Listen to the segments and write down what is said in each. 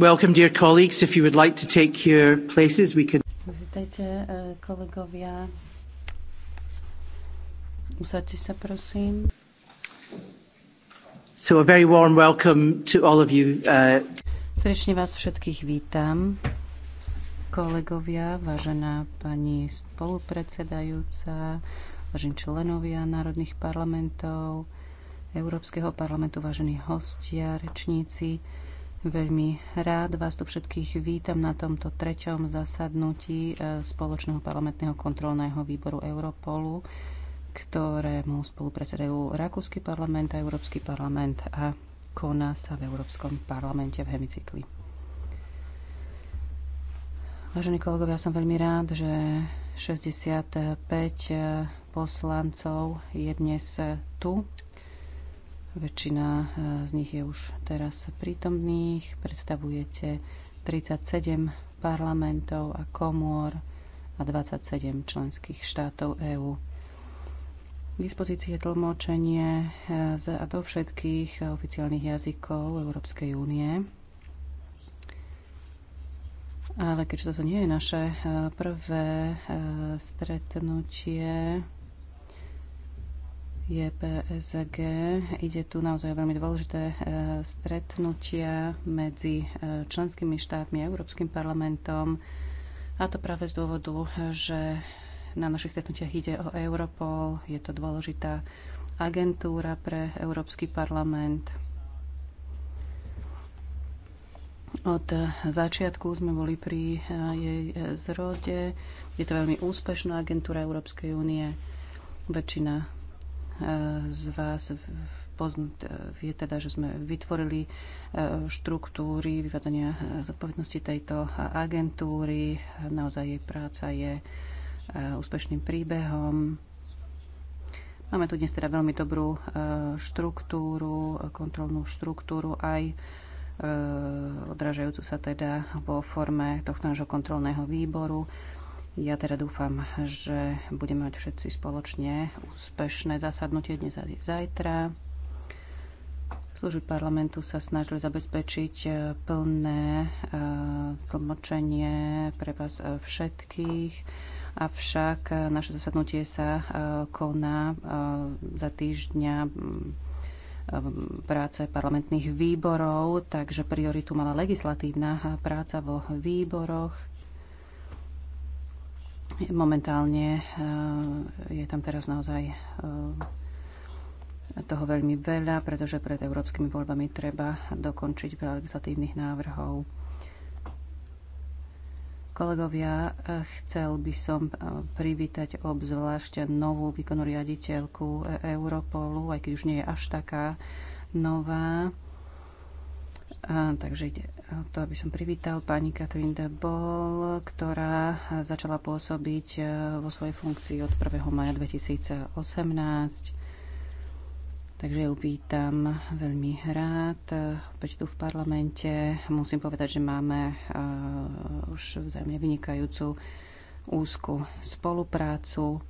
Welcome, dear colleagues. If you would like to take your places, we can... Vítajte, eh, kolegovia. Usaďte sa, prosím. So a very warm welcome to all of you. Uh... Srdečne vás všetkých vítam, kolegovia, vážená pani spolupredsedajúca, vážení členovia národných parlamentov, Európskeho parlamentu, vážení hostia, rečníci. Veľmi rád vás tu všetkých vítam na tomto treťom zasadnutí e, Spoločného parlamentného kontrolného výboru Europolu, ktorému spolupredsedajú Rakúsky parlament a Európsky parlament a koná sa v Európskom parlamente v hemicykli. Vážení kolegovia, som veľmi rád, že 65 e, poslancov je dnes e, tu Väčšina eh, z nich je už teraz prítomných. Predstavujete 37 parlamentov a komôr a 27 členských štátov EÚ. K dispozícii je tlmočenie eh, do všetkých oficiálnych jazykov Európskej únie. Ale keďže toto nie je naše eh, prvé stretnutie, je PSG. Ide tu naozaj veľmi dôležité e, stretnutia medzi e, členskými štátmi a Európskym parlamentom. A to práve z dôvodu, že na našich stretnutiach ide o Europol. Je to dôležitá agentúra pre Európsky parlament. Od začiatku sme boli pri e, jej zrode. Je to veľmi úspešná agentúra Európskej únie. Väčšina z vás vie teda, že sme vytvorili e, štruktúry vyvádzania e, zodpovednosti tejto agentúry. Naozaj jej práca je e, úspešným príbehom. Máme tu dnes teda veľmi dobrú štruktúru, kontrolnú štruktúru aj odrážajúcu sa teda vo forme tohto nášho kontrolného výboru. Ja teda dúfam, že budeme mať všetci spoločne úspešné zasadnutie dnes a zajtra. Služby parlamentu sa snažili zabezpečiť e, plné e, tlmočenie pre vás e, všetkých, avšak naše zasadnutie sa koná za týždňa práce parlamentných výborov, takže prioritu mala legislatívna práca vo výboroch Momentálne e, je tam teraz naozaj e, toho veľmi veľa, pretože pred európskymi voľbami treba dokončiť veľa legislatívnych návrhov. Kolegovia, e, chcel by som privítať obzvlášť novú výkonnú riaditeľku Europolu, aj keď už nie je až taká nová. A, takže ide o to, aby som privítal pani Katrin de Boll, ktorá začala pôsobiť e, vo svojej funkcii od 1. maja 2018. Takže ju vítam veľmi rád e, opäť tu v parlamente. Musím povedať, že máme e, už vzájomne vynikajúcu úzku spoluprácu.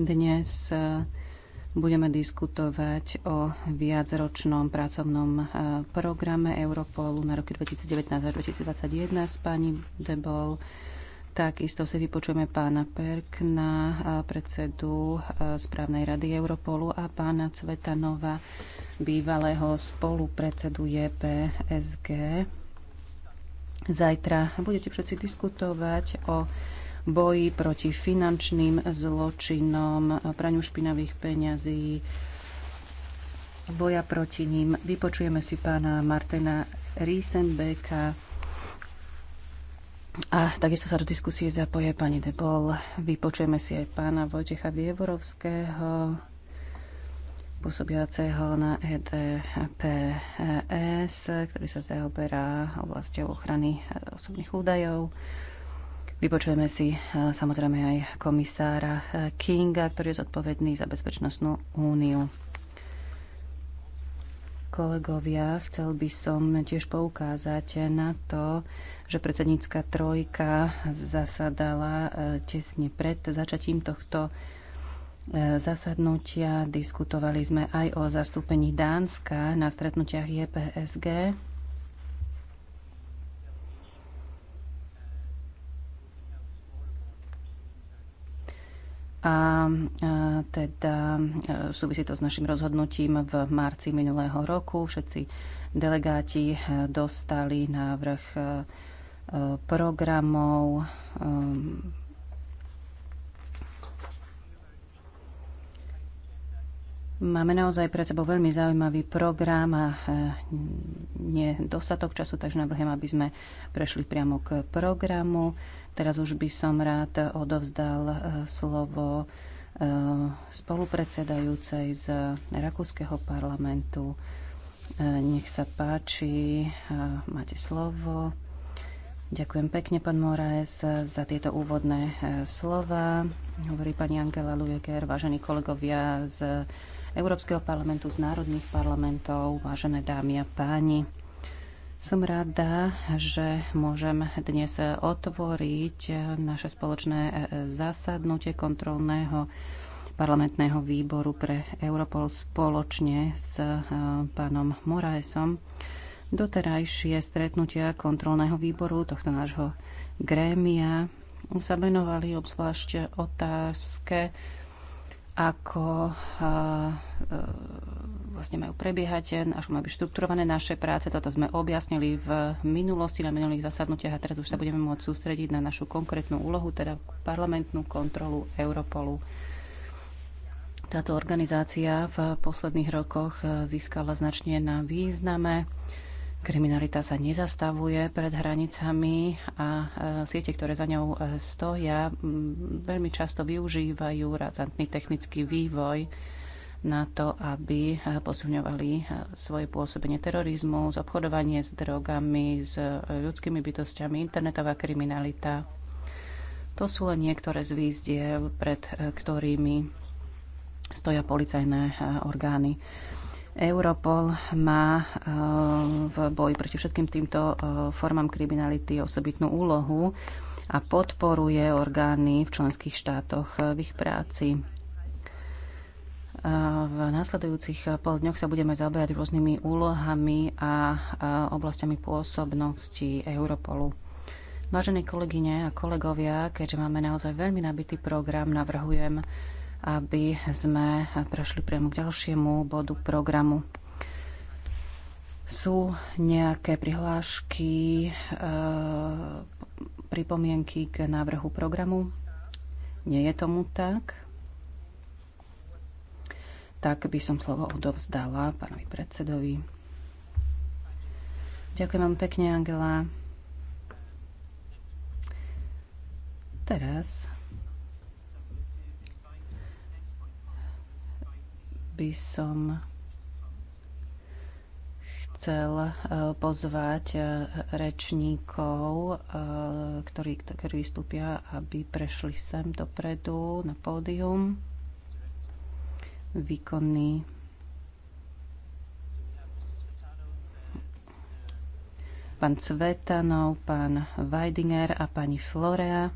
Dnes uh, budeme diskutovať o viacročnom pracovnom eh, programe Europolu na roky 2019 až 2021 s pani Debol. Takisto si vypočujeme pána Perkna, eh, predsedu eh, správnej rady Europolu a pána Cvetanova, bývalého spolupredsedu JPSG. Zajtra budete všetci diskutovať o boji proti finančným zločinom, praniu špinavých peňazí, boja proti ním. Vypočujeme si pána Martina Riesenbecka a takisto sa do diskusie zapoje pani Debol. Vypočujeme si aj pána Vojtecha Vievorovského, pôsobiaceho na EDPS, ktorý sa zaoberá oblasťou ochrany osobných údajov. Vypočujeme si eh, samozrejme aj komisára eh, Kinga, ktorý je zodpovedný za bezpečnostnú úniu. Kolegovia, chcel by som tiež poukázať na to, že predsednícka trojka zasadala eh, tesne pred začatím tohto zasadnutia. Diskutovali sme aj o zastúpení Dánska na stretnutiach JPSG a teda e, súvisí to s našim rozhodnutím v marci minulého roku. Všetci delegáti e, dostali návrh e, programov ehm. Máme naozaj pred sebou veľmi zaujímavý program a nie dostatok času, takže navrhujem, aby sme prešli priamo k programu. Teraz už by som rád odovzdal e, slovo e, spolupredsedajúcej z Rakúskeho parlamentu. E, nech sa páči, máte slovo. Ďakujem pekne, pán Moraes, za tieto úvodné slova. Hovorí pani Angela Lujeker, vážení kolegovia z Európskeho parlamentu, z národných parlamentov, vážené dámy a páni. Som rada, že môžem dnes otvoriť naše spoločné e, zasadnutie kontrolného parlamentného výboru pre Europol spoločne s e, pánom Moraesom. Doterajšie stretnutia kontrolného výboru tohto nášho grémia sa venovali obzvlášť otázke, ako e, vlastne majú prebiehať, e, až majú byť štrukturované naše práce. Toto sme objasnili v minulosti na minulých zasadnutiach a teraz už sa budeme môcť sústrediť na našu konkrétnu úlohu, teda parlamentnú kontrolu Europolu. Táto organizácia v posledných rokoch e, získala značne na význame. Kriminalita sa nezastavuje pred hranicami a e, siete, ktoré za ňou stoja, veľmi často využívajú razantný technický vývoj na to, aby eh, posilňovali eh, svoje pôsobenie terorizmu, obchodovanie s drogami, s eh, ľudskými bytostiami, internetová kriminalita. To sú len niektoré z výzdiel, pred ktorými stoja policajné orgány. Europol má v boji proti všetkým týmto formám kriminality osobitnú úlohu a podporuje orgány v členských štátoch v ich práci. V následujúcich eh, pol dňoch sa budeme zaoberať rôznymi úlohami a eh, oblastiami pôsobnosti Europolu. Vážené kolegyne a kolegovia, keďže máme naozaj veľmi nabitý program, navrhujem, aby sme prešli priamo k ďalšiemu bodu programu. Sú nejaké prihlášky, eh, pripomienky k návrhu programu? Nie je tomu tak tak by som slovo odovzdala pánovi predsedovi. Ďakujem vám pekne, Angela. Teraz by som chcel e, pozvať e, rečníkov, e, ktorí, ktorí vystúpia, aby prešli sem dopredu na pódium výkonný pán Cvetanov, pán Weidinger a pani Florea.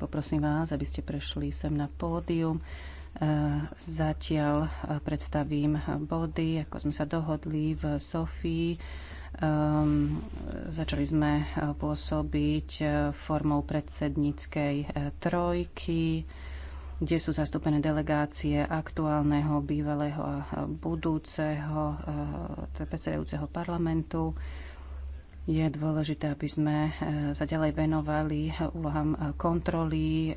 Poprosím vás, aby ste prešli sem na pódium. E, zatiaľ e, predstavím body, ako sme sa dohodli v Sofii. Um, začali sme e, pôsobiť formou predsedníckej trojky kde sú zastúpené delegácie aktuálneho, bývalého a budúceho, teda predsedajúceho parlamentu. Je dôležité, aby sme e, sa ďalej venovali úlohám e, kontroly e,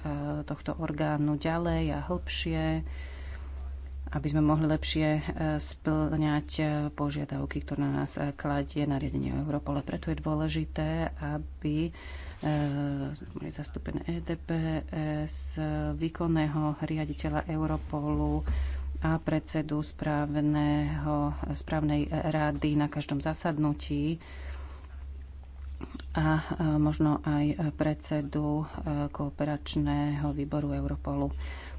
tohto orgánu ďalej a hĺbšie aby sme mohli lepšie e, splňať e, požiadavky, ktoré na nás e, kladie nariadenie o Europole. Preto je dôležité, aby mali zastúpené EDPS, výkonného riaditeľa Europolu a predsedu správneho, správnej rady na každom zasadnutí a možno aj predsedu kooperačného výboru Europolu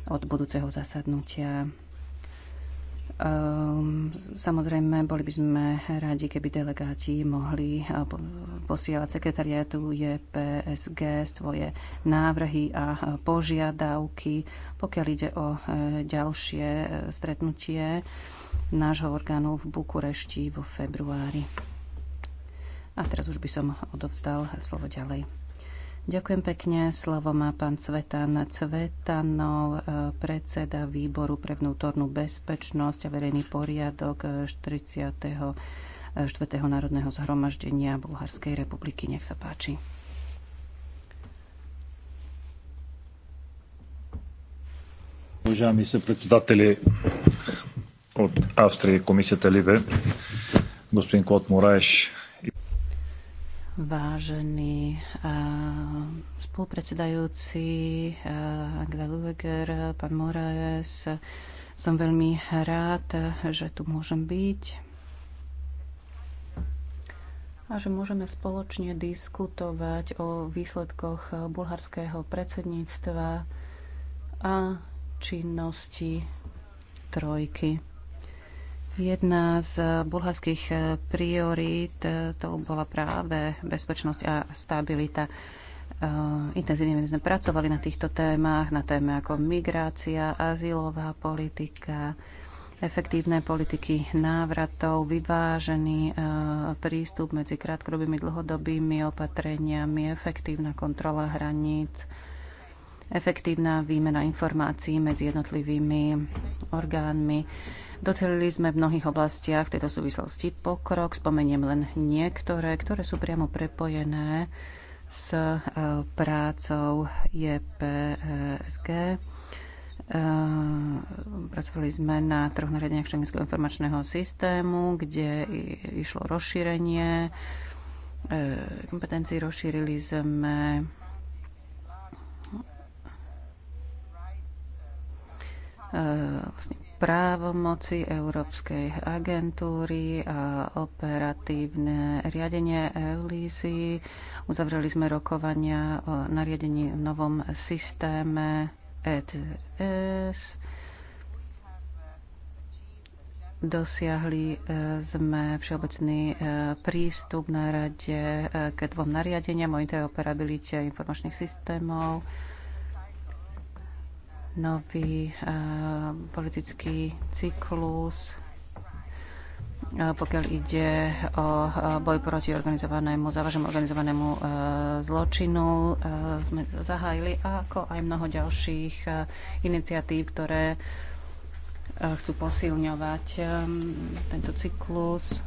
od budúceho zasadnutia Ehm, samozrejme, boli by sme radi, keby delegáti mohli eh, posielať sekretariátu JPSG svoje návrhy a eh, požiadavky, pokiaľ ide o eh, ďalšie stretnutie nášho orgánu v Bukurešti vo februári. A teraz už by som odovzdal slovo ďalej. Ďakujem pekne. Slovo má pán Cvetan Cvetanov, e, predseda výboru pre vnútornú bezpečnosť a verejný poriadok 40. E, 4. E, národného zhromaždenia Bulharskej republiky. Nech sa páči. Уважаеми съпредседатели от Австрия и комисията Ливе, господин Клод Мораеш, Vážený eh, spolupredsedajúci eh, Agda Lueger, pán Moraes, som veľmi rád, že tu môžem byť a že môžeme spoločne diskutovať o výsledkoch bulharského predsedníctva a činnosti trojky. Jedna z eh, bulharských eh, priorít eh, to bola práve bezpečnosť a stabilita. Intenzívne sme pracovali na týchto témach, na téme ako migrácia, azylová politika, efektívne politiky návratov, vyvážený prístup medzi krátkodobými dlhodobými opatreniami, efektívna kontrola hraníc, efektívna výmena informácií medzi jednotlivými orgánmi Docelili sme v mnohých oblastiach v tejto súvislosti pokrok. Spomeniem len niektoré, ktoré sú priamo prepojené s e, prácou JPSG. E, pracovali sme na troch nariadeniach Šengenského informačného systému, kde išlo rozšírenie e, kompetencií. Rozšírili sme vlastne právomoci Európskej agentúry a operatívne riadenie Eulisi. Uzavreli sme rokovania o nariadení v novom systéme ETS. Dosiahli e, sme všeobecný e, prístup na rade ke dvom nariadeniam o interoperabilite informačných systémov nový eh, politický cyklus, eh, pokiaľ ide o eh, boj proti organizovanému, závažnému organizovanému zločinu, sme zahájili, ako aj mnoho ďalších iniciatív, ktoré chcú posilňovať tento cyklus.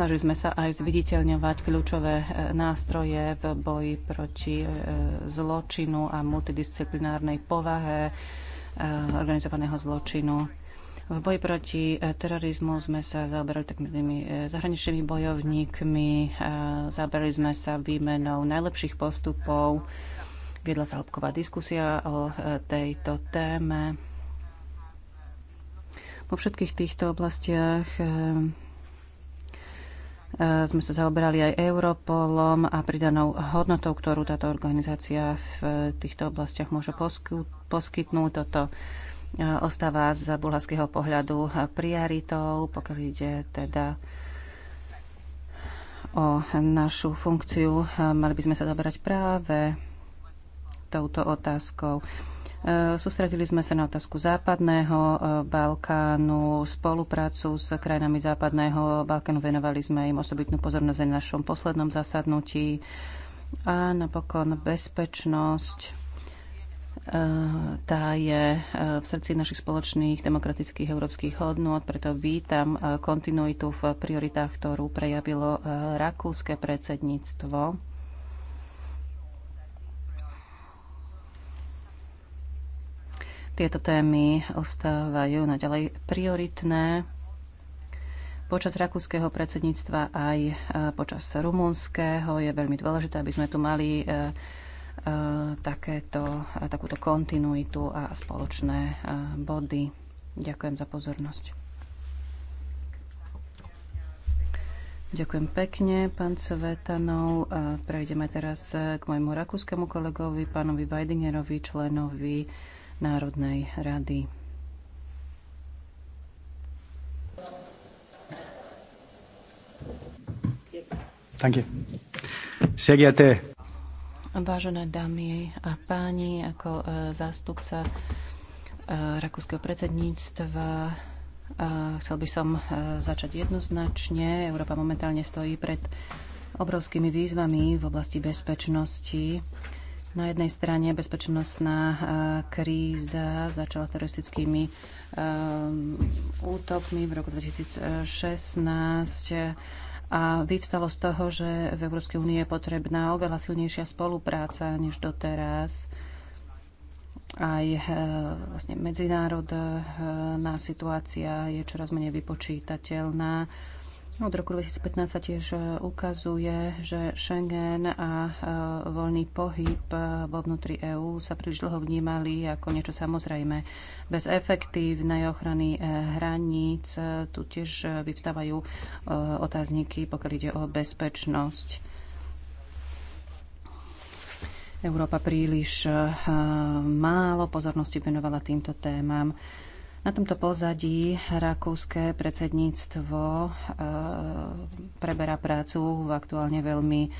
Snažili sme sa aj zviditeľňovať kľúčové e, nástroje v boji proti e, zločinu a multidisciplinárnej povahe e, organizovaného zločinu. V boji proti terorizmu sme sa zaoberali takými zahraničnými bojovníkmi, zaoberali sme sa výmenou najlepších postupov, viedla sa hlbková diskusia o tejto téme. Po všetkých týchto oblastiach E, sme sa zaoberali aj Europolom a pridanou hodnotou, ktorú táto organizácia v e, týchto oblastiach môže poskytnúť. Toto e, ostáva z bulharského pohľadu prioritou, pokiaľ ide teda o našu funkciu. Mali by sme sa zaoberať práve touto otázkou. E, sústredili sme sa na otázku západného e, Balkánu, spoluprácu s krajinami západného Balkánu. Venovali sme im osobitnú pozornosť aj na našom poslednom zasadnutí. A napokon bezpečnosť. E, tá je v srdci našich spoločných demokratických európskych hodnôt, preto vítam kontinuitu v prioritách, ktorú prejavilo rakúske predsedníctvo Tieto témy ostávajú naďalej prioritné počas rakúskeho predsedníctva aj e, počas rumúnskeho. Je veľmi dôležité, aby sme tu mali e, e, takéto, takúto kontinuitu a spoločné body. Ďakujem za pozornosť. Ďakujem pekne, pán Svetanov. Prejdeme teraz k môjmu rakúskemu kolegovi, pánovi Weidingerovi, členovi Národnej rady. Sehr geehrte Vážené dámy a páni, ako e, zástupca e, rakúskeho predsedníctva e, chcel by som začať jednoznačne. Európa momentálne stojí pred obrovskými výzvami v oblasti bezpečnosti na jednej strane bezpečnostná e, kríza začala teroristickými e, útokmi v roku 2016 e, a vyvstalo z toho, že v Európskej únie je potrebná oveľa silnejšia spolupráca než doteraz aj vlastne medzinárodná situácia je čoraz menej vypočítateľná od roku 2015 sa tiež e, ukazuje, že Schengen a e, voľný pohyb e, vo vnútri EÚ sa príliš dlho vnímali ako niečo samozrejme. Bez efektívnej ochrany hraníc tu tiež vyvstávajú otázniky, pokiaľ ide o bezpečnosť. Európa príliš málo pozornosti venovala týmto témam. Na tomto pozadí rakúske predsedníctvo e, preberá prácu v aktuálne veľmi e,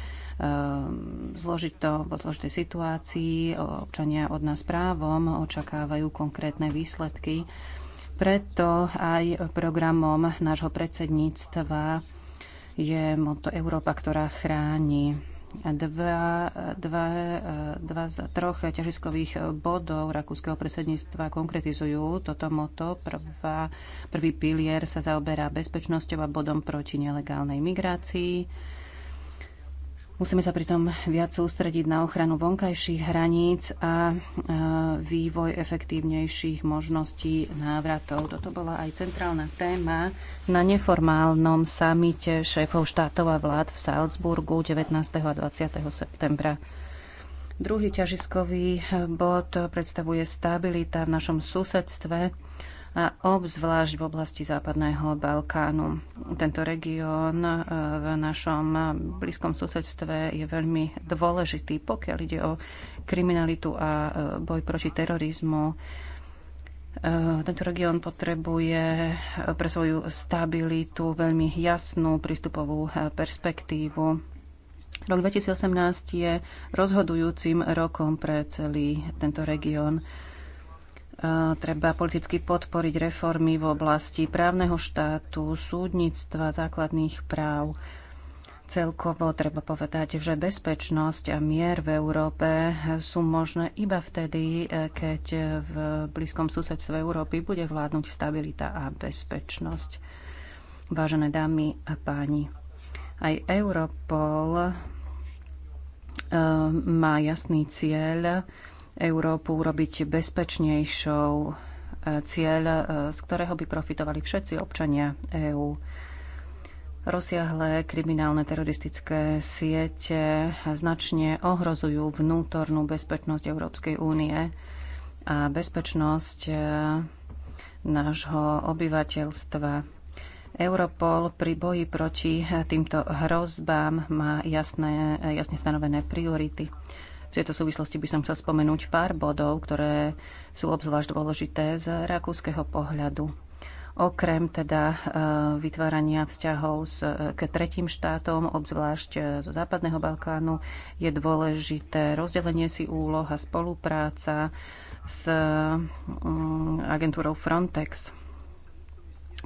zložito, vo zložitej situácii. Občania od nás právom očakávajú konkrétne výsledky. Preto aj programom nášho predsedníctva je moto Európa, ktorá chráni dva, dva, dva z troch ťažiskových bodov rakúskeho predsedníctva konkretizujú toto moto. Prvá, prvý pilier sa zaoberá bezpečnosťou a bodom proti nelegálnej migrácii. Musíme sa pritom viac sústrediť na ochranu vonkajších hraníc a vývoj efektívnejších možností návratov. Toto bola aj centrálna téma na neformálnom samite šéfov štátov a vlád v Salzburgu 19. a 20. septembra. Druhý ťažiskový bod predstavuje stabilita v našom susedstve a obzvlášť v oblasti Západného Balkánu. Tento región e, v našom blízkom susedstve je veľmi dôležitý, pokiaľ ide o kriminalitu a e, boj proti terorizmu. E, tento región potrebuje pre svoju stabilitu veľmi jasnú prístupovú perspektívu. Rok 2018 je rozhodujúcim rokom pre celý tento región. Eh, treba politicky podporiť reformy v oblasti právneho štátu, súdnictva, základných práv. Celkovo treba povedať, že bezpečnosť a mier v Európe sú možné iba vtedy, eh, keď v blízkom susedstve Európy bude vládnuť stabilita a bezpečnosť. Vážené dámy a páni, aj Europol eh, má jasný cieľ Európu urobiť bezpečnejšou, e, cieľ, e, z ktorého by profitovali všetci občania EÚ. Rozsiahle kriminálne teroristické siete značne ohrozujú vnútornú bezpečnosť Európskej únie a bezpečnosť e, nášho obyvateľstva. Europol pri boji proti týmto hrozbám má jasné, jasne stanovené priority. V tejto súvislosti by som chcel spomenúť pár bodov, ktoré sú obzvlášť dôležité z rakúskeho pohľadu. Okrem teda e, vytvárania vzťahov s, e, k tretím štátom, obzvlášť e, zo Západného Balkánu, je dôležité rozdelenie si úloh a spolupráca s mm, agentúrou Frontex.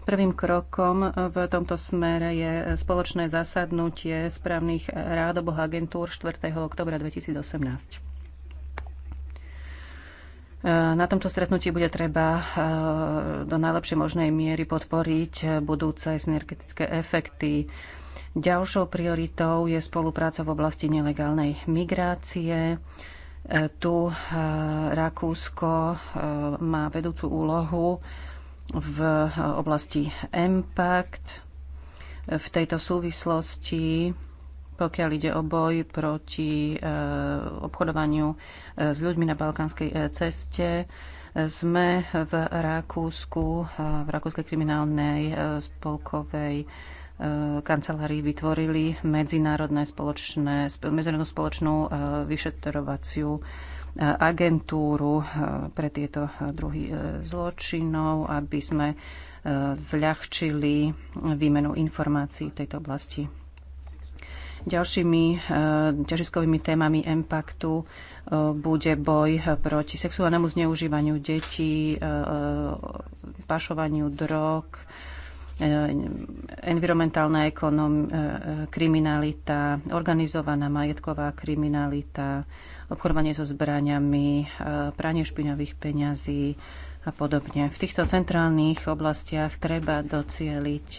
Prvým krokom v tomto smere je spoločné zasadnutie správnych rád oboch agentúr 4. oktobra 2018. Na tomto stretnutí bude treba eh, do najlepšej možnej miery podporiť budúce synergetické efekty. Ďalšou prioritou je spolupráca v oblasti nelegálnej migrácie. Eh, tu eh, Rakúsko má vedúcu úlohu v oblasti Impact. V tejto súvislosti, pokiaľ ide o boj proti e, obchodovaniu e, s ľuďmi na balkánskej e, ceste, sme v Rakúsku, v Rakúskej kriminálnej spolkovej kancelárii vytvorili medzinárodné spoločné, medzinárodnú spoločnú vyšetrovaciu agentúru eh, pre tieto eh, druhy eh, zločinov, aby sme zľahčili výmenu informácií v tejto oblasti. Ďalšími ťažiskovými témami impactu bude boj proti sexuálnemu zneužívaniu detí, pašovaniu drog, environmentálna ekonom, kriminalita, organizovaná majetková kriminalita, obchodovanie so zbraniami, e, pranie špinavých peňazí a podobne. V týchto centrálnych oblastiach treba docieliť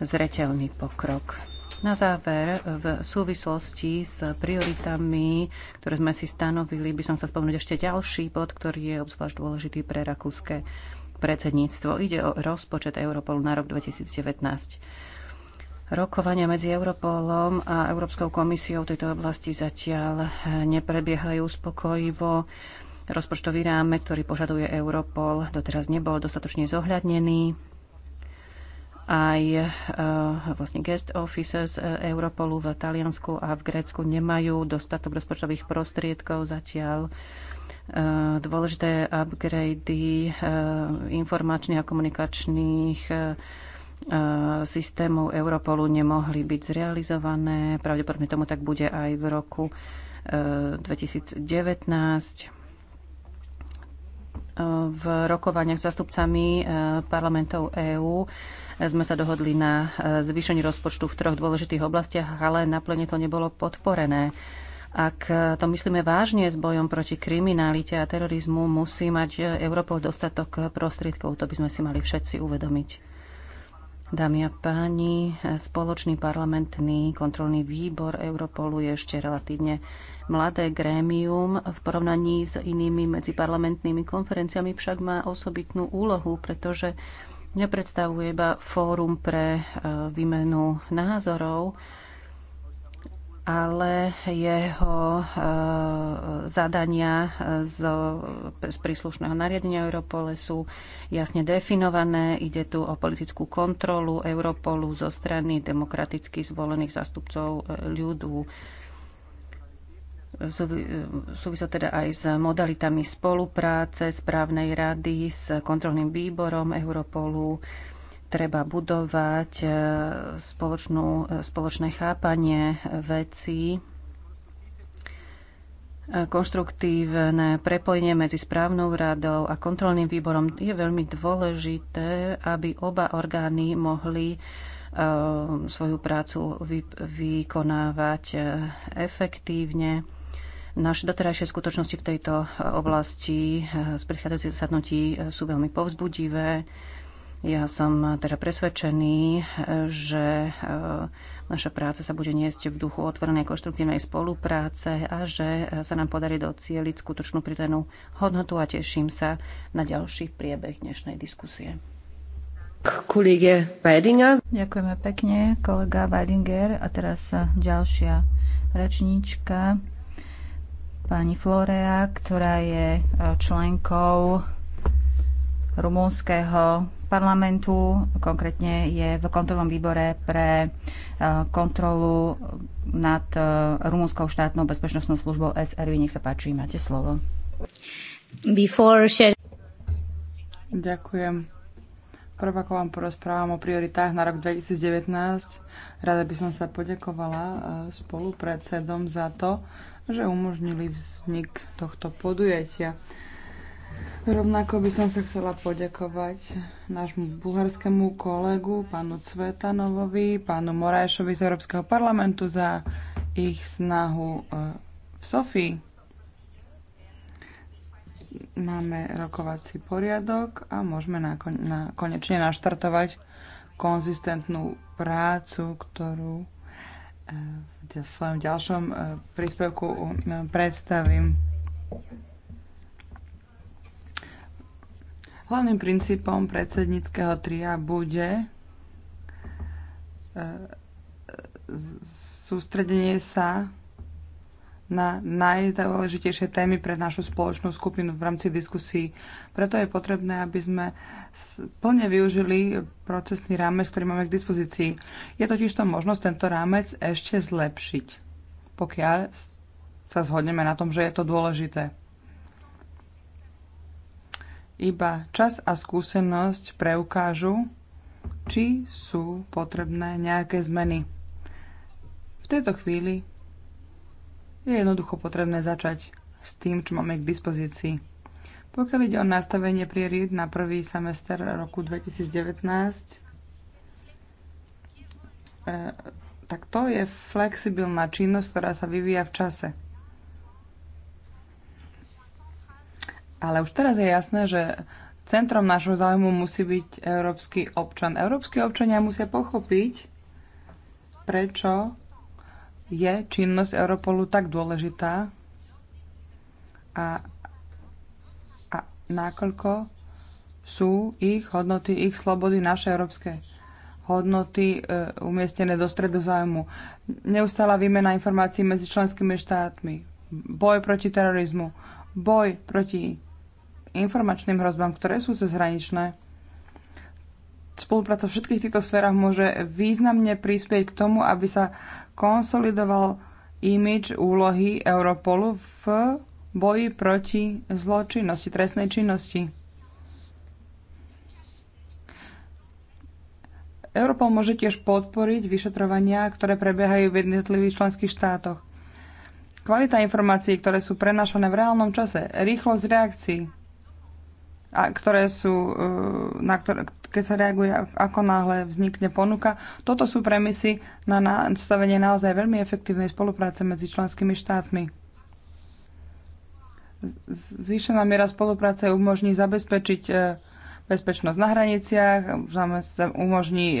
zreteľný pokrok. Na záver, v súvislosti s prioritami, ktoré sme si stanovili, by som chcel spomenúť ešte ďalší bod, ktorý je obzvlášť dôležitý pre rakúske predsedníctvo. Ide o rozpočet Europolu na rok 2019. Rokovania medzi Europolom a Európskou komisiou v tejto oblasti zatiaľ neprebiehajú spokojivo. Rozpočtový rámec, ktorý požaduje Europol, doteraz nebol dostatočne zohľadnený. Aj uh, vlastne guest offices e, Europolu v Taliansku a v Grécku nemajú dostatok rozpočtových prostriedkov zatiaľ e, dôležité upgrady informačných a komunikačných E, systémov Europolu nemohli byť zrealizované. Pravdepodobne tomu tak bude aj v roku 2019. E, e, v rokovaniach s zastupcami parlamentov EÚ sme sa dohodli na zvýšení rozpočtu v troch dôležitých oblastiach, ale naplne to nebolo podporené. Ak to myslíme vážne s bojom proti kriminalite a terorizmu, musí mať Európou dostatok prostriedkov. To by sme si mali všetci uvedomiť. Dámy a páni, spoločný parlamentný kontrolný výbor Europolu je ešte relatívne mladé grémium. V porovnaní s inými medziparlamentnými konferenciami však má osobitnú úlohu, pretože nepredstavuje iba fórum pre e, výmenu názorov, ale jeho eh, zadania eh, z, z príslušného nariadenia Europole sú jasne definované. Ide tu o politickú kontrolu Europolu zo strany demokraticky zvolených zástupcov eh, ľudu. Súvisia teda aj s modalitami spolupráce správnej rady s kontrolným výborom Europolu treba budovať e, spoločnú, e, spoločné chápanie vecí, e, konštruktívne prepojenie medzi správnou radou a kontrolným výborom je veľmi dôležité, aby oba orgány mohli svoju prácu vy, vykonávať efektívne. Naše doterajšie skutočnosti v tejto oblasti z predchádzajúcich zasadnutí sú veľmi povzbudivé ja som teda presvedčený, že eh, naša práca sa bude niesť v duchu otvorenej konštruktívnej spolupráce a že eh, sa nám podarí docieliť skutočnú pridanú hodnotu a teším sa na ďalší priebeh dnešnej diskusie. Kolege Weidinger. Ďakujeme pekne, kolega Weidinger. A teraz eh, ďalšia rečníčka, pani Florea, ktorá je členkou rumúnskeho parlamentu, konkrétne je v kontrolnom výbore pre e, kontrolu nad e, rumúnskou štátnou bezpečnostnou službou SRV. Nech sa páči, máte slovo. Before... Ďakujem. ako vám porozprávam o prioritách na rok 2019. Rada by som sa podakovala e, spolupredsedom za to, že umožnili vznik tohto podujatia. Rovnako by som sa chcela poďakovať nášmu bulharskému kolegu, pánu Cvetanovovi, pánu Morajšovi z Európskeho parlamentu za ich snahu e, v Sofii. Máme rokovací poriadok a môžeme na, na, konečne naštartovať konzistentnú prácu, ktorú e, v svojom ďalšom e, príspevku um, predstavím. Hlavným princípom predsedníckého tria bude e, sústredenie sa na najdôležitejšie témy pre našu spoločnú skupinu v rámci diskusí. Preto je potrebné, aby sme plne využili procesný rámec, ktorý máme k dispozícii. Je totiž to možnosť tento rámec ešte zlepšiť, pokiaľ sa zhodneme na tom, že je to dôležité. Iba čas a skúsenosť preukážu, či sú potrebné nejaké zmeny. V tejto chvíli je jednoducho potrebné začať s tým, čo máme k dispozícii. Pokiaľ ide o nastavenie priorít na prvý semester roku 2019, eh, tak to je flexibilná činnosť, ktorá sa vyvíja v čase. Ale už teraz je jasné, že centrom nášho záujmu musí byť európsky občan. Európsky občania musia pochopiť, prečo je činnosť Europolu tak dôležitá a, a nakoľko sú ich hodnoty, ich slobody, naše európske hodnoty e, umiestnené do stredu zájmu. Neustála výmena informácií medzi členskými štátmi, boj proti terorizmu, boj proti informačným hrozbám, ktoré sú cezhraničné. Spolupráca v všetkých týchto sférach môže významne prispieť k tomu, aby sa konsolidoval imič úlohy Europolu v boji proti zločinnosti, trestnej činnosti. Europol môže tiež podporiť vyšetrovania, ktoré prebiehajú v jednotlivých členských štátoch. Kvalita informácií, ktoré sú prenášané v reálnom čase, rýchlosť reakcií, a ktoré sú, e, na ktoré, keď sa reaguje, ako náhle vznikne ponuka. Toto sú premisy na nastavenie naozaj veľmi efektívnej spolupráce medzi členskými štátmi. Zvýšená miera spolupráce umožní zabezpečiť e, bezpečnosť na hraniciach, umožní e,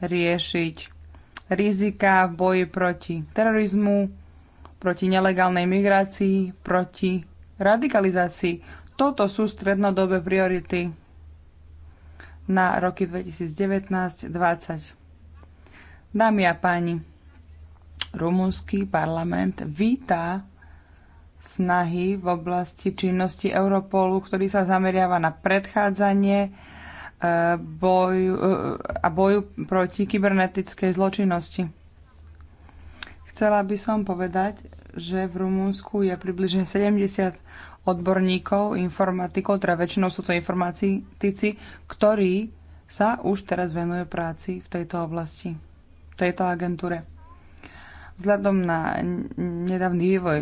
riešiť rizika v boji proti terorizmu, proti nelegálnej migrácii, proti radikalizácii. Toto sú strednodobé priority na roky 2019-2020. Dámy a páni, rumunský parlament vítá snahy v oblasti činnosti Europolu, ktorý sa zameriava na predchádzanie e, boju, e, a boju proti kybernetickej zločinnosti. Chcela by som povedať, že v Rumunsku je približne 70 odborníkov, informatikov, teda väčšinou sú to informatici, ktorí sa už teraz venujú práci v tejto oblasti, v tejto agentúre. Vzhľadom na nedávny vývoj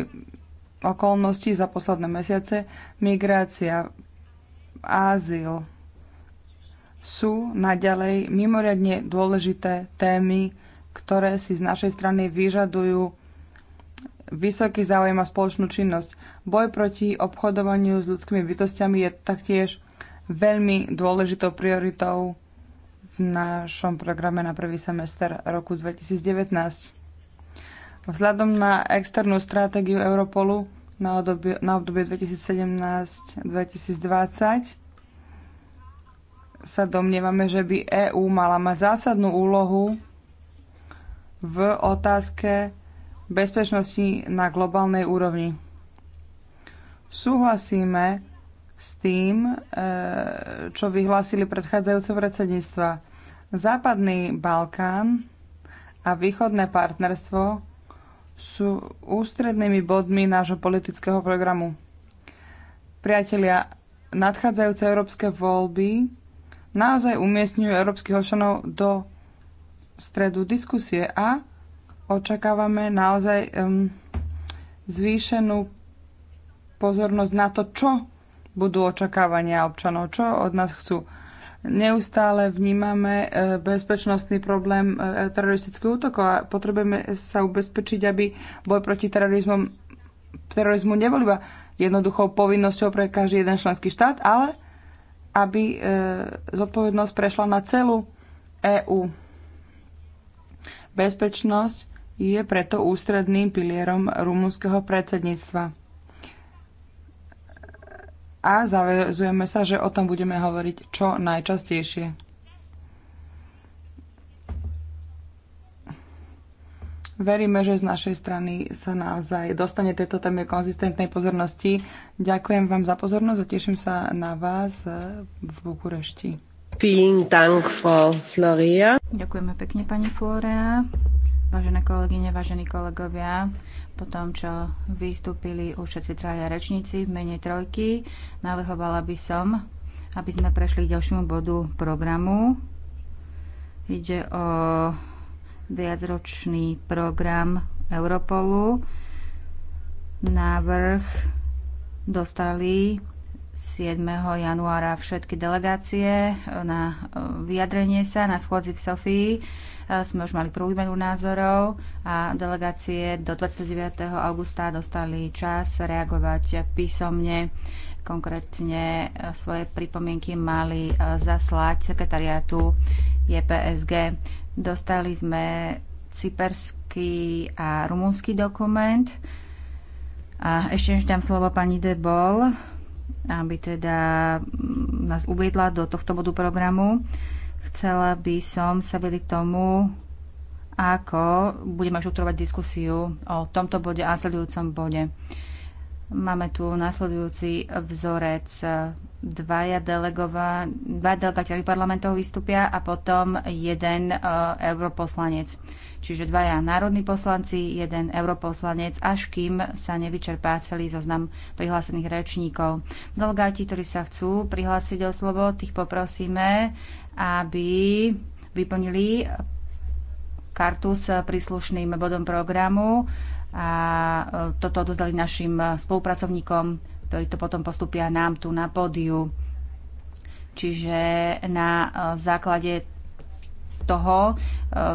okolností za posledné mesiace, migrácia, azyl sú naďalej mimoriadne dôležité témy, ktoré si z našej strany vyžadujú vysoký záujem a spoločnú činnosť. Boj proti obchodovaniu s ľudskými bytostiami je taktiež veľmi dôležitou prioritou v našom programe na prvý semester roku 2019. Vzhľadom na externú stratégiu Europolu na obdobie, na obdobie 2017-2020 sa domnievame, že by EÚ mala mať zásadnú úlohu v otázke bezpečnosti na globálnej úrovni. Súhlasíme s tým, e, čo vyhlásili predchádzajúce predsedníctva. Západný Balkán a východné partnerstvo sú ústrednými bodmi nášho politického programu. Priatelia, nadchádzajúce európske voľby naozaj umiestňujú európskych občanov do stredu diskusie a očakávame naozaj um, zvýšenú pozornosť na to, čo budú očakávania občanov, čo od nás chcú. Neustále vnímame e, bezpečnostný problém e, teroristických útokov a potrebujeme sa ubezpečiť, aby boj proti terorizmu, terorizmu nebol iba jednoduchou povinnosťou pre každý jeden členský štát, ale aby e, zodpovednosť prešla na celú EÚ. Bezpečnosť je preto ústredným pilierom rumunského predsedníctva. A zavezujeme sa, že o tom budeme hovoriť čo najčastejšie. Veríme, že z našej strany sa naozaj dostane tejto téme konzistentnej pozornosti. Ďakujem vám za pozornosť a teším sa na vás v Bukurešti. Ďakujeme pekne, pani Florea. Vážené kolegyne, vážení kolegovia, po tom, čo vystúpili už všetci traja rečníci v mene trojky, navrhovala by som, aby sme prešli k ďalšiemu bodu programu. Ide o viacročný program Europolu. Návrh dostali 7. januára všetky delegácie e, na e, vyjadrenie sa na schôdzi v Sofii. E, sme už mali prvú výmenu názorov a delegácie do 29. augusta dostali čas reagovať písomne. Konkrétne svoje pripomienky mali zaslať sekretariátu JPSG. Dostali sme cyperský a rumúnsky dokument. A ešte než dám slovo pani Debol, aby teda mm, nás uviedla do tohto bodu programu. Chcela by som sa vedieť tomu, ako budeme štruktúrovať diskusiu o tomto bode a sledujúcom bode. Máme tu následujúci vzorec. Dvaja delegova, dva delegáti parlamentov vystúpia a potom jeden uh, europoslanec čiže dvaja národní poslanci, jeden europoslanec, až kým sa nevyčerpá celý zoznam prihlásených rečníkov. Delegáti, ktorí sa chcú prihlásiť o slovo, tých poprosíme, aby vyplnili kartu s príslušným bodom programu a e, toto odozdali našim spolupracovníkom, ktorí to potom postupia nám tu na pódiu. Čiže na e, základe toho, e,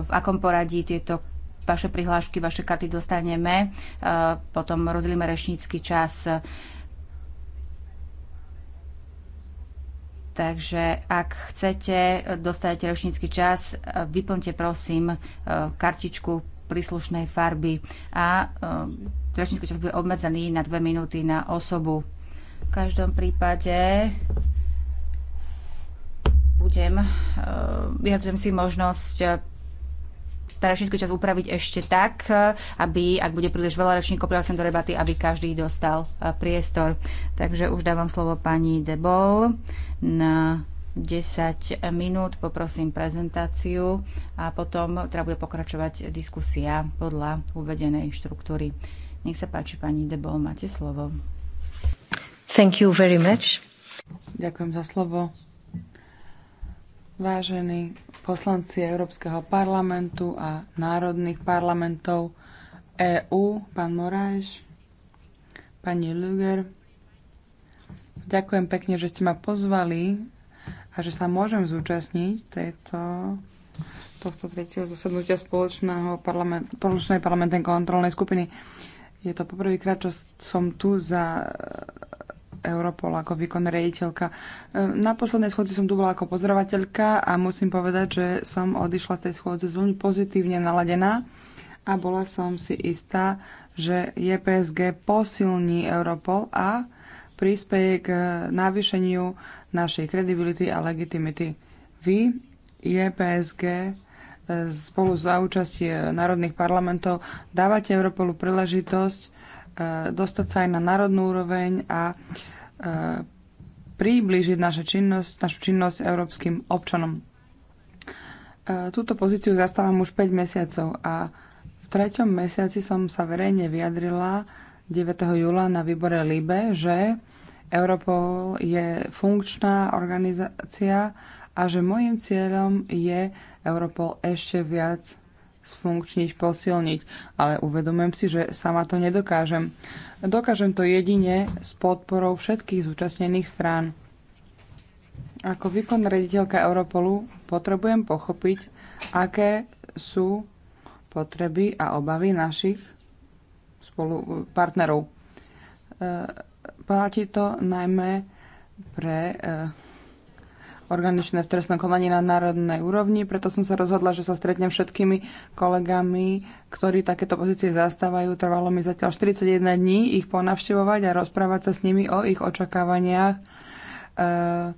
v akom poradí tieto vaše prihlášky, vaše karty dostaneme. E, potom rozdelíme rečnícky čas. Takže ak chcete dostať rečnícky čas, vyplňte prosím e, kartičku príslušnej farby a rečnícky čas bude obmedzený na dve minúty na osobu. V každom prípade budem, eh, vyjadrujem si možnosť eh, rečnícky čas upraviť ešte tak, eh, aby, ak bude príliš veľa rečníkov som do debaty, aby každý dostal priestor. Takže už dávam slovo pani Debol na 10 minút, poprosím prezentáciu a potom teda bude pokračovať diskusia podľa uvedenej štruktúry. Nech sa páči, pani Debol, máte slovo. Thank you very much. Ďakujem za slovo. Vážení poslanci Európskeho parlamentu a národných parlamentov EÚ, pán Moráš, pani Luger, ďakujem pekne, že ste ma pozvali a že sa môžem zúčastniť tejto, tohto tretieho zasadnutia spoločného parlament, parlamentnej kontrolnej skupiny. Je to poprvýkrát, čo som tu za Europol ako výkonná riaditeľka. Ehm, na poslednej schôdzi som tu bola ako pozdravateľka a musím povedať, že som odišla z tej schôdze veľmi pozitívne naladená a bola som si istá, že JPSG posilní Europol a prispieje k eh, navýšeniu našej kredibility a legitimity. Vy, JPSG, eh, spolu s účasti eh, národných parlamentov dávate Europolu príležitosť dostať sa aj na národnú úroveň a E, priblížiť našu činnosť, našu činnosť európskym občanom. E, túto pozíciu zastávam už 5 mesiacov a v treťom mesiaci som sa verejne vyjadrila 9. júla na výbore LIBE, že Europol je funkčná organizácia a že môjim cieľom je Europol ešte viac sfunkčniť, posilniť, ale uvedomujem si, že sama to nedokážem. Dokážem to jedine s podporou všetkých zúčastnených strán. Ako výkonná rediteľka Europolu potrebujem pochopiť, aké sú potreby a obavy našich spolu partnerov. E, platí to najmä pre e, organičné v trestnom konaní na národnej úrovni, preto som sa rozhodla, že sa stretnem všetkými kolegami, ktorí takéto pozície zastávajú. Trvalo mi zatiaľ 41 dní ich ponavštevovať a rozprávať sa s nimi o ich očakávaniach, eh,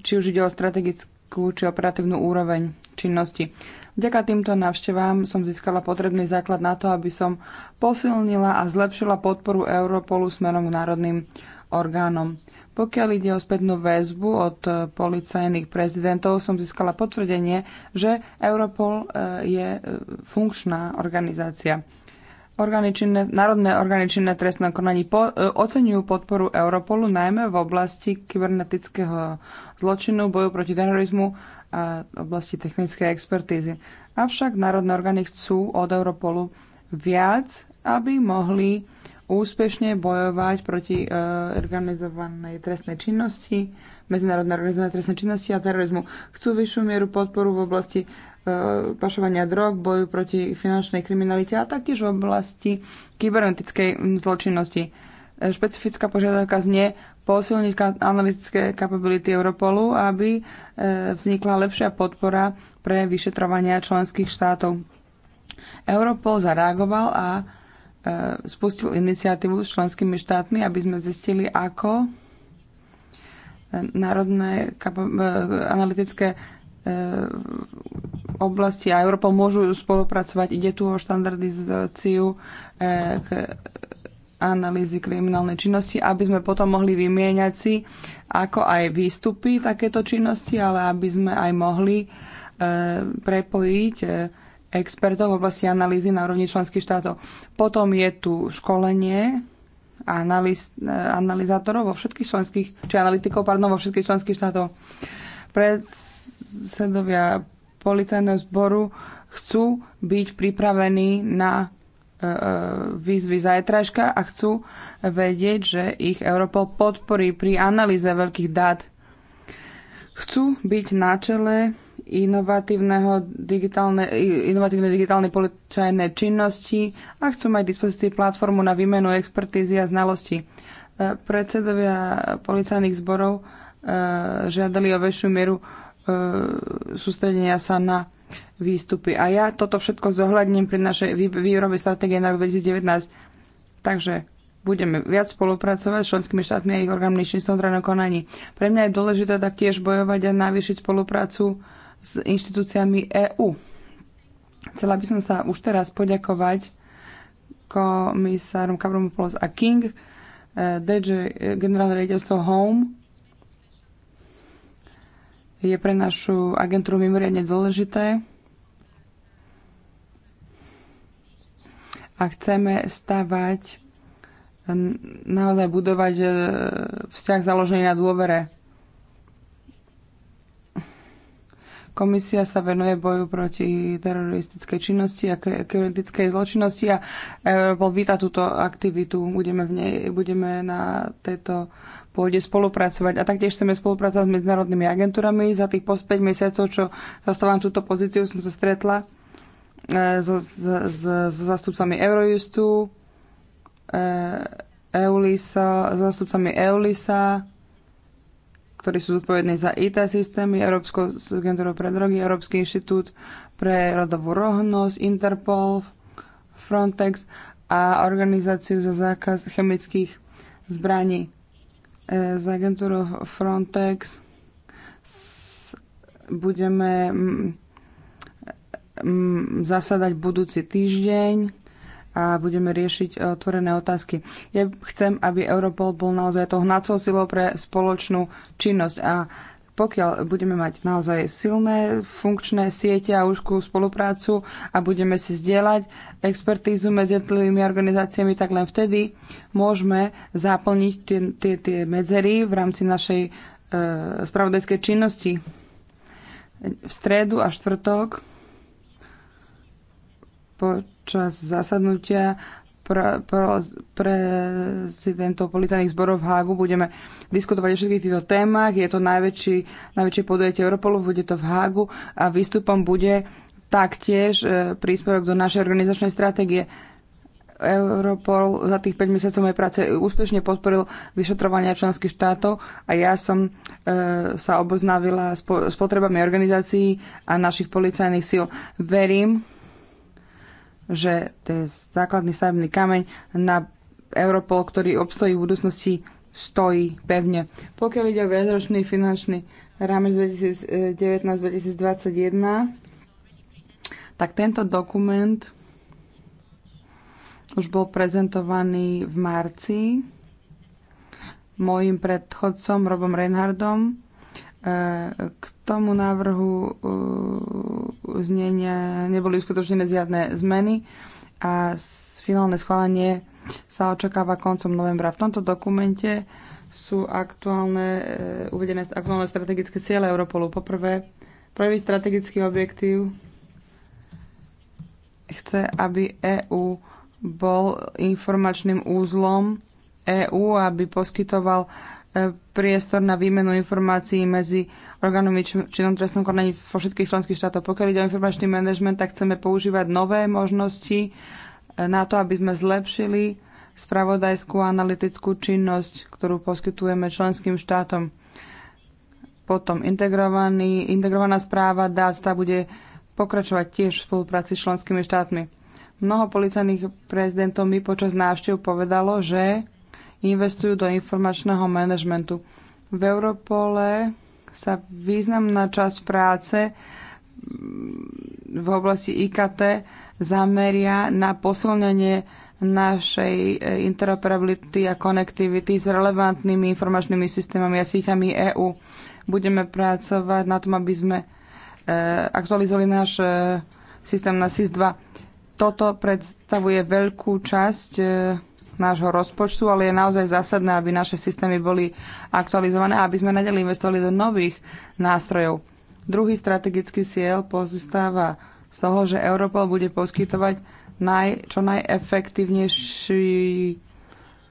či už ide o strategickú či operatívnu úroveň činnosti. Vďaka týmto návštevám som získala potrebný základ na to, aby som posilnila a zlepšila podporu Europolu smerom k národným orgánom. Pokiaľ ide o spätnú väzbu od eh, policajných prezidentov, som získala potvrdenie, že Europol eh, je eh, funkčná organizácia. Orgány činné, národné orgány činné trestné konaní po, oceňujú podporu Europolu najmä v oblasti kybernetického zločinu, boju proti terorizmu a oblasti technickej expertízy. Avšak národné orgány chcú od Europolu viac, aby mohli úspešne bojovať proti e, organizovanej trestnej činnosti, medzinárodnej organizovanej trestnej činnosti a terorizmu. Chcú vyššiu mieru podporu v oblasti e, pašovania drog, boju proti finančnej kriminalite a taktiež v oblasti kybernetickej zločinnosti. E, špecifická požiadavka znie posilniť analytické kapability Europolu, aby vznikla lepšia podpora pre vyšetrovania členských štátov. Europol zareagoval a E, spustil iniciatívu s členskými štátmi, aby sme zistili, ako e, národné e, analytické oblasti a Európa môžu spolupracovať. Ide tu o štandardizáciu k analýzy kriminálnej činnosti, aby sme potom mohli vymieňať si ako aj výstupy takéto činnosti, ale aby sme aj mohli prepojiť expertov v oblasti analýzy na úrovni členských štátov. Potom je tu školenie analýz, analyzátorov vo všetkých členských, či analytikov, pardon, vo všetkých členských štátov. Predsedovia policajného zboru chcú byť pripravení na e, e, výzvy zajtrajška a chcú vedieť, že ich Europol podporí pri analýze veľkých dát. Chcú byť na čele inovatívneho digitálne, inovatívne digitálne policajné činnosti a chcú mať dispozícii platformu na výmenu expertízy a znalosti. E, predsedovia policajných zborov e, žiadali o väčšiu mieru e, sústredenia sa na výstupy. A ja toto všetko zohľadním pri našej výrobe stratégie na rok 2019. Takže budeme viac spolupracovať s členskými štátmi a ich orgánmi činnosti v konaní. Pre mňa je dôležité taktiež bojovať a navýšiť spoluprácu s inštitúciami EÚ. Chcela by som sa už teraz poďakovať komisárom Kavromopoulos a King, eh, DG, generálne riaditeľstvo Home, je pre našu agentúru mimoriadne dôležité a chceme stavať, naozaj budovať eh, vzťah založený na dôvere Komisia sa venuje boju proti teroristickej činnosti a kritickej zločinnosti a Europol víta túto aktivitu. Budeme, v nej, budeme na tejto pôjde spolupracovať. A taktiež chceme spolupracovať s medzinárodnými agentúrami. Za tých post 5 mesiacov, čo zastávam túto pozíciu, som sa stretla e, so, so, so, so zastupcami Eurojustu, e, EULISA, so zastupcami EULISA, ktorí sú zodpovední za IT systémy, Európskou agentúrou pre drogy, Európsky inštitút pre rodovú rohnosť, Interpol, Frontex a organizáciu za zákaz chemických zbraní. Z e, agentúrou Frontex budeme zasadať budúci týždeň a budeme riešiť e, otvorené otázky. Ja chcem, aby Europol bol naozaj to hnacou silou pre spoločnú činnosť a pokiaľ budeme mať naozaj silné funkčné siete a úzkú spoluprácu a budeme si zdieľať expertízu medzi jednotlivými organizáciami, tak len vtedy môžeme zaplniť tie, tie, tie medzery v rámci našej e, spravodajskej činnosti. V stredu a štvrtok po počas zasadnutia pre, pre, prezidentov policajných zborov v Hágu. Budeme diskutovať o všetkých týchto témach. Je to najväčší, najväčšie podujete Europolu, bude to v Hágu a výstupom bude taktiež e, príspevok do našej organizačnej stratégie. Europol za tých 5 mesiacov mojej práce úspešne podporil vyšetrovania členských štátov a ja som e, sa oboznávila s, po, s potrebami organizácií a našich policajných síl. Verím, že to je základný stavebný kameň na Europol, ktorý obstojí v budúcnosti, stojí pevne. Pokiaľ ide o viacročný finančný rámec 2019-2021, tak tento dokument už bol prezentovaný v marci mojim predchodcom Robom Reinhardom k tomu návrhu uh, znenia neboli uskutočnené žiadne zmeny a finálne schválenie sa očakáva koncom novembra. V tomto dokumente sú aktuálne, uh, uvedené aktuálne strategické ciele Europolu. Poprvé, prvý strategický objektív chce, aby EÚ bol informačným úzlom EÚ, aby poskytoval priestor na výmenu informácií medzi orgánmi činnom trestnom konaní vo všetkých členských štátoch. Pokiaľ ide o informačný manažment, tak chceme používať nové možnosti e, na to, aby sme zlepšili spravodajskú analytickú činnosť, ktorú poskytujeme členským štátom. Potom integrovaný, integrovaná správa dát tá bude pokračovať tiež v spolupráci s členskými štátmi. Mnoho policajných prezidentov mi počas návštev povedalo, že investujú do informačného manažmentu. V Europole sa významná časť práce mm, v oblasti IKT zameria na posilnenie našej eh, interoperability a konektivity s relevantnými informačnými systémami a síťami EÚ. Budeme pracovať na tom, aby sme eh, aktualizovali náš eh, systém na SIS-2. Toto predstavuje veľkú časť nášho rozpočtu, ale je naozaj zásadné, aby naše systémy boli aktualizované a aby sme nadalej investovali do nových nástrojov. Druhý strategický cieľ pozostáva z toho, že Europol bude poskytovať naj, čo najefektívnejší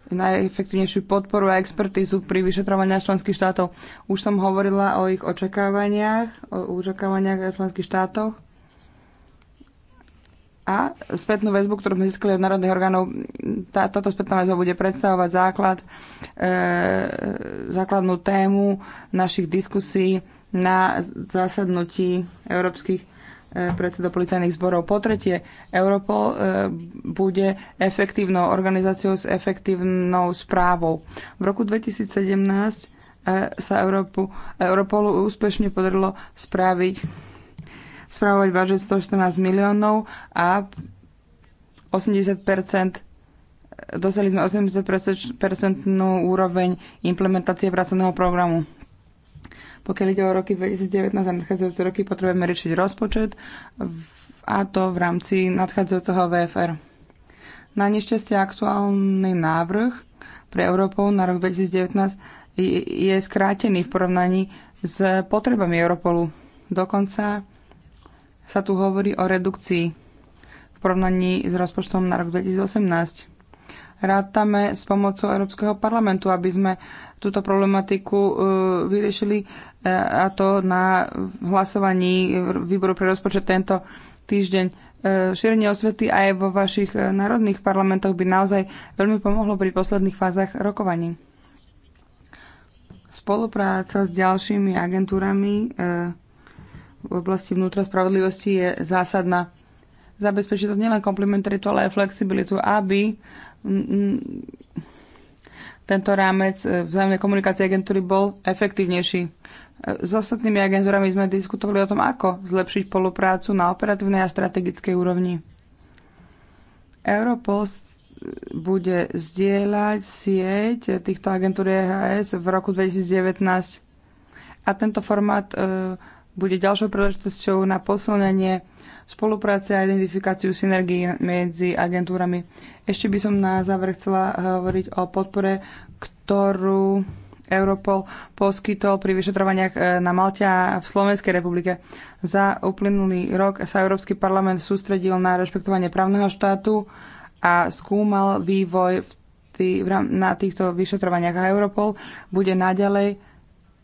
najefektívnejšiu podporu a expertízu pri vyšetrovaní členských štátov. Už som hovorila o ich očakávaniach, o očakávaniach členských štátoch a spätnú väzbu, ktorú sme získali od národných orgánov, tá, táto spätná väzba bude predstavovať základ, e, základnú tému našich diskusí na zasadnutí európskych e, predsedov policajných zborov. Po tretie, Europol e, bude efektívnou organizáciou s efektívnou správou. V roku 2017 e, sa Európu, Europolu úspešne podarilo spraviť spravovať budget 114 miliónov a 80 dosali sme 80-percentnú úroveň implementácie pracovného programu. Pokiaľ ide o roky 2019 a nadchádzajúce roky, potrebujeme riešiť rozpočet a to v rámci nadchádzajúceho VFR. Na nešťastie aktuálny návrh pre Európov na rok 2019 je skrátený v porovnaní s potrebami Europolu. Dokonca sa tu hovorí o redukcii v porovnaní s rozpočtom na rok 2018. Rátame s pomocou Európskeho parlamentu, aby sme túto problematiku e, vyriešili e, a to na hlasovaní výboru pre rozpočet tento týždeň e, šírenie osvety aj vo vašich národných parlamentoch by naozaj veľmi pomohlo pri posledných fázach rokovaní. Spolupráca s ďalšími agentúrami v oblasti vnútra spravodlivosti je zásadná. Zabezpečiť to nielen komplementaritu, ale aj flexibilitu, aby tento rámec e, vzájomnej komunikácie agentúry bol efektívnejší. E, s ostatnými agentúrami sme diskutovali o tom, ako zlepšiť spoluprácu na operatívnej a strategickej úrovni. Europol bude zdieľať sieť týchto agentúr EHS v roku 2019 a tento formát e, bude ďalšou príležitosťou na posilnenie spolupráce a identifikáciu synergií medzi agentúrami. Ešte by som na záver chcela eh, hovoriť o podpore, ktorú Europol poskytol pri vyšetrovaniach eh, na Malte a v Slovenskej republike. Za uplynulý rok sa Európsky parlament sústredil na rešpektovanie právneho štátu a skúmal vývoj v tý, na týchto vyšetrovaniach a Europol bude naďalej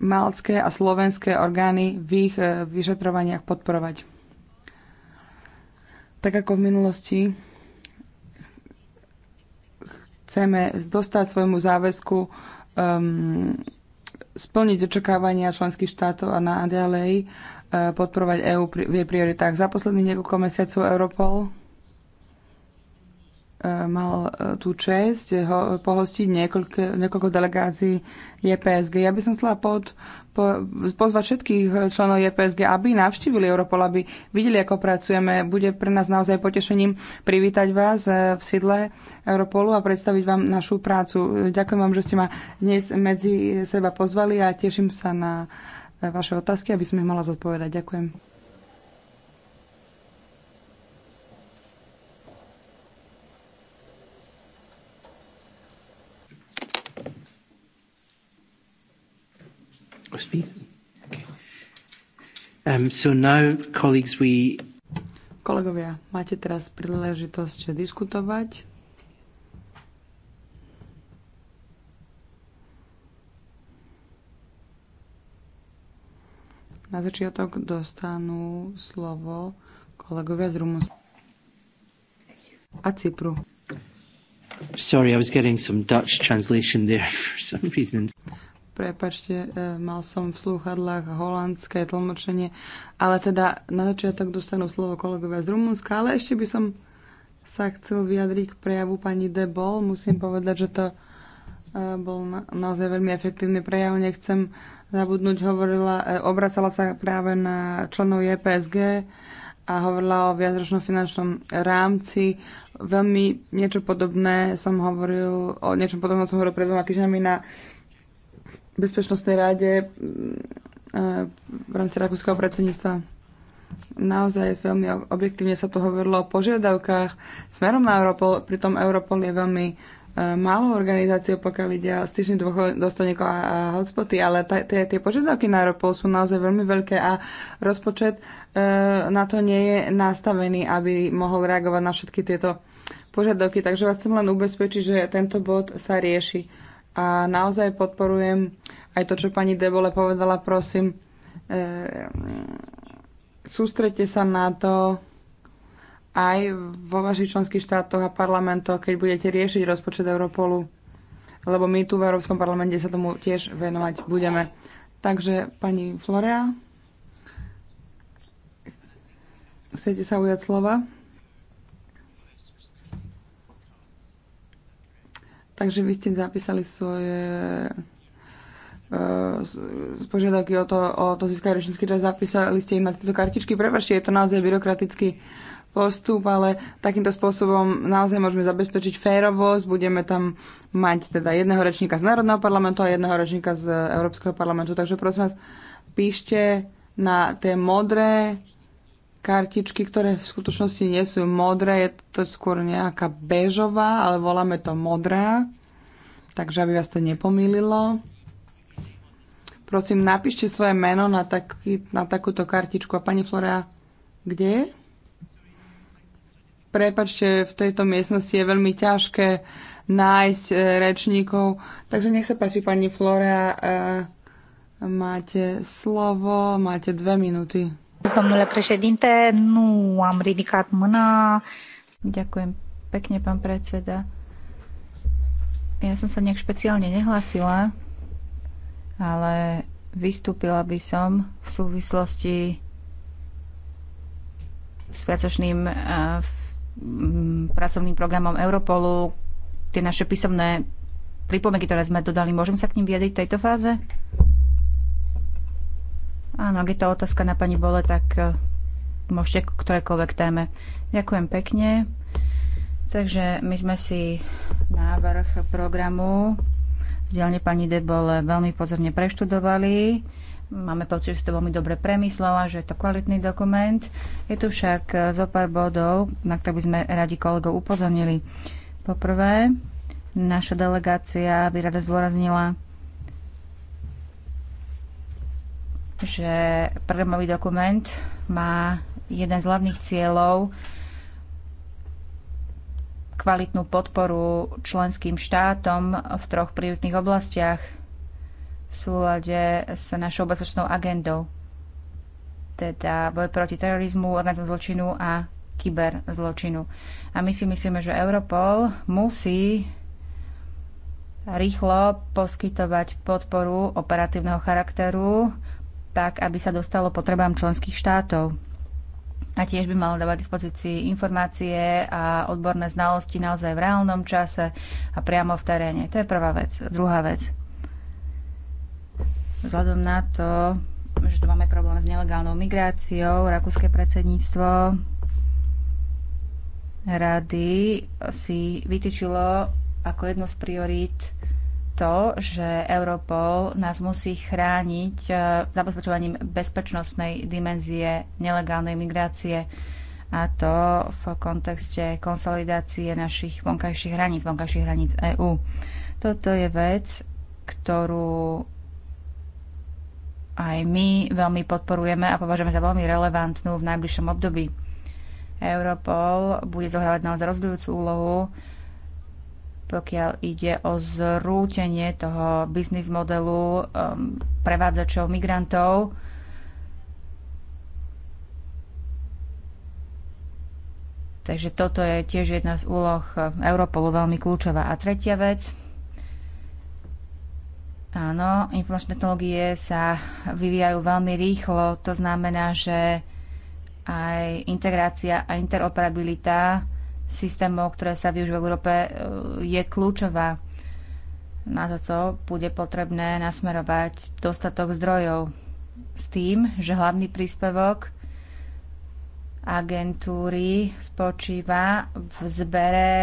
maltské a slovenské orgány v ich e, vyšetrovaniach podporovať. Tak ako v minulosti, chceme dostať svojmu záväzku um, splniť očakávania členských štátov a nadalej uh, e, podporovať EÚ v jej prioritách. Za posledných niekoľko mesiacov Europol mal e, tú čest e, ho, pohostiť niekoľko, niekoľko delegácií JPSG. Ja by som chcela pod, po, pozvať všetkých členov JPSG, aby navštívili Europol, aby videli, ako pracujeme. Bude pre nás naozaj potešením privítať vás e, v sídle Europolu a predstaviť vám našu prácu. Ďakujem vám, že ste ma dnes medzi seba pozvali a teším sa na vaše otázky, aby som ich mala zodpovedať. Ďakujem. Um, kolegovia, máte teraz príležitosť diskutovať. Na začiatok dostanú slovo kolegovia z Rumunska a Cypru. Sorry, I was getting some Dutch translation there for some reason. Prepačte, e, mal som v slúchadlách holandské tlmočenie, ale teda na začiatok dostanú slovo kolegovia z Rumunska, ale ešte by som sa chcel vyjadriť k prejavu pani De Bol. Musím povedať, že to e, bol na, naozaj veľmi efektívny prejav. Nechcem zabudnúť, hovorila, e, obracala sa práve na členov JPSG a hovorila o viacročnom finančnom rámci. Veľmi niečo podobné som hovoril, o niečom podobnom som hovoril pred dvoma týždňami na Bezpečnostnej rade mm, e, v rámci rakúskeho predsedníctva. Naozaj veľmi objektívne sa to hovorilo o požiadavkách smerom na Europol, pritom Europol je veľmi e, malou organizáciou, pokiaľ ide o styčných dôstojníkov a, hotspoty, ale tie, požiadavky na Europol sú naozaj veľmi veľké a rozpočet e, na to nie je nastavený, aby mohol reagovať na všetky tieto požiadavky. Takže vás chcem len ubezpečiť, že tento bod sa rieši a naozaj podporujem aj to, čo pani Debole povedala, prosím, e, sústrete sa na to aj vo vašich členských štátoch a parlamentoch, keď budete riešiť rozpočet Europolu, lebo my tu v Európskom parlamente sa tomu tiež venovať budeme. Takže, pani Florea, chcete sa ujať slova? Takže vy ste zapísali svoje e, požiadavky o to, o to získať rečnícky čas, zapísali ste im na tieto kartičky. Prepašte, je to naozaj byrokratický postup, ale takýmto spôsobom naozaj môžeme zabezpečiť férovosť. Budeme tam mať teda jedného rečníka z Národného parlamentu a jedného rečníka z Európskeho parlamentu. Takže prosím vás, píšte na tie modré kartičky, ktoré v skutočnosti nie sú modré, je to skôr nejaká bežová, ale voláme to modrá, takže aby vás to nepomýlilo. Prosím, napíšte svoje meno na, taký, na takúto kartičku. A pani Florea, kde je? Prepačte, v tejto miestnosti je veľmi ťažké nájsť e, rečníkov. Takže nech sa páči, pani Florea, e, máte slovo, máte dve minúty. Domnule președinte, nu am ridicat mâna. Ďakujem pekne, pán predseda. Ja som sa nejak špeciálne nehlasila, ale vystúpila by som v súvislosti s viacočným eh, pracovným programom Europolu. Tie naše písomné pripomienky, ktoré sme dodali, môžem sa k nim viedeť v tejto fáze? Áno, ak je to otázka na pani Bole, tak e, môžete k ktorékoľvek téme. Ďakujem pekne. Takže my sme si návrh programu Zdielne dielne pani Debole veľmi pozorne preštudovali. Máme pocit, že si to veľmi dobre premyslela, že je to kvalitný dokument. Je tu však e, zo pár bodov, na ktoré by sme radi kolegov upozornili. Poprvé, naša delegácia by rada zdôraznila že programový dokument má jeden z hlavných cieľov kvalitnú podporu členským štátom v troch prioritných oblastiach v súlade s našou bezpečnou agendou, teda boj proti terorizmu, organizmu zločinu a kyberzločinu. A my si myslíme, že Europol musí rýchlo poskytovať podporu operatívneho charakteru tak aby sa dostalo potrebám členských štátov. A tiež by malo dávať dispozícii informácie a odborné znalosti naozaj v reálnom čase a priamo v teréne. To je prvá vec. Druhá vec. Vzhľadom na to, že tu máme problém s nelegálnou migráciou, rakúske predsedníctvo rady si vytýčilo ako jednu z priorít to, že Europol nás musí chrániť e, zabezpečovaním bezpečnostnej dimenzie nelegálnej migrácie a to v kontexte konsolidácie našich vonkajších hraníc, vonkajších hraníc EÚ. Toto je vec, ktorú aj my veľmi podporujeme a považujeme za veľmi relevantnú v najbližšom období. Europol bude zohrávať naozaj rozhodujúcu úlohu pokiaľ ide o zrútenie toho biznis modelu um, prevádzačov migrantov. Takže toto je tiež jedna z úloh um, Europolu veľmi kľúčová. A tretia vec, áno, informačné technológie sa vyvíjajú veľmi rýchlo, to znamená, že aj integrácia a interoperabilita systémov, ktoré sa využívajú v Európe, e, je kľúčová. Na toto bude potrebné nasmerovať dostatok zdrojov s tým, že hlavný príspevok agentúry spočíva v zbere,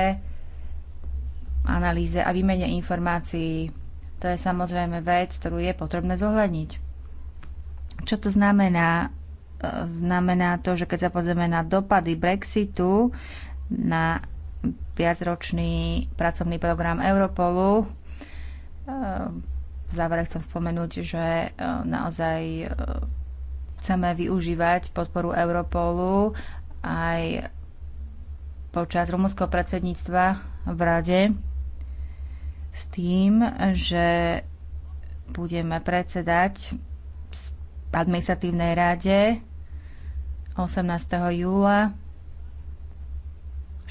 analýze a výmene informácií. To je samozrejme vec, ktorú je potrebné zohľadniť. Čo to znamená? E, znamená to, že keď sa pozrieme na dopady Brexitu na viacročný pracovný program Europolu. V závere chcem spomenúť, že e, naozaj e, chceme využívať podporu Europolu aj počas rumunského predsedníctva v Rade s tým, že budeme predsedať v administratívnej rade 18. júla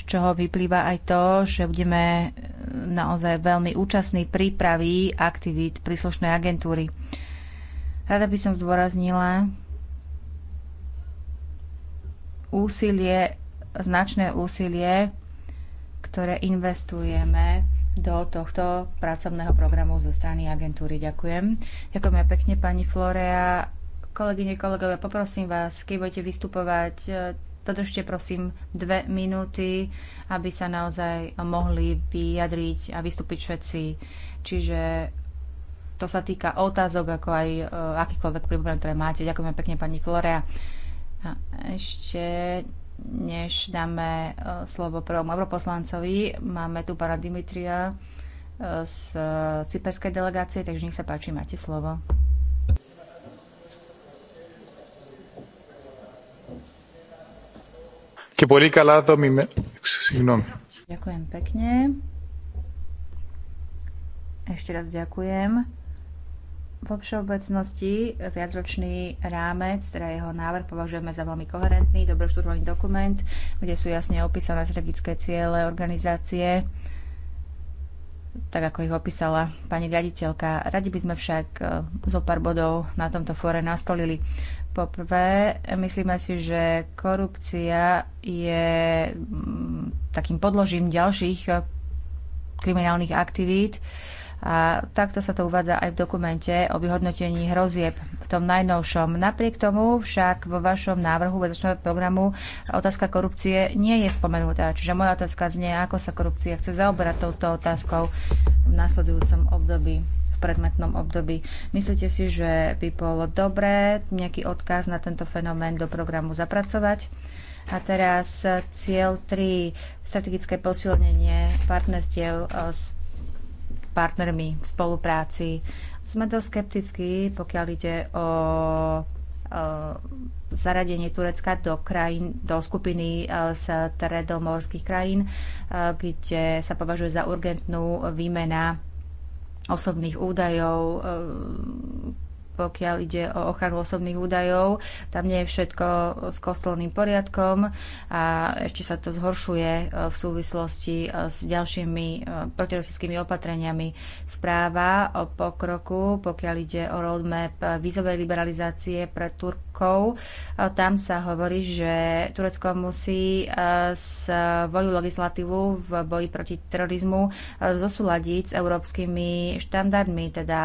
čoho vyplýva aj to, že budeme naozaj veľmi účastní prípravy aktivít príslušnej agentúry. Rada by som zdôraznila úsilie, značné úsilie, ktoré investujeme do tohto pracovného programu zo strany agentúry. Ďakujem. ja pekne, pani Florea. Kolegyne, kolegovia, poprosím vás, keď budete vystupovať, Dodržte prosím dve minúty, aby sa naozaj mohli vyjadriť a vystúpiť všetci. Čiže to sa týka otázok, ako aj e, akýkoľvek príbuzov, ktoré máte. Ďakujem pekne, pani Florea. A ešte než dáme e, slovo prvom europoslancovi, máme tu pána Dimitria e, z cyperskej delegácie, takže nech sa páči, máte slovo. και πολύ καλά Συγγνώμη. Ďakujem pekne. Ešte raz ďakujem. Vo všeobecnosti viacročný rámec, teda jeho návrh považujeme za veľmi koherentný, dobroštudovaný dokument, kde sú jasne opísané strategické ciele organizácie, tak ako ich opísala pani riaditeľka. Radi by sme však eh, zo pár bodov na tomto fóre nastolili. Poprvé, myslíme si, že korupcia je mm, takým podložím ďalších eh, kriminálnych aktivít. A takto sa to uvádza aj v dokumente o vyhodnotení hrozieb v tom najnovšom. Napriek tomu však vo vašom návrhu vedačného programu otázka korupcie nie je spomenutá. Čiže moja otázka znie, ako sa korupcia chce zaoberať touto otázkou v následujúcom období predmetnom období. Myslíte si, že by bolo dobré nejaký odkaz na tento fenomén do programu zapracovať? A teraz cieľ 3, strategické posilnenie partnerstiev e, s partnermi v spolupráci. Sme dosť skeptickí, pokiaľ ide o e, zaradenie Turecka do, krajín, do skupiny e, z tredomorských krajín, kde sa považuje za urgentnú výmena osobných údajov, pokiaľ ide o ochranu osobných údajov. Tam nie je všetko s kostolným poriadkom a ešte sa to zhoršuje e, v súvislosti e, s ďalšími e, protirosickými opatreniami. Správa o pokroku, pokiaľ ide o roadmap vízovej liberalizácie pre Turkov, tam sa hovorí, že Turecko musí voľu legislatívu v boji proti terorizmu zosúľadiť s európskymi štandardmi, teda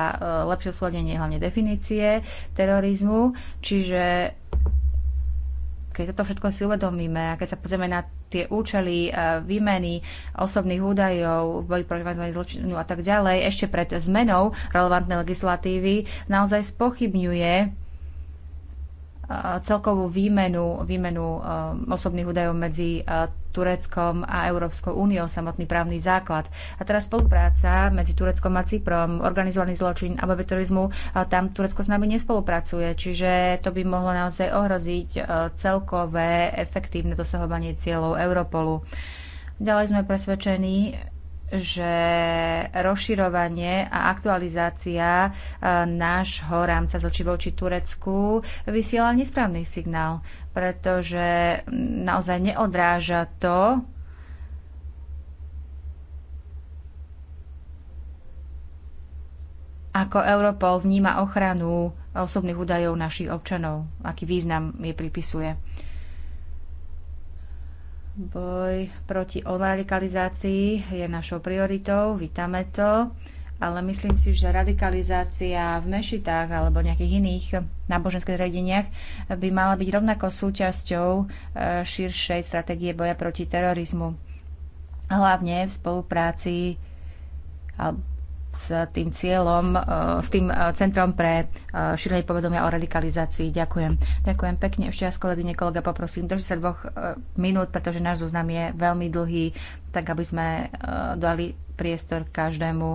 lepšie súladenie hlavne definície definície terorizmu, čiže keď toto všetko si uvedomíme a keď sa pozrieme na tie účely e, výmeny osobných údajov v boji proti organizovanému zločinu a tak ďalej, ešte pred zmenou relevantnej legislatívy naozaj spochybňuje celkovú výmenu, výmenu um, osobných údajov medzi uh, Tureckom a Európskou úniou, samotný právny základ. A teraz spolupráca medzi Tureckom a Cyprom, organizovaný zločin a terorizmu, tam Turecko s nami nespolupracuje, čiže to by mohlo naozaj ohroziť uh, celkové efektívne dosahovanie cieľov Europolu. Ďalej sme presvedčení, že rozširovanie a aktualizácia e, nášho rámca z voči Turecku vysiela nesprávny signál, pretože naozaj neodráža to, ako Europol vníma ochranu osobných údajov našich občanov, aký význam je pripisuje. Boj proti onalikalizácii je našou prioritou, vítame to, ale myslím si, že radikalizácia v mešitách alebo nejakých iných náboženských zariadeniach by mala byť rovnako súčasťou e, širšej stratégie boja proti terorizmu. Hlavne v spolupráci s tým cieľom, e, s tým e, Centrom pre e, šírenie povedomia o radikalizácii. Ďakujem. Ďakujem pekne. Ešte raz, kolegyne, kolega, poprosím, držte sa dvoch minút, pretože náš zoznam je veľmi dlhý, tak aby sme dali priestor každému.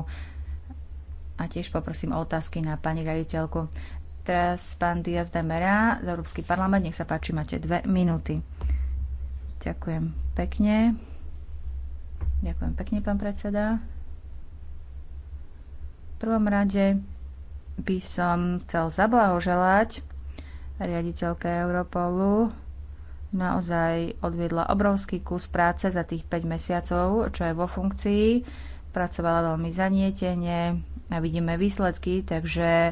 A tiež poprosím o otázky na pani raditeľku. Teraz pán Diaz Mera z Európsky parlament. Nech sa páči, máte dve minúty. Ďakujem pekne. Ďakujem pekne, pán predseda prvom rade by som chcel zablahoželať riaditeľke Europolu. Naozaj odviedla obrovský kus práce za tých 5 mesiacov, čo je vo funkcii. Pracovala veľmi zanietene a vidíme výsledky, takže e,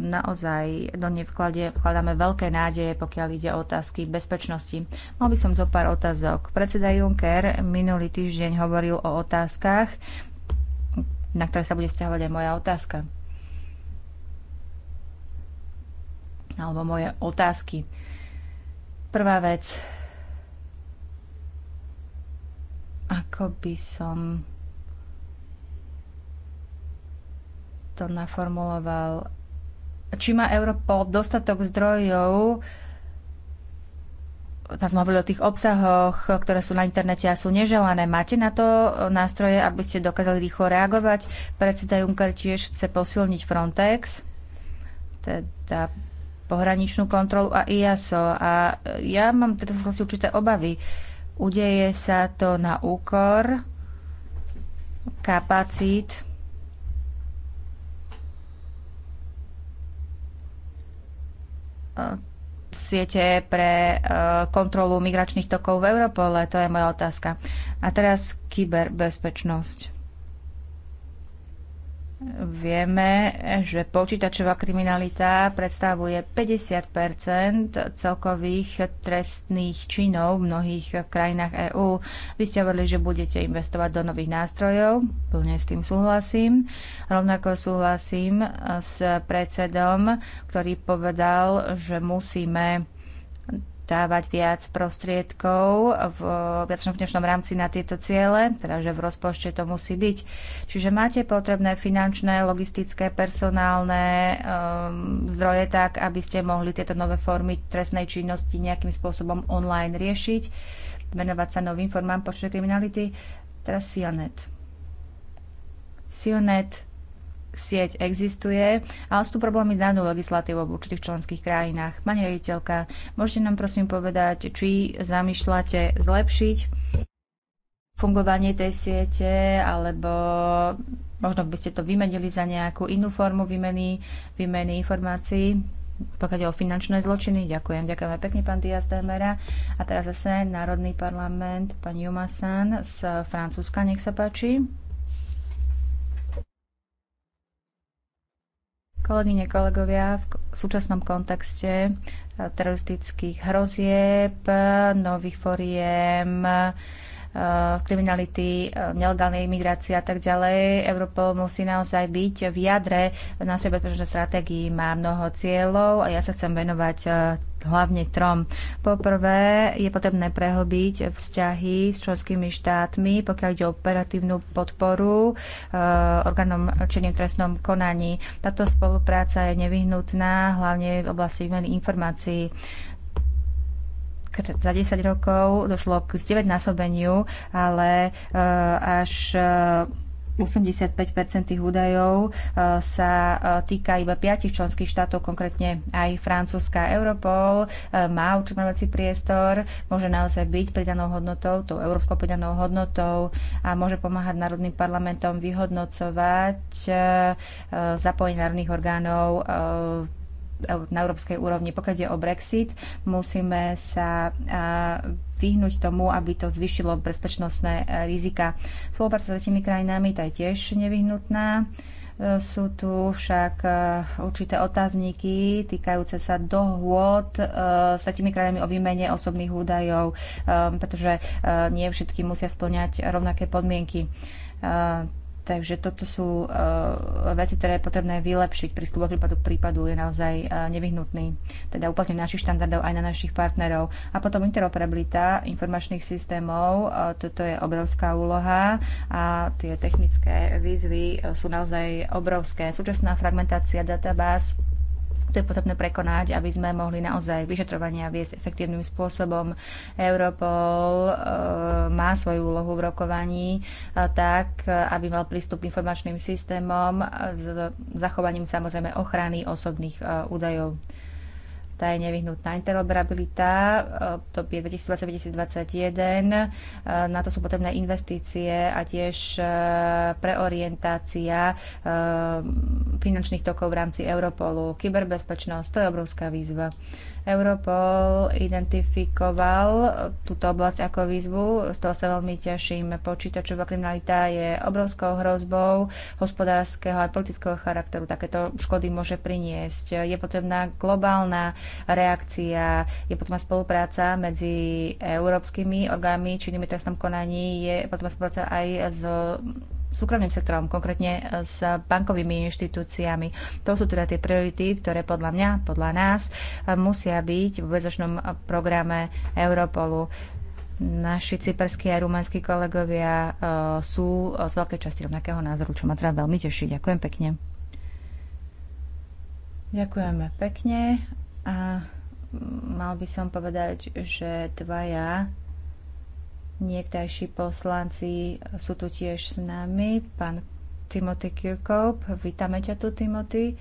naozaj do nej vklade, vkladáme veľké nádeje, pokiaľ ide o otázky bezpečnosti. Mal by som zo pár otázok. Predseda Juncker minulý týždeň hovoril o otázkach, na ktoré sa bude vzťahovať aj moja otázka. Alebo moje otázky. Prvá vec. Ako by som to naformuloval? Či má Europol dostatok zdrojov, tam sme hovorili o tých obsahoch, ktoré sú na internete a sú neželané. Máte na to nástroje, aby ste dokázali rýchlo reagovať? Predseda Juncker tiež chce posilniť Frontex, teda pohraničnú kontrolu a IASO. A ja mám teda vlastne určité obavy. Udeje sa to na úkor kapacít a siete pre e, kontrolu migračných tokov v Európole? To je moja otázka. A teraz kyberbezpečnosť. Vieme, že počítačová kriminalita predstavuje 50 celkových trestných činov v mnohých krajinách EÚ. Vy ste hovorili, že budete investovať do nových nástrojov. Plne s tým súhlasím. Rovnako súhlasím s predsedom, ktorý povedal, že musíme dávať viac prostriedkov v viacnom finančnom rámci na tieto ciele, teda že v rozpočte to musí byť. Čiže máte potrebné finančné, logistické, personálne um, zdroje tak, aby ste mohli tieto nové formy trestnej činnosti nejakým spôsobom online riešiť, venovať sa novým formám počtu kriminality. Teraz Sionet. Sionet sieť existuje, ale sú tu problémy s danou legislatívou v určitých členských krajinách. Pani riaditeľka, môžete nám prosím povedať, či zamýšľate zlepšiť fungovanie tej siete, alebo možno by ste to vymenili za nejakú inú formu výmeny, výmeny informácií pokiaľ o finančné zločiny. Ďakujem. ďakujem pekne, pán Diaz Demera. A teraz zase Národný parlament, pani Jumasan z Francúzska, nech sa páči. Kolegyne, kolegovia, v súčasnom kontexte eh, teroristických hrozieb, nových foriem Eh, kriminality, eh, nelegálnej imigrácie a tak ďalej. Európa musí naozaj byť v jadre na našej bezpečnostnej stratégii. Má mnoho cieľov a ja sa chcem venovať eh, hlavne trom. Poprvé je potrebné prehlbiť vzťahy s členskými štátmi, pokiaľ ide o operatívnu podporu e, orgánom činným trestnom konaní. Táto spolupráca je nevyhnutná, hlavne v oblasti výmeny informácií. E, za 10 rokov došlo k 9 násobeniu, ale eh, až 85 eh, tých údajov eh, sa týka iba piatich členských štátov, konkrétne aj Francúzska. Europol má učinovací priestor, môže naozaj byť pridanou hodnotou, tou európskou pridanou hodnotou a môže pomáhať národným parlamentom vyhodnocovať zapojenie národných orgánov na európskej úrovni. Pokiaľ ide o Brexit, musíme sa vyhnúť tomu, aby to zvyšilo bezpečnostné e, rizika. Spolupráca s tretimi krajinami tá je tiež nevyhnutná. E, sú tu však e, určité otázniky týkajúce sa dohôd s takými krajinami o výmene osobných údajov, pretože nie všetky musia splňať rovnaké podmienky Takže toto sú uh, veci, ktoré je potrebné vylepšiť. pri od prípadu k prípadu je naozaj uh, nevyhnutný. Teda úplne našich štandardov aj na našich partnerov. A potom interoperabilita informačných systémov, uh, toto je obrovská úloha a tie technické výzvy uh, sú naozaj obrovské. Súčasná fragmentácia databáz to je potrebné prekonať, aby sme mohli naozaj vyšetrovania viesť efektívnym spôsobom. Europol e, má svoju úlohu v rokovaní e, tak, aby mal prístup k informačným systémom e, s zachovaním samozrejme ochrany osobných údajov tá je nevyhnutná. Interoperabilita e, to je 2020-2021, e, na to sú potrebné investície a tiež e, preorientácia finančných tokov v rámci Europolu. Kyberbezpečnosť, to je obrovská výzva. Europol identifikoval túto oblasť ako výzvu, z toho sa veľmi teším. Počítačová kriminalita je obrovskou hrozbou hospodárskeho a politického charakteru. Takéto škody môže priniesť. Je potrebná globálna reakcia, je potrebná spolupráca medzi európskymi orgánmi či inými trestnom konaní, je potrebná spolupráca aj s súkromným sektorom, konkrétne e, s bankovými inštitúciami. To sú teda tie priority, ktoré podľa mňa, podľa nás e, musia byť v bezočnom programe Europolu. Naši cyperskí a rumánsky kolegovia e, sú z veľkej časti rovnakého názoru, čo ma teda veľmi teší. Ďakujem pekne. Ďakujeme pekne a mal by som povedať, že dvaja Niektajší poslanci sú tu tiež s nami. Pán Timothy Kirkhope, vítame ťa tu, Timothy.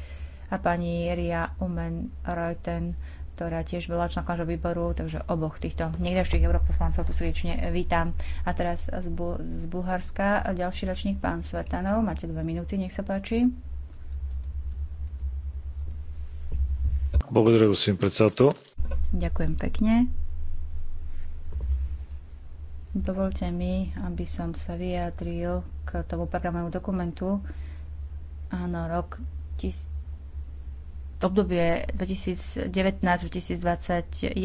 A pani Ria Umen Reuten, ktorá tiež bola členkou výboru, takže oboch týchto niekdajších europoslancov tu srdečne vítam. A teraz z, Bu- z Bulharska ďalší ročník, pán Svetanov. Máte dve minúty, nech sa páči. Ďakujem pekne. Dovolte mi, aby som sa vyjadril k tomu programovému dokumentu. Áno, rok tis, obdobie 2019-2021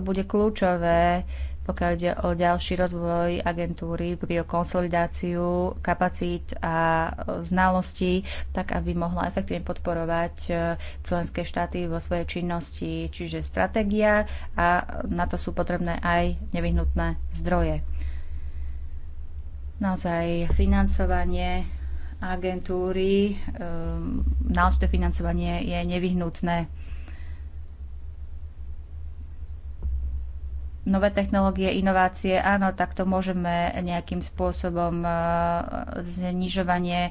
bude kľúčové pokiaľ ide o ďalší rozvoj agentúry, pri o konsolidáciu kapacít a znalostí, tak aby mohla efektívne podporovať e, členské štáty vo svojej činnosti, čiže stratégia a na to sú potrebné aj nevyhnutné zdroje. Naozaj financovanie agentúry, um, e, náležité financovanie je nevyhnutné nové technológie, inovácie, áno, tak to môžeme nejakým spôsobom e, znižovanie e,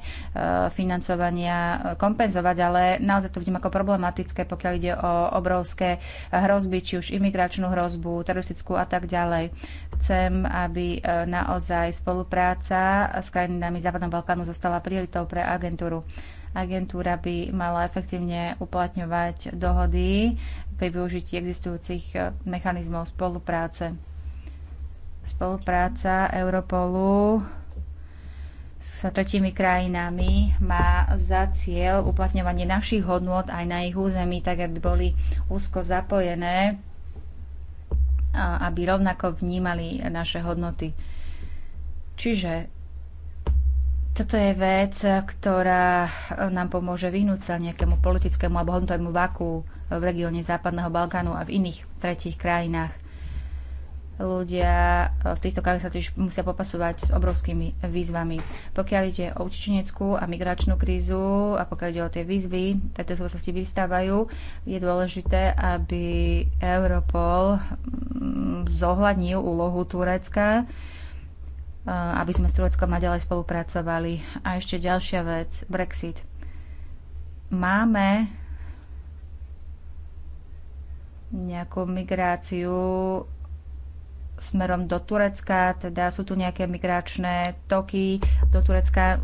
financovania e, kompenzovať, ale naozaj to vidím ako problematické, pokiaľ ide o obrovské hrozby, či už imigračnú hrozbu, teroristickú a tak ďalej. Chcem, aby naozaj spolupráca s krajinami Západného Balkánu zostala prioritou pre agentúru agentúra by mala efektívne uplatňovať dohody pri využití existujúcich e, mechanizmov spolupráce. Spolupráca Europolu s tretími krajinami má za cieľ uplatňovanie našich hodnôt aj na ich území, tak aby boli úzko zapojené, aby rovnako vnímali naše hodnoty. Čiže toto je vec, ktorá e, nám pomôže vyhnúť sa nejakému politickému alebo hodnotovému vaku v regióne Západného Balkánu a v iných tretích krajinách. Ľudia e, v týchto krajinách sa tiež musia popasovať s obrovskými výzvami. Pokiaľ ide o utečeneckú a migračnú krízu a pokiaľ ide o tie výzvy, tejto súvislosti vystávajú, je dôležité, aby Europol mm, zohľadnil úlohu Turecka e, aby sme s Tureckom naďalej spolupracovali. A ešte ďalšia vec, Brexit. Máme nejakú migráciu smerom do Turecka, teda sú tu nejaké migračné toky do Turecka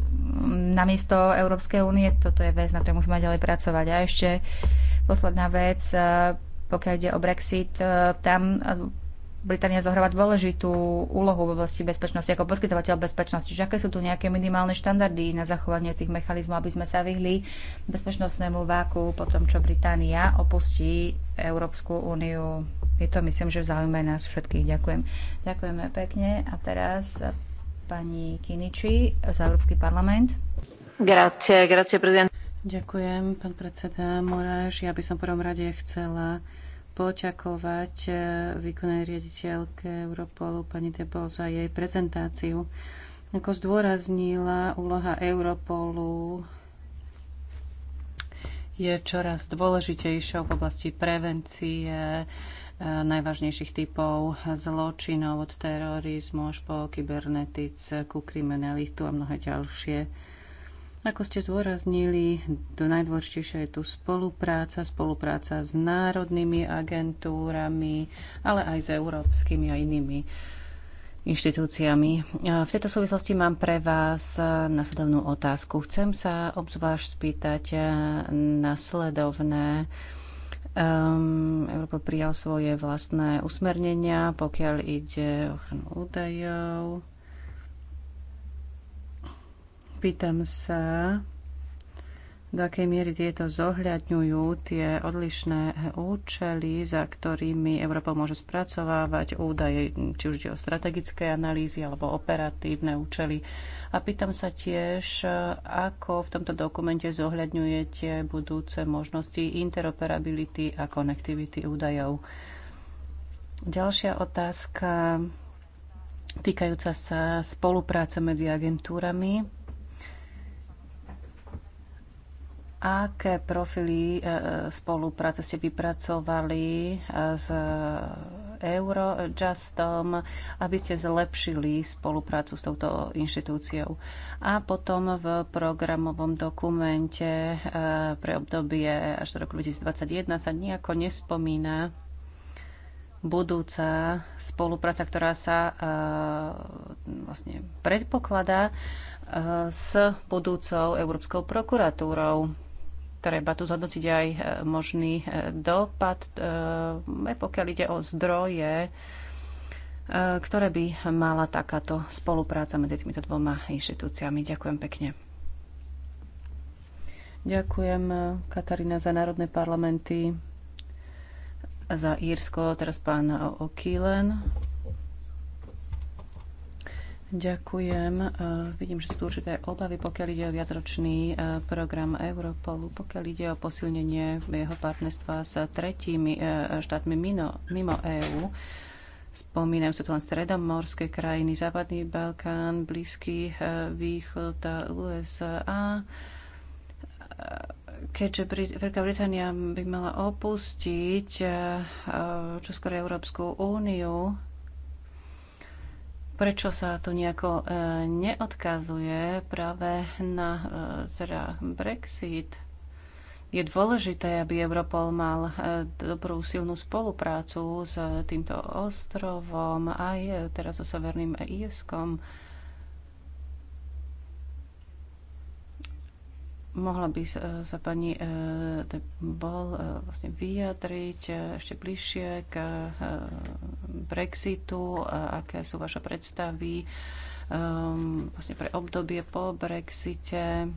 namiesto Európskej únie. Toto je vec, na ktorej musíme ďalej pracovať. A ešte posledná vec, eh, pokiaľ ide o Brexit, eh, tam Británia zohráva dôležitú úlohu v oblasti bezpečnosti ako poskytovateľ bezpečnosti. Čiže aké sú tu nejaké minimálne štandardy na zachovanie tých mechanizmov, aby sme sa vyhli bezpečnostnému váku po tom, čo Británia opustí Európsku úniu. Je to, myslím, že v záujme nás všetkých. Ďakujem. Ďakujeme pekne. A teraz pani Kiniči za Európsky parlament. Grazie, grazie, prezident. Ďakujem, pán predseda Moráš. Ja by som v prvom rade chcela poďakovať e, výkonnej riaditeľke Europolu pani Debo za jej prezentáciu. Ako zdôraznila, úloha Europolu je čoraz dôležitejšou v oblasti prevencie e, najvážnejších typov zločinov od terorizmu až po kybernetickú kriminalitu a mnohé ďalšie ako ste zdôraznili, to najdôležitejšie je tu spolupráca, spolupráca s národnými agentúrami, ale aj s európskymi a inými inštitúciami. V tejto súvislosti mám pre vás nasledovnú otázku. Chcem sa obzvlášť spýtať e, nasledovné. Um, Európa prijal svoje vlastné usmernenia, pokiaľ ide o ochranu údajov Pýtam sa, do akej miery tieto zohľadňujú tie odlišné účely, za ktorými Európa môže spracovávať údaje, či už ide o strategické analýzy alebo operatívne účely. A pýtam sa tiež, ako v tomto dokumente zohľadňujete budúce možnosti interoperability a konektivity údajov. Ďalšia otázka týkajúca sa spolupráce medzi agentúrami aké profily e, e, spolupráce ste vypracovali e, s Eurojustom, aby ste zlepšili spoluprácu s touto inštitúciou. A potom v programovom dokumente pre obdobie až do roku 2021 sa nejako nespomína budúca spolupráca, ktorá sa vlastne predpokladá s budúcou Európskou prokuratúrou treba tu zhodnotiť aj e, možný e, dopad, e, aj pokiaľ ide o zdroje, ktoré by mala takáto spolupráca medzi týmito dvoma inštitúciami. Ďakujem pekne. Ďakujem, Katarína, za národné parlamenty, za Írsko, teraz pán O'Keelan. Ďakujem. E, vidím, že sú tu určité obavy, pokiaľ ide o viacročný e, program Europolu, pokiaľ ide o posilnenie jeho partnerstva s tretími e, štátmi mimo, mimo EÚ. Spomínajú sa tu len stredomorské krajiny, Západný Balkán, Blízky východ, USA. Keďže Veľká Británia by mala opustiť čoskoro Európsku úniu, prečo sa to nejako e, neodkazuje práve na e, teda Brexit. Je dôležité, aby Europol mal e, dobrú silnú spoluprácu s týmto ostrovom aj teraz so Severným Írskom. mohla by sa, pani pani e, Bol e, vlastne vyjadriť e, ešte bližšie k Brexitu, aké sú vaše predstavy vlastne pre obdobie po Brexite.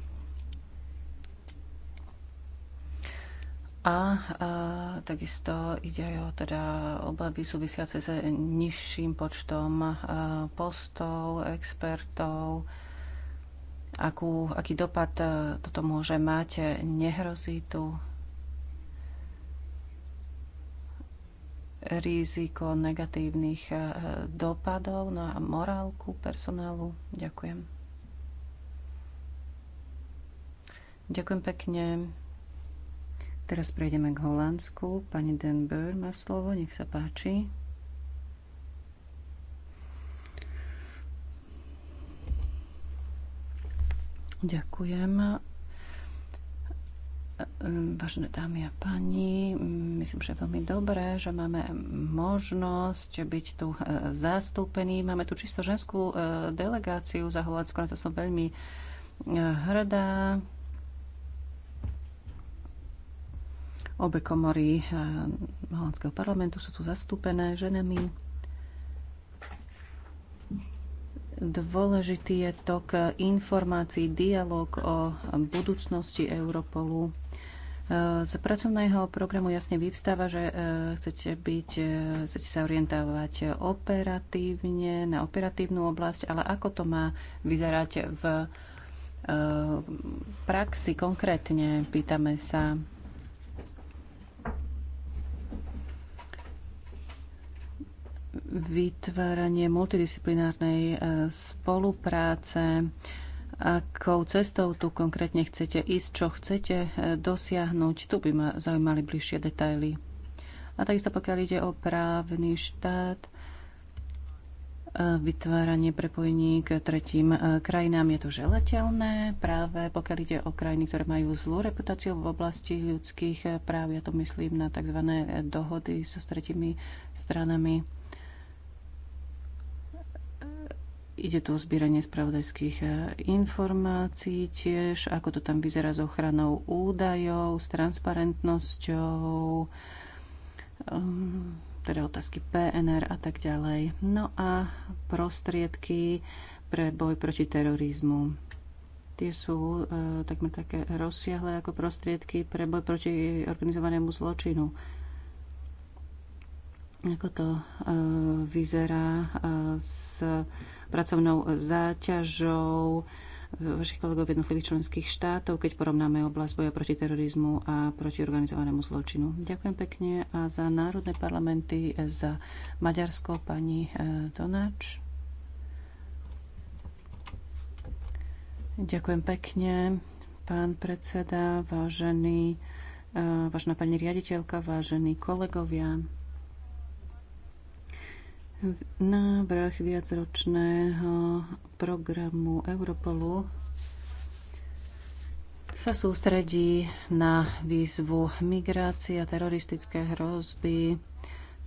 A, a takisto ide aj o teda obavy súvisiace s nižším počtom postov, expertov akú, aký dopad e, toto môže mať. Nehrozí tu riziko negatívnych e, dopadov na no morálku personálu. Ďakujem. Ďakujem pekne. Teraz prejdeme k Holandsku. Pani Den má slovo, nech sa páči. Ďakujem. Vážne dámy a páni, myslím, že je veľmi dobré, že máme možnosť byť tu eh, zastúpení. Máme tu čisto ženskú eh, delegáciu za Holandsko, na to som veľmi eh, hrdá. Obe komory Holandského parlamentu sú tu zastúpené ženami. Dôležitý je tok informácií, dialog o budúcnosti Europolu. Z pracovného programu jasne vyvstáva, že e, chcete, byť, e, chcete sa orientovať operatívne, na operatívnu oblasť, ale ako to má vyzerať v e, praxi konkrétne, pýtame sa vytváranie multidisciplinárnej e, spolupráce, akou cestou tu konkrétne chcete ísť, čo chcete e, dosiahnuť. Tu by ma zaujímali bližšie detaily. A takisto pokiaľ ide o právny štát, e, vytváranie prepojení k tretím krajinám je to želateľné. Práve pokiaľ ide o krajiny, ktoré majú zlú reputáciu v oblasti ľudských práv, ja to myslím na tzv. dohody so tretími tretimi stranami Ide tu o zbieranie spravodajských e, informácií tiež, ako to tam vyzerá s ochranou údajov, s transparentnosťou, e, teda otázky PNR a tak ďalej. No a prostriedky pre boj proti terorizmu. Tie sú e, takmer také rozsiahle ako prostriedky pre boj proti organizovanému zločinu ako to e, vyzerá s pracovnou záťažou vašich kolegov v jednotlivých členských štátov, keď porovnáme oblasť boja proti terorizmu a proti organizovanému zločinu. Ďakujem pekne a za národné parlamenty, za Maďarsko pani Donáč. Eh, Ďakujem pekne, pán predseda, vážený, eh, vážená pani riaditeľka, vážení kolegovia návrh viacročného programu Europolu sa sústredí na výzvu migrácie a teroristické hrozby.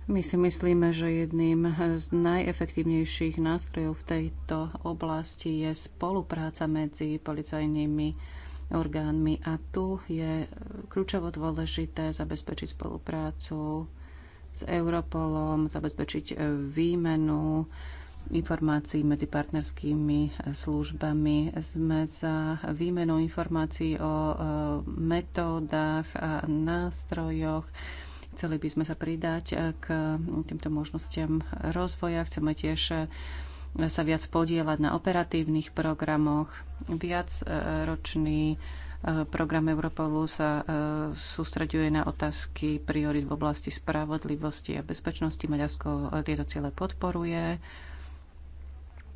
My si myslíme, že jedným z najefektívnejších nástrojov v tejto oblasti je spolupráca medzi policajnými orgánmi a tu je kľúčovo dôležité zabezpečiť spoluprácu s Europolom, zabezpečiť e, výmenu informácií medzi partnerskými e, službami. Sme za výmenu informácií o e, metódach a nástrojoch. Chceli by sme sa pridať k týmto možnostiam rozvoja. Chceme tiež sa viac podielať na operatívnych programoch. Viacročný ročný Program Europolu sa e, sústreďuje na otázky priorit v oblasti spravodlivosti a bezpečnosti. Maďarsko e, tieto ciele podporuje.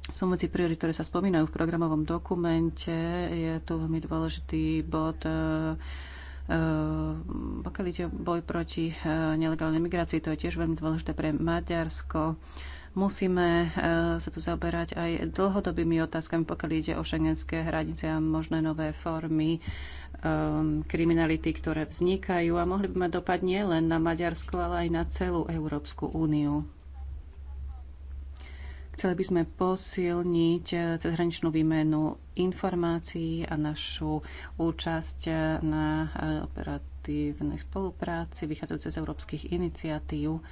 Spomedzi priorit, ktoré sa spomínajú v programovom dokumente, je tu veľmi dôležitý bod e, pokiaľ ide boj proti nelegálnej migrácii, to je tiež veľmi dôležité pre Maďarsko. Musíme e, sa tu zaoberať aj dlhodobými otázkami, pokiaľ ide o šengenské hranice a možné nové formy um, kriminality, ktoré vznikajú a mohli by mať dopad nie len na Maďarsko, ale aj na celú Európsku úniu. Chceli by sme posilniť e, cezhraničnú výmenu informácií a našu účasť na operatívnej spolupráci vychádzajúce z európskych iniciatív.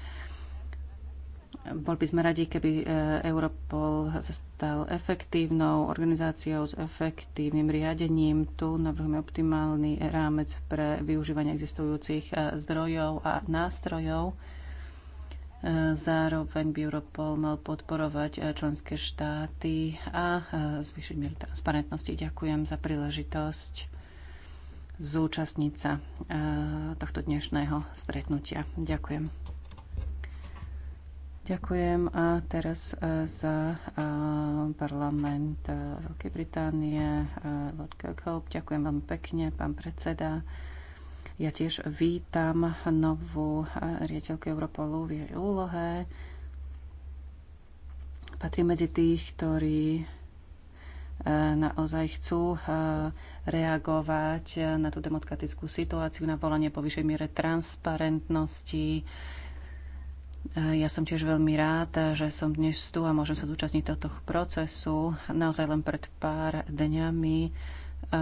Bol by sme radi, keby e, Europol sa stal efektívnou organizáciou s efektívnym riadením. Tu navrhujeme optimálny rámec pre využívanie existujúcich e, zdrojov a nástrojov. E, zároveň by Europol mal podporovať členské štáty a zvýšiť mieru transparentnosti. Ďakujem za príležitosť zúčastniť sa tohto dnešného stretnutia. Ďakujem. Ďakujem a teraz e, za e, parlament e, Veľkej Británie, Lord Kirkhope. Ďakujem veľmi pekne, pán predseda. Ja tiež vítam novú riaditeľku Europolu v jej úlohe. Patrí medzi tých, ktorí naozaj chcú reagovať na tú demokratickú situáciu, na volanie po vyššej miere transparentnosti, ja som tiež veľmi rád, že som dnes tu a môžem sa zúčastniť tohto procesu. Naozaj len pred pár dňami eh,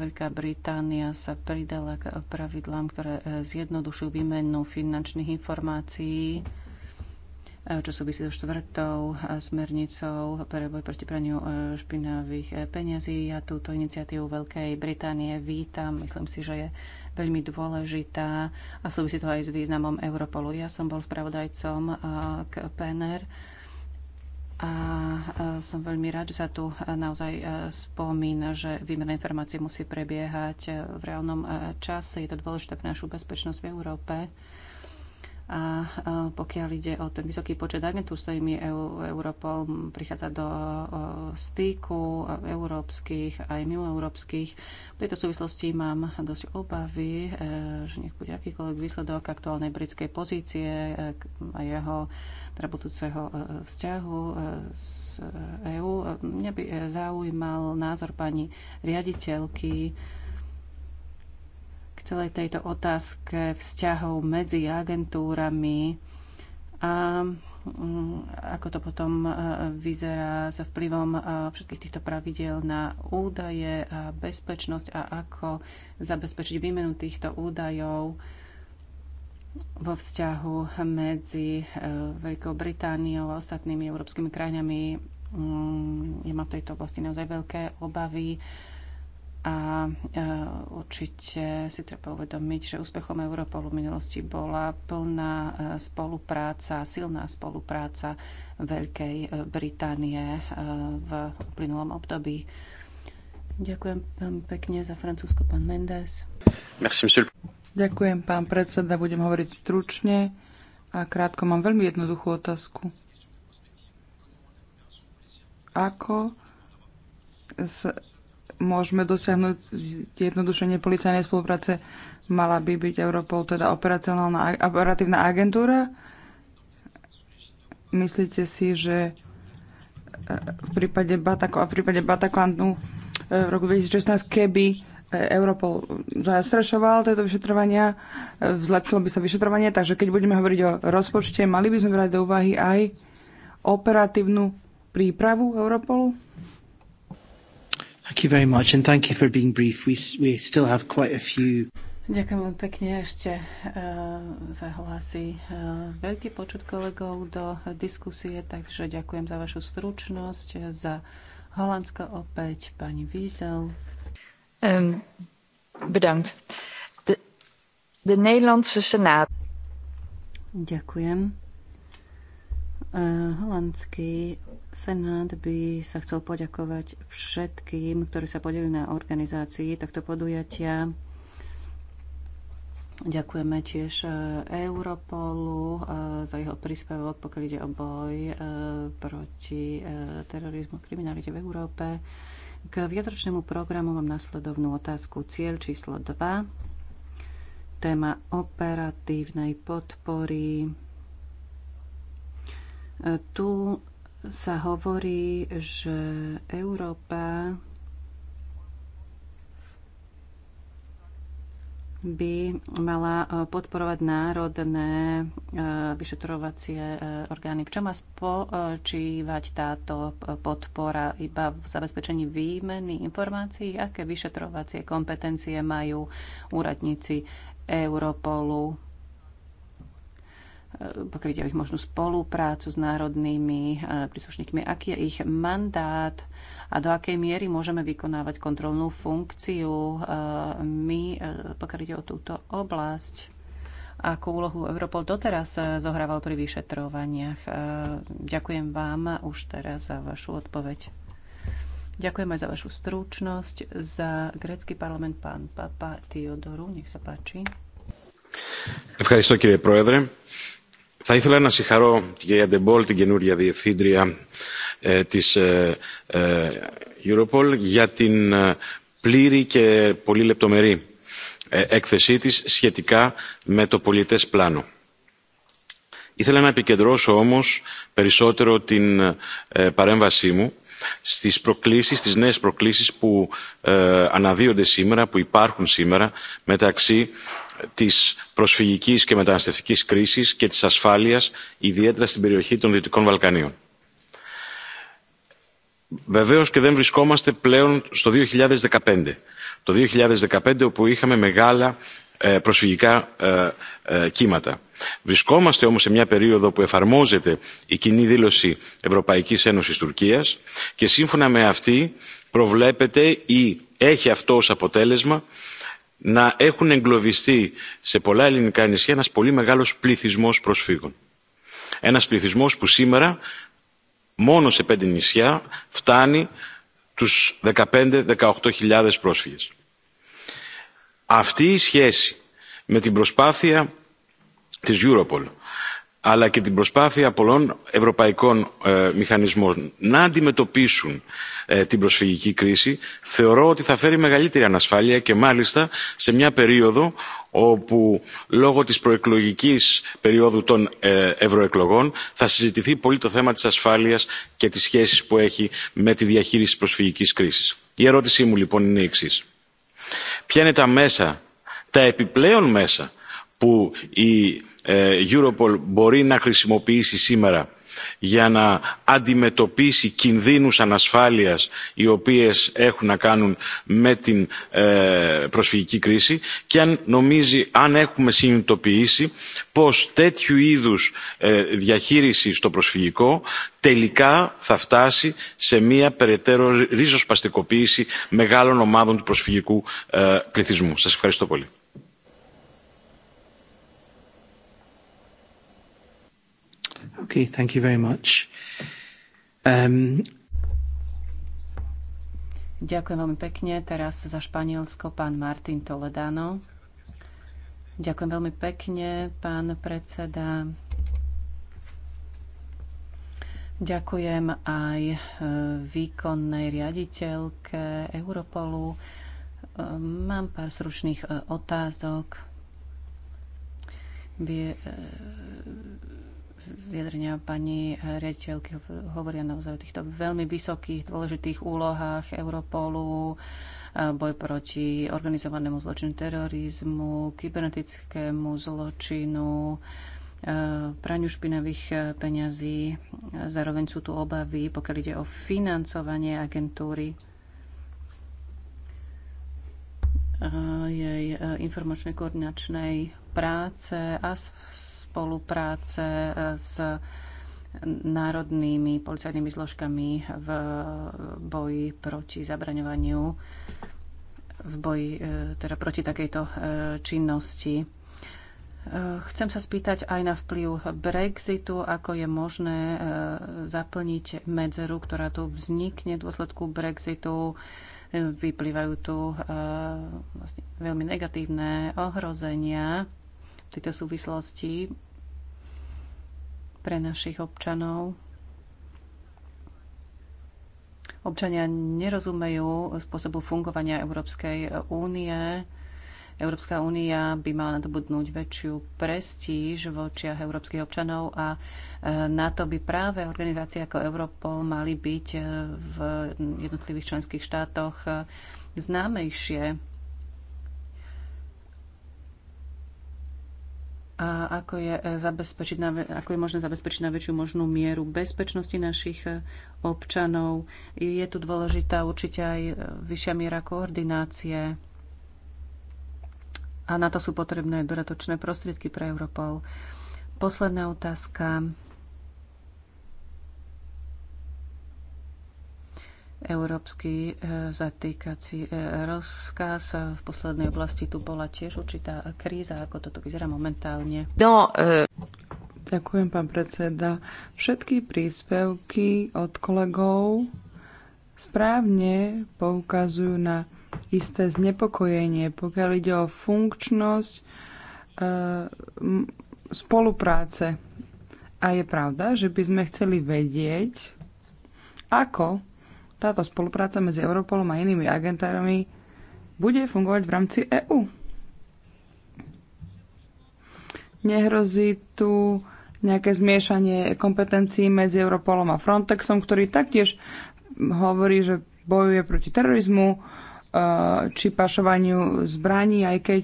Veľká Británia sa pridala k pravidlám, ktoré eh, zjednodušujú výmenu finančných informácií, eh, čo súvisí so štvrtou smernicou pre boj proti praniu špinavých peňazí. Ja túto iniciatívu Veľkej Británie vítam. Myslím si, že je veľmi dôležitá a súvisí to aj s významom Europolu. Ja som bol spravodajcom k PNR a som veľmi rád, že sa tu naozaj e, spomína, že výmena informácií musí prebiehať e, v reálnom e, čase. Je to dôležité pre našu bezpečnosť v Európe. A pokiaľ ide o ten vysoký počet agentúr, s ktorými e Europol prichádza do styku európskych aj mimoeurópskych, v tejto súvislosti mám dosť obavy, e, že nech bude akýkoľvek výsledok aktuálnej britskej pozície e, a jeho teda budúceho vzťahu s EÚ. Mňa by zaujímal názor pani riaditeľky celej tejto otázke vzťahov medzi agentúrami a mm, ako to potom e, vyzerá s vplyvom e, všetkých týchto pravidel na údaje a bezpečnosť a ako zabezpečiť výmenu týchto údajov vo vzťahu medzi e, Veľkou Britániou a ostatnými európskymi krajinami. Mm, ja mám v tejto oblasti naozaj veľké obavy a e, určite si treba uvedomiť, že úspechom Europolu v minulosti bola plná e, spolupráca, silná spolupráca Veľkej e, Británie v uplynulom období. Ďakujem pekne za Francúzsko, pán Mendes. Merci, monsieur. Ďakujem, pán predseda. Budem hovoriť stručne a krátko. Mám veľmi jednoduchú otázku. Ako môžeme dosiahnuť jednodušenie policajnej spolupráce. Mala by byť Europol teda operacionálna, operatívna agentúra. Myslíte si, že e, v prípade, Batako, a v prípade Bataklandu e, v roku 2016, keby e, Europol zastrašoval tieto vyšetrovania, zlepšilo by sa vyšetrovanie, takže keď budeme hovoriť o rozpočte, mali by sme brať do úvahy aj operatívnu prípravu Europolu? Thank you very much and thank you for being brief. We, we still have quite a few Ďakujem veľmi pekne. Ešte uh, eh, zahlási uh, eh, veľký počet kolegov do diskusie, takže ďakujem za vašu stručnosť. Za Holandsko opäť pani Wiesel. Um, bedankt. De, de Nederlandse Senát. Ďakujem. Uh, holandský Senát by sa chcel poďakovať všetkým, ktorí sa podelili na organizácii takto podujatia. Ďakujeme tiež e, Europolu e, za jeho príspevok, pokiaľ ide o boj e, proti terorizmu, a kriminalite v Európe. K viacročnému programu mám nasledovnú otázku. Cieľ číslo 2. Téma operatívnej podpory. Tu sa hovorí, že Európa by mala e, podporovať národné e, vyšetrovacie e, orgány. V čom má spočívať táto podpora? Iba v zabezpečení výmeny informácií? Aké vyšetrovacie kompetencie majú úradníci Europolu? Eh, pokryť ich možnú spoluprácu s národnými eh, príslušníkmi, aký je ich mandát a do akej miery môžeme vykonávať kontrolnú funkciu eh, my, pokiaľ ide o túto oblasť. Akú úlohu Europol doteraz zohrával pri vyšetrovaniach? Ďakujem vám už teraz za vašu odpoveď. Ďakujem aj za vašu stručnosť. Za grecký parlament pán Papa Teodoru, nech sa páči. Ευχαριστώ κύριε Πρόεδρε. Θα ήθελα να συγχαρώ την κυρία Ντεμπόλ, την καινούρια διευθύντρια ε, της ε, Europol, για την πλήρη και πολύ λεπτομερή έκθεσή της σχετικά με το πολιτές πλάνο. Ήθελα να επικεντρώσω όμως περισσότερο την παρέμβασή μου στις προκλήσεις, στις νέες προκλήσεις που αναδύονται σήμερα, που υπάρχουν σήμερα μεταξύ της προσφυγικής και μεταναστευτικής κρίσης και της ασφάλειας, ιδιαίτερα στην περιοχή των Δυτικών Βαλκανίων. Βεβαίως και δεν βρισκόμαστε πλέον στο 2015. Το 2015 όπου είχαμε μεγάλα προσφυγικά κύματα. Βρισκόμαστε όμως σε μια περίοδο που εφαρμόζεται η κοινή δήλωση Ευρωπαϊκής Ένωσης Τουρκίας και σύμφωνα με αυτή προβλέπεται ή έχει αυτό ως αποτέλεσμα να έχουν εγκλωβιστεί σε πολλά ελληνικά νησιά ένας πολύ μεγάλος πληθυσμός προσφύγων. Ένας πληθυσμός που σήμερα μόνο σε πέντε νησιά φτάνει τους 15-18 πρόσφυγες. Αυτή η σχέση με την προσπάθεια της Europol αλλά και την προσπάθεια πολλών ευρωπαϊκών ε, μηχανισμών να αντιμετωπίσουν ε, την προσφυγική κρίση θεωρώ ότι θα φέρει μεγαλύτερη ανασφάλεια και μάλιστα σε μια περίοδο όπου λόγω της προεκλογικής περίοδου των ε, ευρωεκλογών θα συζητηθεί πολύ το θέμα της ασφάλειας και τις σχέσεις που έχει με τη διαχείριση της προσφυγικής κρίσης. Η ερώτησή μου λοιπόν είναι η εξή. Ποια είναι τα μέσα, τα επιπλέον μέσα που η Europol μπορεί να χρησιμοποιήσει σήμερα για να αντιμετωπίσει κινδύνους ανασφάλειας οι οποίες έχουν να κάνουν με την προσφυγική κρίση και αν νομίζει αν έχουμε συνειδητοποιήσει πως τέτοιου είδους διαχείριση στο προσφυγικό τελικά θα φτάσει σε μια περαιτέρω ριζοσπαστικοποίηση μεγάλων ομάδων του προσφυγικού πληθυσμού. Σας ευχαριστώ πολύ. Okay, thank you very much. Um... Ďakujem veľmi pekne. Teraz za Španielsko pán Martin Toledano. Ďakujem veľmi pekne, pán predseda. Ďakujem aj e, výkonnej riaditeľke Europolu. E, mám pár stručných e, otázok. Vie, vyjadrenia pani riaditeľky hovoria naozaj o týchto veľmi vysokých, dôležitých úlohách Europolu, boj proti organizovanému zločinu terorizmu, kybernetickému zločinu, praňu špinavých peňazí. Zároveň sú tu obavy, pokiaľ ide o financovanie agentúry jej informačnej koordinačnej práce a spolupráce e, s národnými policajnými zložkami v e, boji proti zabraňovaniu, v boji e, teda proti takejto činnosti. Chcem sa spýtať aj na vplyv Brexitu, ako je možné zaplniť medzeru, ktorá tu vznikne v dôsledku Brexitu. Vyplývajú tu vlastne veľmi negatívne ohrozenia v tejto súvislosti pre našich občanov. Občania nerozumejú spôsobu fungovania Európskej únie. Európska únia by mala nadobudnúť väčšiu prestíž v očiach európskych občanov a e, na to by práve organizácie ako Europol mali byť e, v jednotlivých členských štátoch e, známejšie a ako je, e, zabezpečiť na, ako je možné zabezpečiť na väčšiu možnú mieru bezpečnosti našich e, občanov. Je tu dôležitá určite aj e, vyššia miera koordinácie a na to sú potrebné dodatočné prostriedky pre Europol. Posledná otázka. Európsky e, zatýkací e, rozkaz. E, v poslednej oblasti tu bola tiež určitá kríza, ako toto vyzerá momentálne. No, e... Ďakujem, pán predseda. Všetky príspevky od kolegov správne poukazujú na isté znepokojenie, pokiaľ ide o funkčnosť e, spolupráce. A je pravda, že by sme chceli vedieť, ako táto spolupráca medzi Europolom a inými agentármi bude fungovať v rámci EÚ. Nehrozí tu nejaké zmiešanie kompetencií medzi Europolom a Frontexom, ktorý taktiež hovorí, že bojuje proti terorizmu e, či pašovaniu zbraní, aj keď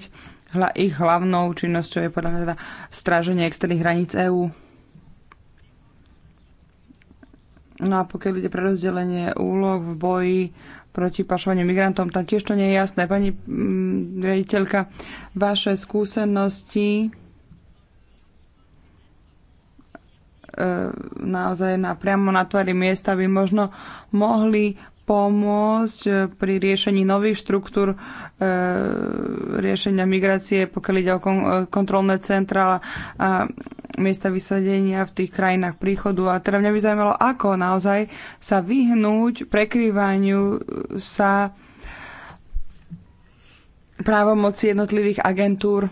ich hlavnou činnosťou je podľa mňa teda stráženie externých hraníc EÚ. No a pokiaľ ide pre rozdelenie úloh v boji proti pašovaniu migrantom, tam tiež to nie je jasné. Pani mm, rediteľka, vaše skúsenosti e, naozaj na, priamo na tvary miesta by možno mohli pomôcť pri riešení nových štruktúr e, riešenia migrácie, pokiaľ ide o kon, e, kontrolné centra a miesta vysadenia v tých krajinách príchodu. A teda mňa by zaujímalo, ako naozaj sa vyhnúť prekrývaniu sa právomoci jednotlivých agentúr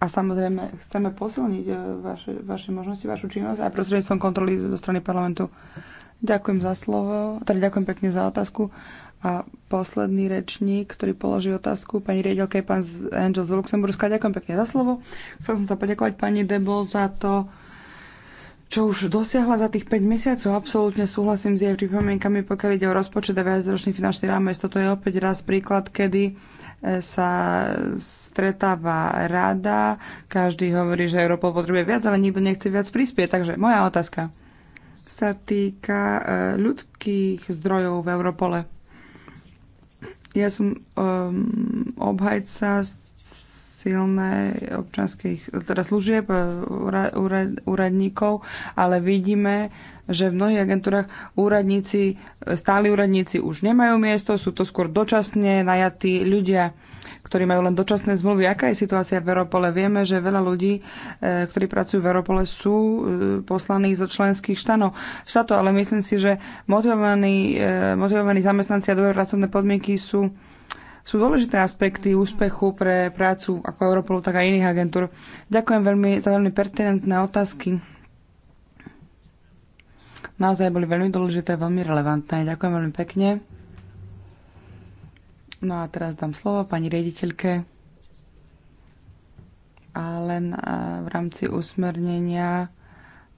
A samozrejme, chceme posilniť e, vaše, vaše možnosti, vašu činnosť aj prostredníctvom kontroly zo strany parlamentu. Ďakujem za slovo, teda ďakujem pekne za otázku. A posledný rečník, ktorý položí otázku, pani riaditeľka je pán Angel z Luxemburska. Ďakujem pekne za slovo. Chcel som sa poďakovať pani Debol za to, čo už dosiahla za tých 5 mesiacov, absolútne súhlasím s jej pripomienkami, pokiaľ ide o rozpočet a viacročný finančný rámec. Toto je opäť raz príklad, kedy sa stretáva rada, každý hovorí, že Európa potrebuje viac, ale nikto nechce viac prispieť. Takže moja otázka sa týka eh, ľudských zdrojov v Europole. Ja som um, obhajca silné občanských teda služieb e, úradníkov, ale vidíme, že v mnohých agentúrach úradníci, e, stáli úradníci už nemajú miesto, sú to skôr dočasne najatí ľudia ktorí majú len dočasné zmluvy. Aká je situácia v Europole? Vieme, že veľa ľudí, e, ktorí pracujú v Europole, sú poslaní zo členských štánov, štátov, ale myslím si, že motivovaní, motivovaní zamestnanci a dobré pracovné podmienky sú sú dôležité aspekty úspechu pre prácu ako Europolu, tak aj iných agentúr. Ďakujem veľmi za veľmi pertinentné otázky. Naozaj boli veľmi dôležité, veľmi relevantné. Ďakujem veľmi pekne. No a teraz dám slovo pani riaditeľke. A len v rámci usmernenia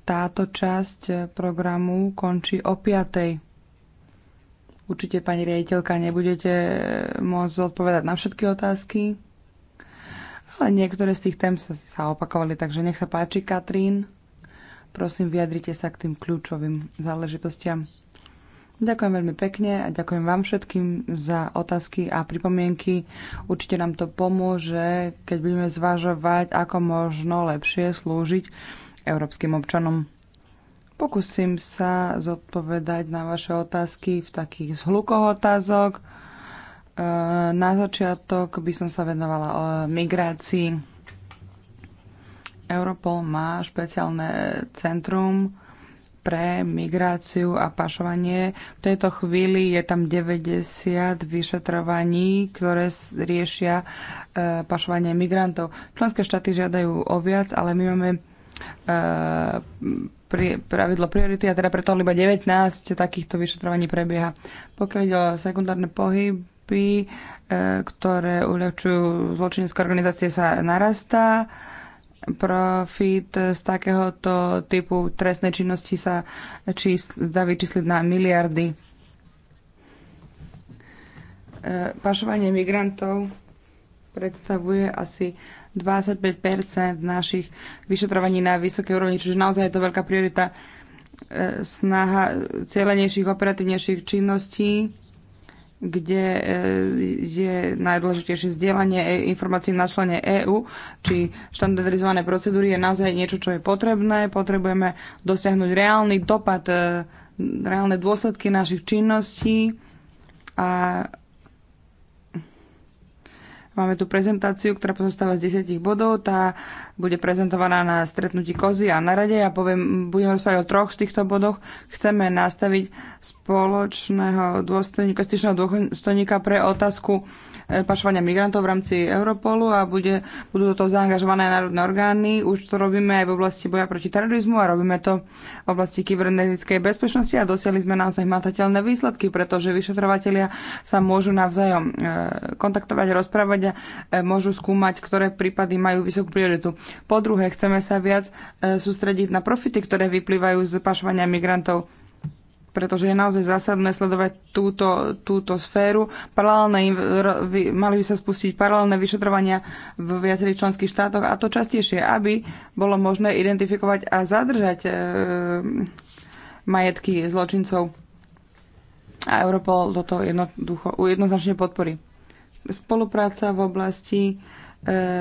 táto časť programu končí o piatej. Určite, pani riaditeľka, nebudete e, môcť odpovedať na všetky otázky, ale niektoré z tých tém sa, sa opakovali, takže nech sa páči, Katrín. Prosím, vyjadrite sa k tým kľúčovým záležitostiam. Ďakujem veľmi pekne a ďakujem vám všetkým za otázky a pripomienky. Určite nám to pomôže, keď budeme zvažovať, ako možno lepšie slúžiť európskym občanom. Pokúsim sa zodpovedať na vaše otázky v takých zhlukoch otázok. E, na začiatok by som sa venovala o e, migrácii. Europol má špeciálne centrum, pre migráciu a pašovanie. V tejto chvíli je tam 90 vyšetrovaní, ktoré riešia e, pašovanie migrantov. Členské štáty žiadajú o viac, ale my máme pri, pravidlo priority a teda preto iba 19 takýchto vyšetrovaní prebieha. Pokiaľ ide o sekundárne pohyby, e, ktoré uľahčujú zločinecké organizácie, sa narastá. Profit z takéhoto typu trestnej činnosti sa čísl, dá vyčísliť na miliardy. E, pašovanie migrantov predstavuje asi 25 našich vyšetrovaní na vysokej úrovni, čiže naozaj je to veľká priorita e, snaha cieľenejších, operatívnejších činností, kde e, je najdôležitejšie zdieľanie e, informácií na člene EÚ, či štandardizované procedúry je naozaj niečo, čo je potrebné. Potrebujeme dosiahnuť reálny dopad, reálne dôsledky našich činností a Máme tu prezentáciu, ktorá pozostáva z 10 bodov. Tá bude prezentovaná na stretnutí kozy a na rade. Ja poviem, budem rozprávať o troch z týchto bodoch. Chceme nastaviť spoločného dôstojníka, styčného dôstojníka pre otázku E, pašovania migrantov v rámci Europolu a bude, budú do toho zaangažované národné orgány. Už to robíme aj v oblasti boja proti terorizmu a robíme to v oblasti kybernetickej bezpečnosti a dosiahli sme naozaj matateľné výsledky, pretože vyšetrovatelia sa môžu navzájom e, kontaktovať, rozprávať a e, môžu skúmať, ktoré prípady majú vysokú prioritu. Po druhé, chceme sa viac sústrediť na profity, ktoré vyplývajú z pašovania migrantov pretože je naozaj zásadné sledovať túto, túto sféru. Paralelné, mali by sa spustiť paralelné vyšetrovania v viacerých členských štátoch a to častejšie, aby bolo možné identifikovať a zadržať e, majetky zločincov. A Europol toho jednoducho, jednoznačne podporí. Spolupráca v oblasti e,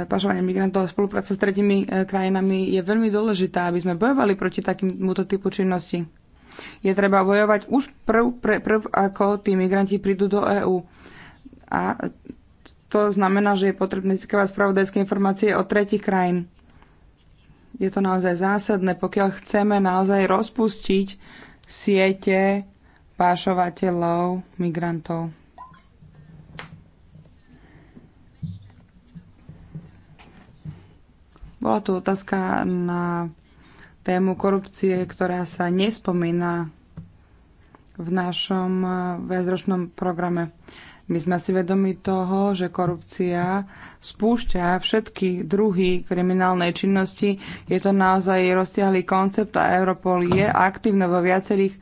pašovania migrantov a spolupráca s tretimi e, krajinami je veľmi dôležitá, aby sme bojovali proti takémuto typu činnosti je treba bojovať už prv, prv, prv ako tí migranti prídu do EÚ. A to znamená, že je potrebné získavať spravodajské informácie o tretich krajín. Je to naozaj zásadné, pokiaľ chceme naozaj rozpustiť siete pášovateľov migrantov. Bola tu otázka na tému korupcie, ktorá sa nespomína v našom eh, väzročnom programe. My sme si vedomi toho, že korupcia spúšťa všetky druhy kriminálnej činnosti. Je to naozaj rozťahlý koncept a Europol je aktívne vo viacerých e,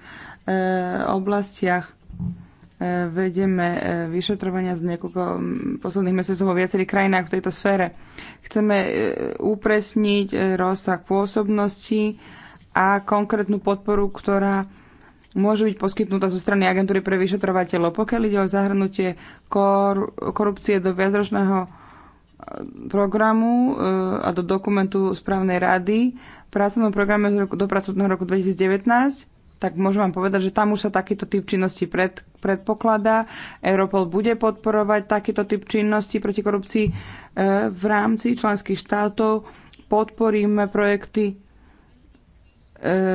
oblastiach vedeme eh, vyšetrovania z niekoľko posledných mesiacov vo viacerých krajinách v tejto sfére. Chceme eh, upresniť eh, rozsah pôsobnosti a konkrétnu podporu, ktorá môže byť poskytnutá zo strany agentúry pre vyšetrovateľov. Pokiaľ ide o zahrnutie kor- korupcie do viacročného programu a do dokumentu správnej rady v pracovnom programe do pracovného roku 2019 tak môžem vám povedať, že tam už sa takýto typ činnosti pred, predpokladá. Europol bude podporovať takýto typ činnosti proti korupcii e, v rámci členských štátov. Podporíme projekty e,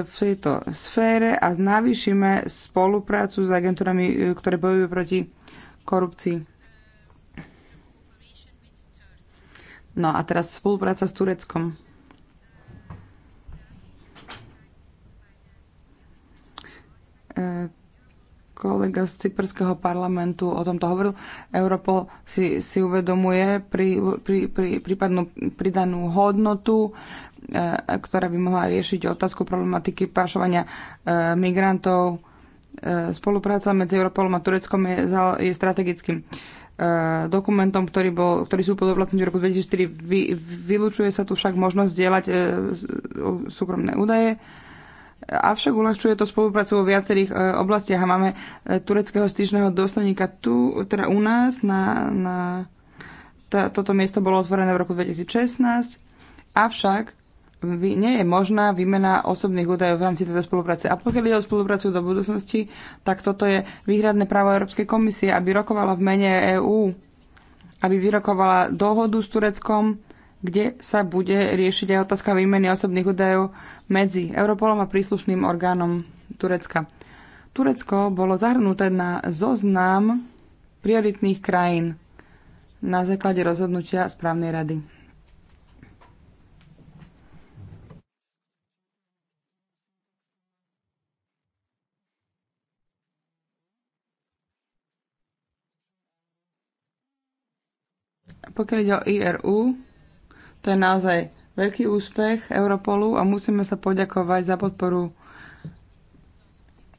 v tejto sfére a navýšime spoluprácu s agentúrami, e, ktoré bojujú proti korupcii. No a teraz spolupráca s Tureckom. E, kolega z cyperského parlamentu o tomto hovoril. Europol si, si uvedomuje pri, pri, pri, prípadnú pridanú hodnotu, e, ktorá by mohla riešiť otázku problematiky pášovania e, migrantov. spolupráca medzi Europolom a Tureckom je, je strategickým dokumentom, ktorý, bol, ktorý sú podovlastnili v roku 2004. Vy, vylúčuje sa tu však možnosť zdieľať súkromné údaje avšak uľahčuje to spoluprácu vo viacerých e, oblastiach a máme e, tureckého styčného dôstojníka tu, teda u nás, na, na tá, toto miesto bolo otvorené v roku 2016, avšak vy, nie je možná výmena osobných údajov v rámci tejto spolupráce. A pokiaľ ide o spoluprácu do budúcnosti, tak toto je výhradné právo Európskej komisie, aby rokovala v mene EÚ, aby vyrokovala dohodu s Tureckom, kde sa bude riešiť aj otázka výmeny osobných údajov medzi Europolom a príslušným orgánom Turecka. Turecko bolo zahrnuté na zoznam prioritných krajín na základe rozhodnutia správnej rady. Pokiaľ ide o IRU, to je naozaj veľký úspech Europolu a musíme sa poďakovať za podporu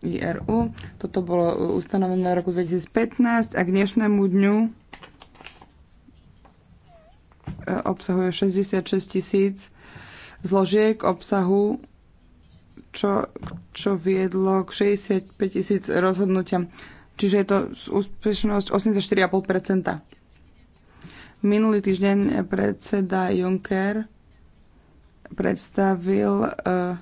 IRU. Toto bolo ustanovené v roku 2015 a k dnešnému dňu e, obsahuje 66 tisíc zložiek obsahu, čo, čo viedlo k 65 tisíc rozhodnutiam. Čiže je to úspešnosť 84,5%. Minulý týždeň predseda Juncker predstavil uh,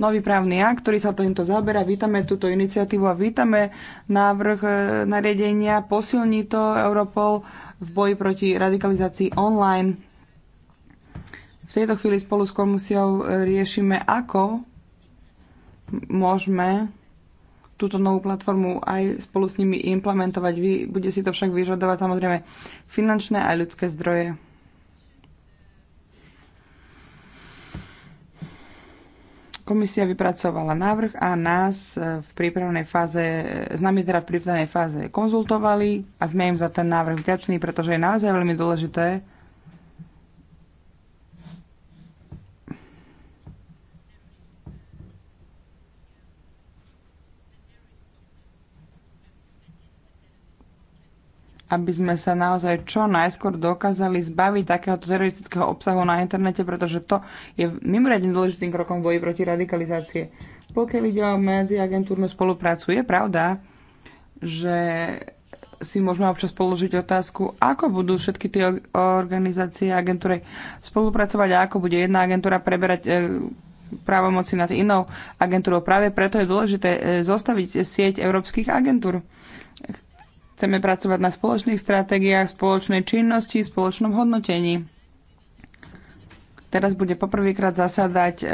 nový právny akt, ktorý sa týmto zaoberá. Vítame túto iniciatívu a vítame návrh uh, nariadenia. Posilní to Europol v boji proti radikalizácii online. V tejto chvíli spolu s komisiou eh, riešime, ako môžeme túto novú platformu aj spolu s nimi implementovať. Vy, bude si to však vyžadovať samozrejme finančné aj ľudské zdroje. Komisia vypracovala návrh a nás v prípravnej fáze, s nami teda v prípravnej fáze konzultovali a sme im za ten návrh vďační, pretože je naozaj veľmi dôležité, aby sme sa naozaj čo najskôr dokázali zbaviť takéhoto teroristického obsahu na internete, pretože to je mimoriadne dôležitým krokom boji proti radikalizácie. Pokiaľ ide o medziagentúrnu spoluprácu, je pravda, že si môžeme občas položiť otázku, ako budú všetky tie organizácie a agentúry spolupracovať a ako bude jedna agentúra preberať e, právomoci nad inou agentúrou. Práve preto je dôležité e, zostaviť sieť európskych agentúr. Chceme pracovať na spoločných stratégiách, spoločnej činnosti, spoločnom hodnotení. Teraz bude poprvýkrát zasadať e,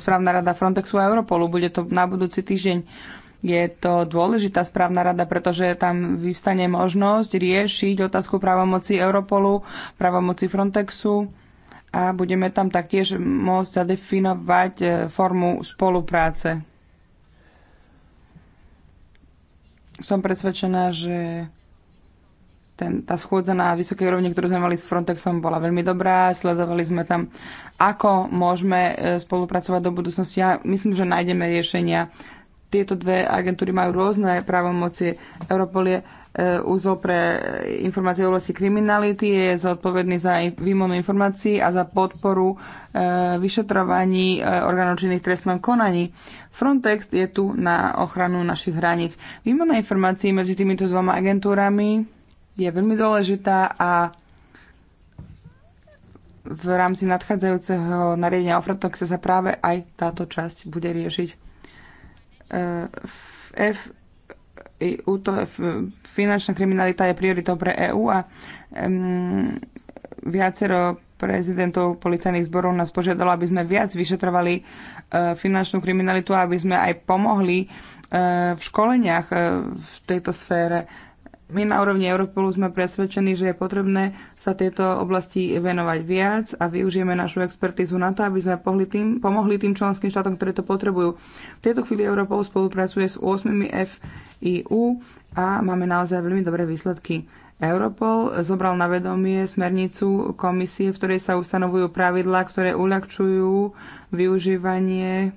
správna rada Frontexu a Europolu. Bude to na budúci týždeň. Je to dôležitá správna rada, pretože tam vyvstane možnosť riešiť otázku právomoci Europolu, právomoci Frontexu a budeme tam taktiež môcť zadefinovať e, formu spolupráce. Som presvedčená, že ten, tá schôdza na vysokej úrovni, ktorú sme mali s Frontexom, bola veľmi dobrá. Sledovali sme tam, ako môžeme e, spolupracovať do budúcnosti. Ja myslím, že nájdeme riešenia. Tieto dve agentúry majú rôzne právomocie. Europol je e, úzol pre informácie v oblasti kriminality, je zodpovedný za výmonu informácií a za podporu e, vyšetrovaní orgánov činných trestnom konaní. Frontex je tu na ochranu našich hraníc. Výmena informácií medzi týmito dvoma agentúrami je veľmi dôležitá a v rámci nadchádzajúceho nariadenia o Frontexe sa práve aj táto časť bude riešiť. E, f, to, finančná kriminalita je prioritou pre EÚ a um, viacero prezidentov policajných zborov nás požiadalo, aby sme viac vyšetrovali e, finančnú kriminalitu a aby sme aj pomohli e, v školeniach e, v tejto sfére. My na úrovni Europolu sme presvedčení, že je potrebné sa tieto oblasti venovať viac a využijeme našu expertizu na to, aby sme pohli tým, pomohli tým členským štátom, ktoré to potrebujú. V tejto chvíli Europol spolupracuje s 8 FIU a máme naozaj veľmi dobré výsledky. Europol zobral na vedomie smernicu komisie, v ktorej sa ustanovujú pravidlá, ktoré uľahčujú využívanie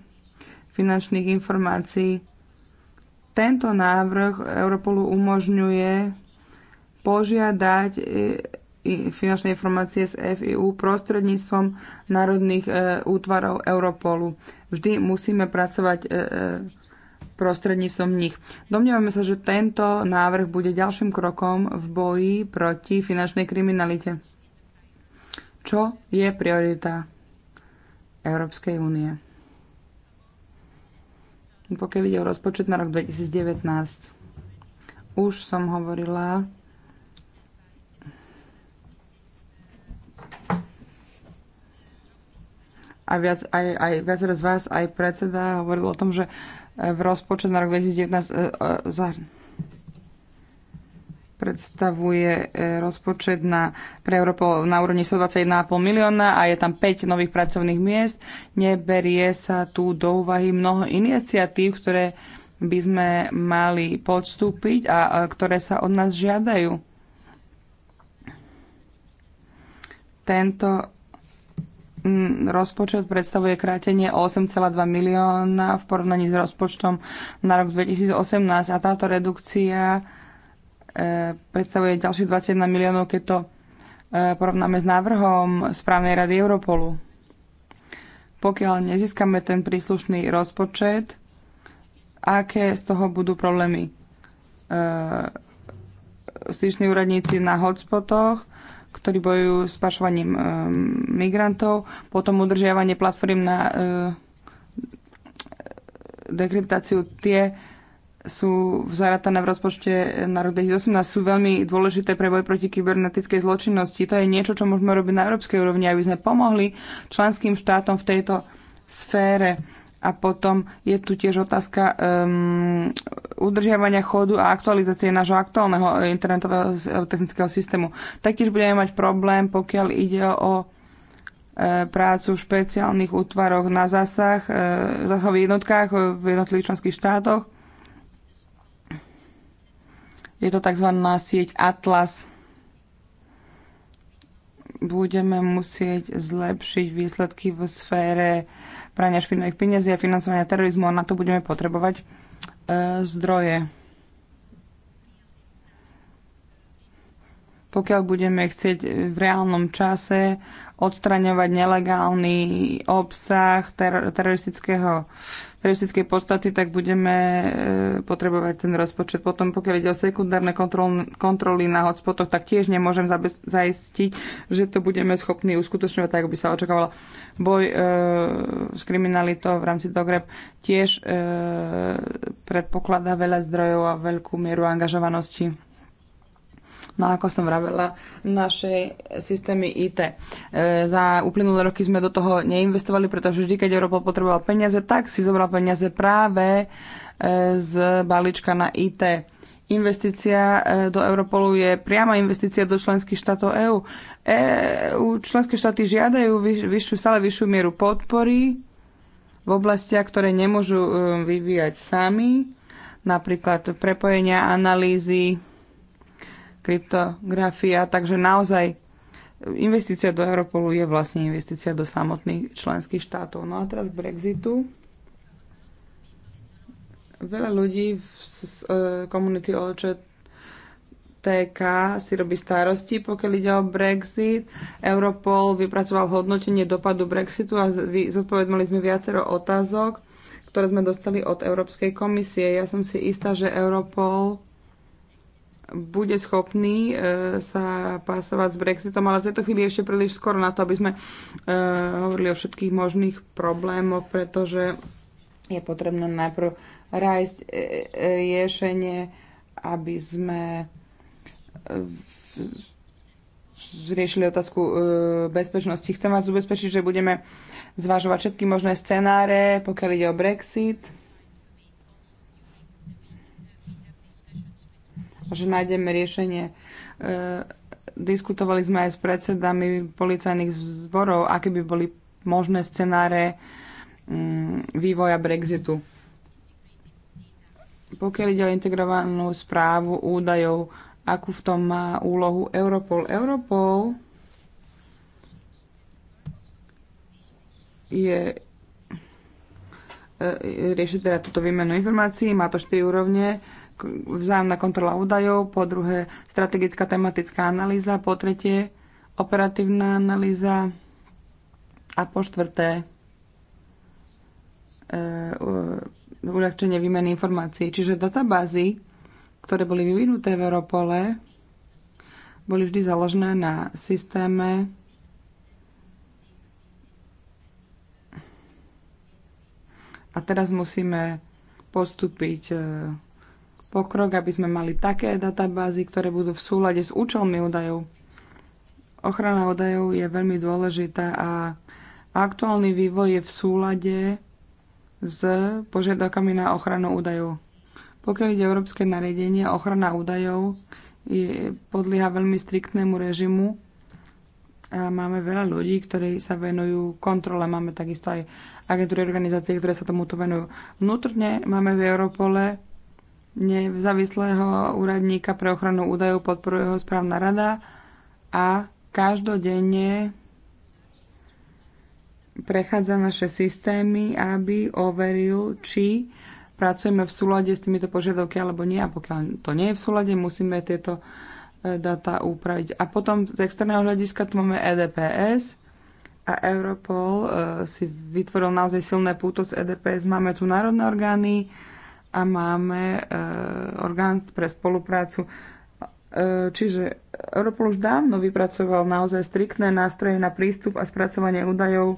finančných informácií. Tento návrh Europolu umožňuje požiadať e, finančné informácie z FIU prostredníctvom národných e, útvarov Europolu. Vždy musíme pracovať e, prostredníctvom nich. Domnievame sa, že tento návrh bude ďalším krokom v boji proti finančnej kriminalite. Čo je priorita Európskej únie? Pokiaľ ide o rozpočet na rok 2019, už som hovorila, a viac, aj, aj viacero z vás, aj predseda hovoril o tom, že v rozpočet na rok 2019 e, e, predstavuje e, rozpočet na, pre Európu na úrovni 121,5 milióna a je tam 5 nových pracovných miest. Neberie sa tu do úvahy mnoho iniciatív, ktoré by sme mali podstúpiť a, a ktoré sa od nás žiadajú. Tento rozpočet predstavuje krátenie o 8,2 milióna v porovnaní s rozpočtom na rok 2018 a táto redukcia e, predstavuje ďalších 21 miliónov, keď to e, porovnáme s návrhom správnej rady Europolu. Pokiaľ nezískame ten príslušný rozpočet, aké z toho budú problémy? E, Styční úradníci na hotspotoch, ktorí bojujú s pašovaním e, migrantov, potom udržiavanie platform na e, dekryptáciu, tie sú zaratané v rozpočte na rok 2018, sú veľmi dôležité pre boj proti kybernetickej zločinnosti. To je niečo, čo môžeme robiť na európskej úrovni, aby sme pomohli členským štátom v tejto sfére a potom je tu tiež otázka um, udržiavania chodu a aktualizácie nášho aktuálneho eh, internetového eh, technického systému. Taktiež budeme mať problém, pokiaľ ide o e, prácu v špeciálnych útvaroch na zásah, e, zásahových jednotkách v jednotlivých členských štátoch. Je to tzv. sieť Atlas budeme musieť zlepšiť výsledky v sfére prania špinavých peniazí a financovania terorizmu a na to budeme potrebovať e, zdroje. Pokiaľ budeme chcieť v reálnom čase odstraňovať nelegálny obsah ter- teroristického teroristickej podstaty, tak budeme e, potrebovať ten rozpočet. Potom, pokiaľ ide o sekundárne kontroly na hotspotoch, tak tiež nemôžem zaistiť, že to budeme schopní uskutočňovať tak, by sa očakávalo. Boj e, s kriminalitou v rámci DOGREB tiež e, predpokladá veľa zdrojov a veľkú mieru angažovanosti. No ako som vravela, naše systémy IT. E, za uplynulé roky sme do toho neinvestovali, pretože vždy, keď Europol potreboval peniaze, tak si zobral peniaze práve e, z balíčka na IT. Investícia e, do Europolu je priama investícia do členských štátov EÚ. EU členské štáty žiadajú vyš, vyššiu, stále vyššiu mieru podpory v oblastiach, ktoré nemôžu e, vyvíjať sami, napríklad prepojenia, analýzy, kryptografia, takže naozaj investícia do Europolu je vlastne investícia do samotných členských štátov. No a teraz k Brexitu. Veľa ľudí z e, komunity uh, TK si robí starosti, pokiaľ ide o Brexit. Europol vypracoval hodnotenie dopadu Brexitu a zodpovedali sme viacero otázok, ktoré sme dostali od Európskej komisie. Ja som si istá, že Europol bude schopný e, sa pásovať s Brexitom, ale v tejto chvíli ešte príliš skoro na to, aby sme e, hovorili o všetkých možných problémoch, pretože je potrebné najprv rájsť e, riešenie, aby sme riešili otázku bezpečnosti. Chcem vás ubezpečiť, že budeme zvažovať všetky možné scenáre, pokiaľ ide o Brexit že nájdeme riešenie. E, diskutovali sme aj s predsedami policajných zborov, aké by boli možné scenáre mm, vývoja Brexitu. Pokiaľ ide o integrovanú správu údajov, akú v tom má úlohu Europol. Europol je e, rieši teda túto výmenu informácií, má to 4 úrovne, vzájomná kontrola údajov, po druhé strategická tematická analýza, po tretie operatívna analýza a po štvrté e, uľahčenie výmeny informácií. Čiže databázy, ktoré boli vyvinuté v Europole, boli vždy založené na systéme a teraz musíme postúpiť e, pokrok, aby sme mali také databázy, ktoré budú v súlade s účelmi údajov. Ochrana údajov je veľmi dôležitá a aktuálny vývoj je v súlade s požiadavkami na ochranu údajov. Pokiaľ ide európske nariadenie, ochrana údajov je, podlieha veľmi striktnému režimu a máme veľa ľudí, ktorí sa venujú kontrole. Máme takisto aj agentúry organizácie, ktoré sa tomuto venujú. Vnútorne máme v Europole Nezávislého úradníka pre ochranu údajov podporuje ho správna rada a každodenne prechádza naše systémy, aby overil, či pracujeme v súlade s týmito požiadavky alebo nie. A pokiaľ to nie je v súlade, musíme tieto e, data upraviť. A potom z externého hľadiska tu máme EDPS a Europol e, si vytvoril naozaj silné púto z EDPS. Máme tu národné orgány, a máme e, orgán pre spoluprácu. E, čiže Europol už dávno vypracoval naozaj striktné nástroje na prístup a spracovanie údajov. E,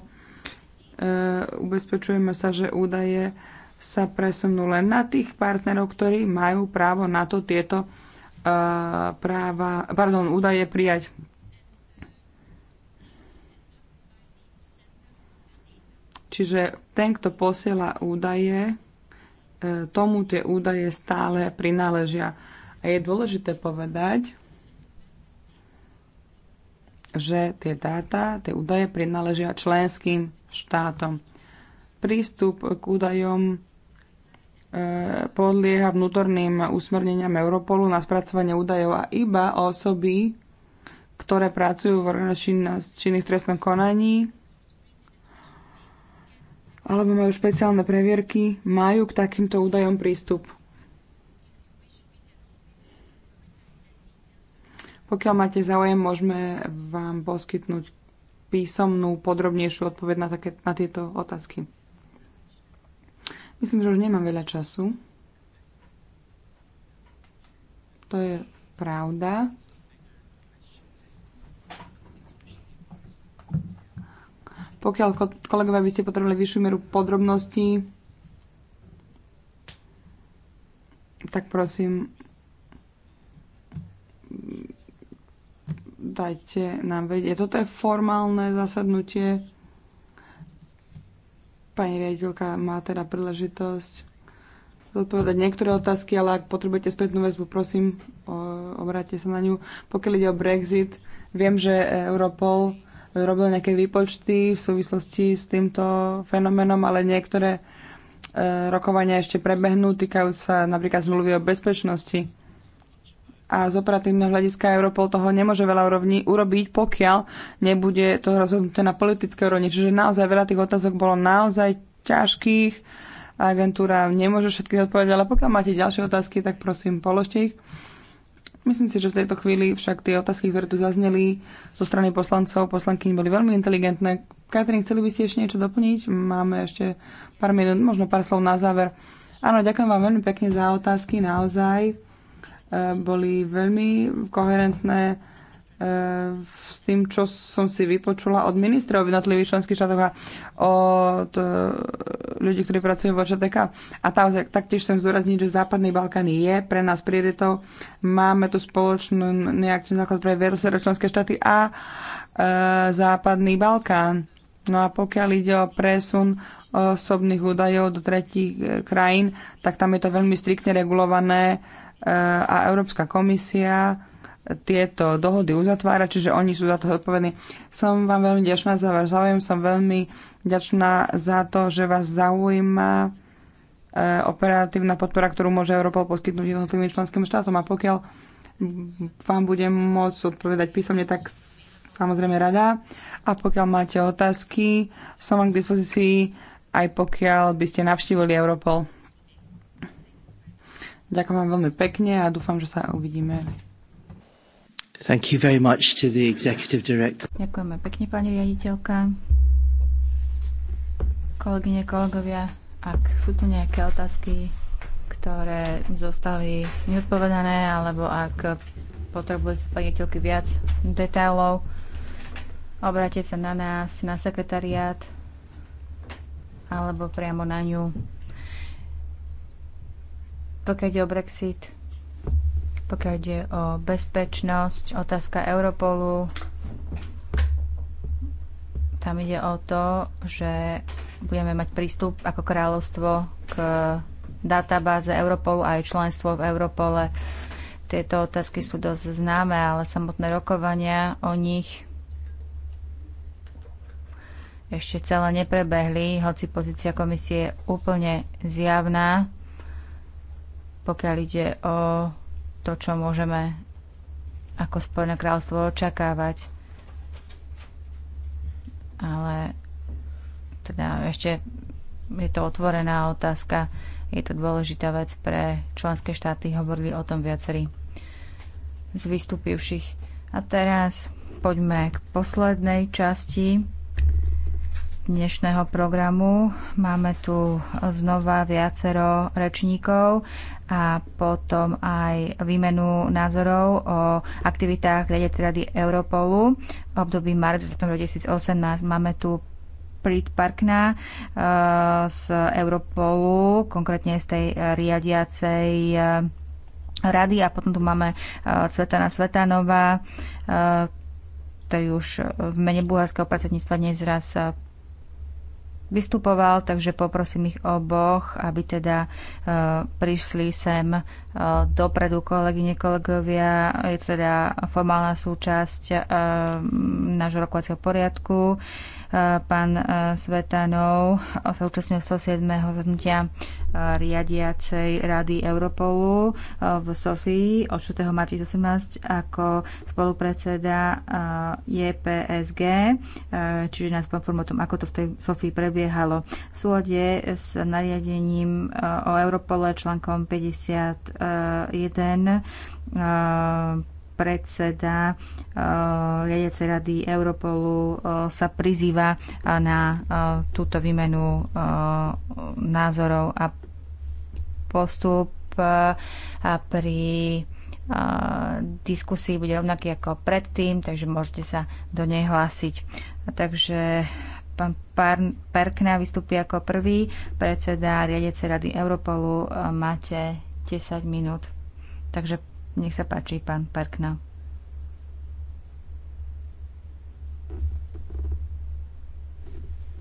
ubezpečujeme sa, že údaje sa presunú len na tých partnerov, ktorí majú právo na to tieto e, práva, pardon, údaje prijať. Čiže ten, kto posiela údaje, tomu tie údaje stále prináležia. A je dôležité povedať, že tie dáta, tie údaje prináležia členským štátom. Prístup k údajom e, podlieha vnútorným usmerneniam Europolu na spracovanie údajov a iba osoby, ktoré pracujú v organizačných trestnom konaní, alebo majú špeciálne previerky, majú k takýmto údajom prístup. Pokiaľ máte záujem, môžeme vám poskytnúť písomnú, podrobnejšiu odpoveď na, také, na tieto otázky. Myslím, že už nemám veľa času. To je pravda. Pokiaľ, kolegovia, by ste potrebovali vyššiu mieru podrobností, tak prosím, dajte nám vedieť. Toto je formálne zasadnutie. Pani riaditeľka má teda príležitosť zodpovedať niektoré otázky, ale ak potrebujete spätnú väzbu, prosím, obráťte sa na ňu. Pokiaľ ide o Brexit, viem, že Europol robil nejaké výpočty v súvislosti s týmto fenoménom, ale niektoré e, rokovania ešte prebehnú, týkajú sa napríklad zmluvy o bezpečnosti. A z operatívneho hľadiska Europol toho nemôže veľa urovni, urobiť, pokiaľ nebude to rozhodnuté na politické úrovni. Čiže naozaj veľa tých otázok bolo naozaj ťažkých. Agentúra nemôže všetky odpovedať, ale pokiaľ máte ďalšie otázky, tak prosím, položte ich. Myslím si, že v tejto chvíli však tie otázky, ktoré tu zazneli zo strany poslancov, poslankyň boli veľmi inteligentné. Katrin, chceli by ste ešte niečo doplniť? Máme ešte pár minút, možno pár slov na záver. Áno, ďakujem vám veľmi pekne za otázky, naozaj. E, boli veľmi koherentné, s tým, čo som si vypočula od ministrov v jednotlivých členských štátoch a od e, ľudí, ktorí pracujú vo ČTK. A taktiež chcem zdôrazniť, že Západný Balkán je pre nás prioritou. Máme tu spoločný nejaký základ pre viaceré členské štáty a e, Západný Balkán. No a pokiaľ ide o presun osobných údajov do tretích e, krajín, tak tam je to veľmi striktne regulované e, a Európska komisia tieto dohody uzatvára, čiže oni sú za to zodpovední. Som vám veľmi ďačná za váš záujem, som veľmi ďačná za to, že vás zaujíma e, operatívna podpora, ktorú môže Europol poskytnúť jednotlivým členským štátom a pokiaľ vám budem môcť odpovedať písomne, tak samozrejme rada. A pokiaľ máte otázky, som vám k dispozícii, aj pokiaľ by ste navštívili Europol. Ďakujem vám veľmi pekne a dúfam, že sa uvidíme Thank you very much to the executive director. Ďakujeme pekne, pani riaditeľka. Kolegyne, kolegovia, ak sú tu nejaké otázky, ktoré zostali neodpovedané, alebo ak potrebujete pani riaditeľky viac detailov, obráte sa na nás, na sekretariát, alebo priamo na ňu. Pokiaľ ide o Brexit, pokiaľ ide o bezpečnosť, otázka Europolu. Tam ide o to, že budeme mať prístup ako kráľovstvo k databáze Europolu a aj členstvo v Europole. Tieto otázky sú dosť známe, ale samotné rokovania o nich ešte celé neprebehli, hoci pozícia komisie je úplne zjavná, pokiaľ ide o to, čo môžeme ako Spojené kráľstvo očakávať. Ale teda ešte je to otvorená otázka. Je to dôležitá vec pre členské štáty. Hovorili o tom viacerí z vystupivších. A teraz poďme k poslednej časti dnešného programu. Máme tu znova viacero rečníkov a potom aj výmenu názorov o aktivitách riaditeľa rady Europolu v období marca 2018. Máme tu Prit Parkna eh, z Europolu, konkrétne z tej riadiacej eh, rady a potom tu máme eh, Cvetana Svetanova, ktorý už v mene bulharského predsedníctva dnes raz vystupoval, takže poprosím ich oboch, aby teda e, prišli sem e, dopredu kolegyne, kolegovia. Je teda formálna súčasť e, nášho rokovacieho poriadku. Pán e, Svetanov súčasnil so 7. zaznutia e, riadiacej rady Europolu e, v Sofii od 6. marca 2018 ako spolupredseda JPSG, čiže nás poinformujú o tom, ako to v tej Sofii prebiehalo. V súlade s nariadením o Europole článkom 51 predseda eh, riadiacej rady Europolu eh, sa prizýva eh, na túto výmenu názorov a postup pri diskusii bude rovnaký ako predtým, takže môžete sa do nej hlásiť. Takže pán Perkna vystúpi ako prvý, predseda riadiacej rady Europolu. Máte 10 minút. Takže nech sa páči, pán Parkna.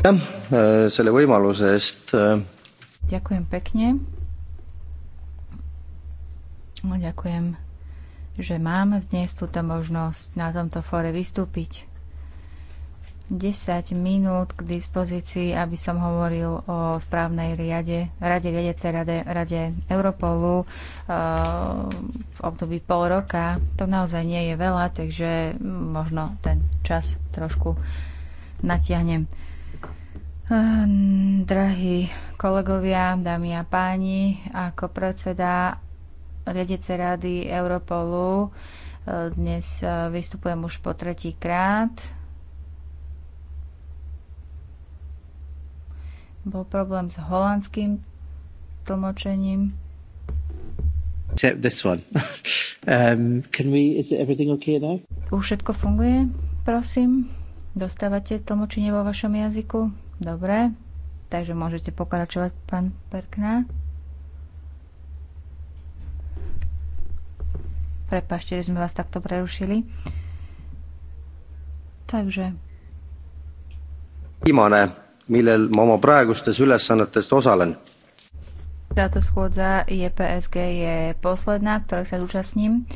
Eh, eh. Ďakujem pekne. No, ďakujem, že mám dnes túto možnosť na tomto fóre vystúpiť. 10 minút k dispozícii, aby som hovoril o správnej riade, rade riadecej rade, rade Europolu e, v období pol roka. To naozaj nie je veľa, takže možno ten čas trošku natiahnem. E, drahí kolegovia, dámy a páni, ako predseda riadecej rady Europolu eh, dnes vystupujem už po tretí krát Bol problém s holandským tlmočením. Except this one. um, can we, is everything okay now? Už všetko funguje, prosím. Dostávate tlmočenie vo vašom jazyku? Dobre. Takže môžete pokračovať, pán Perkná. Prepašte, že sme vás takto prerušili. Takže. Imone, millel ma oma praegustes ülesannetes osalen. Táto schôdza JPSG je posledná, ktorej sa zúčastním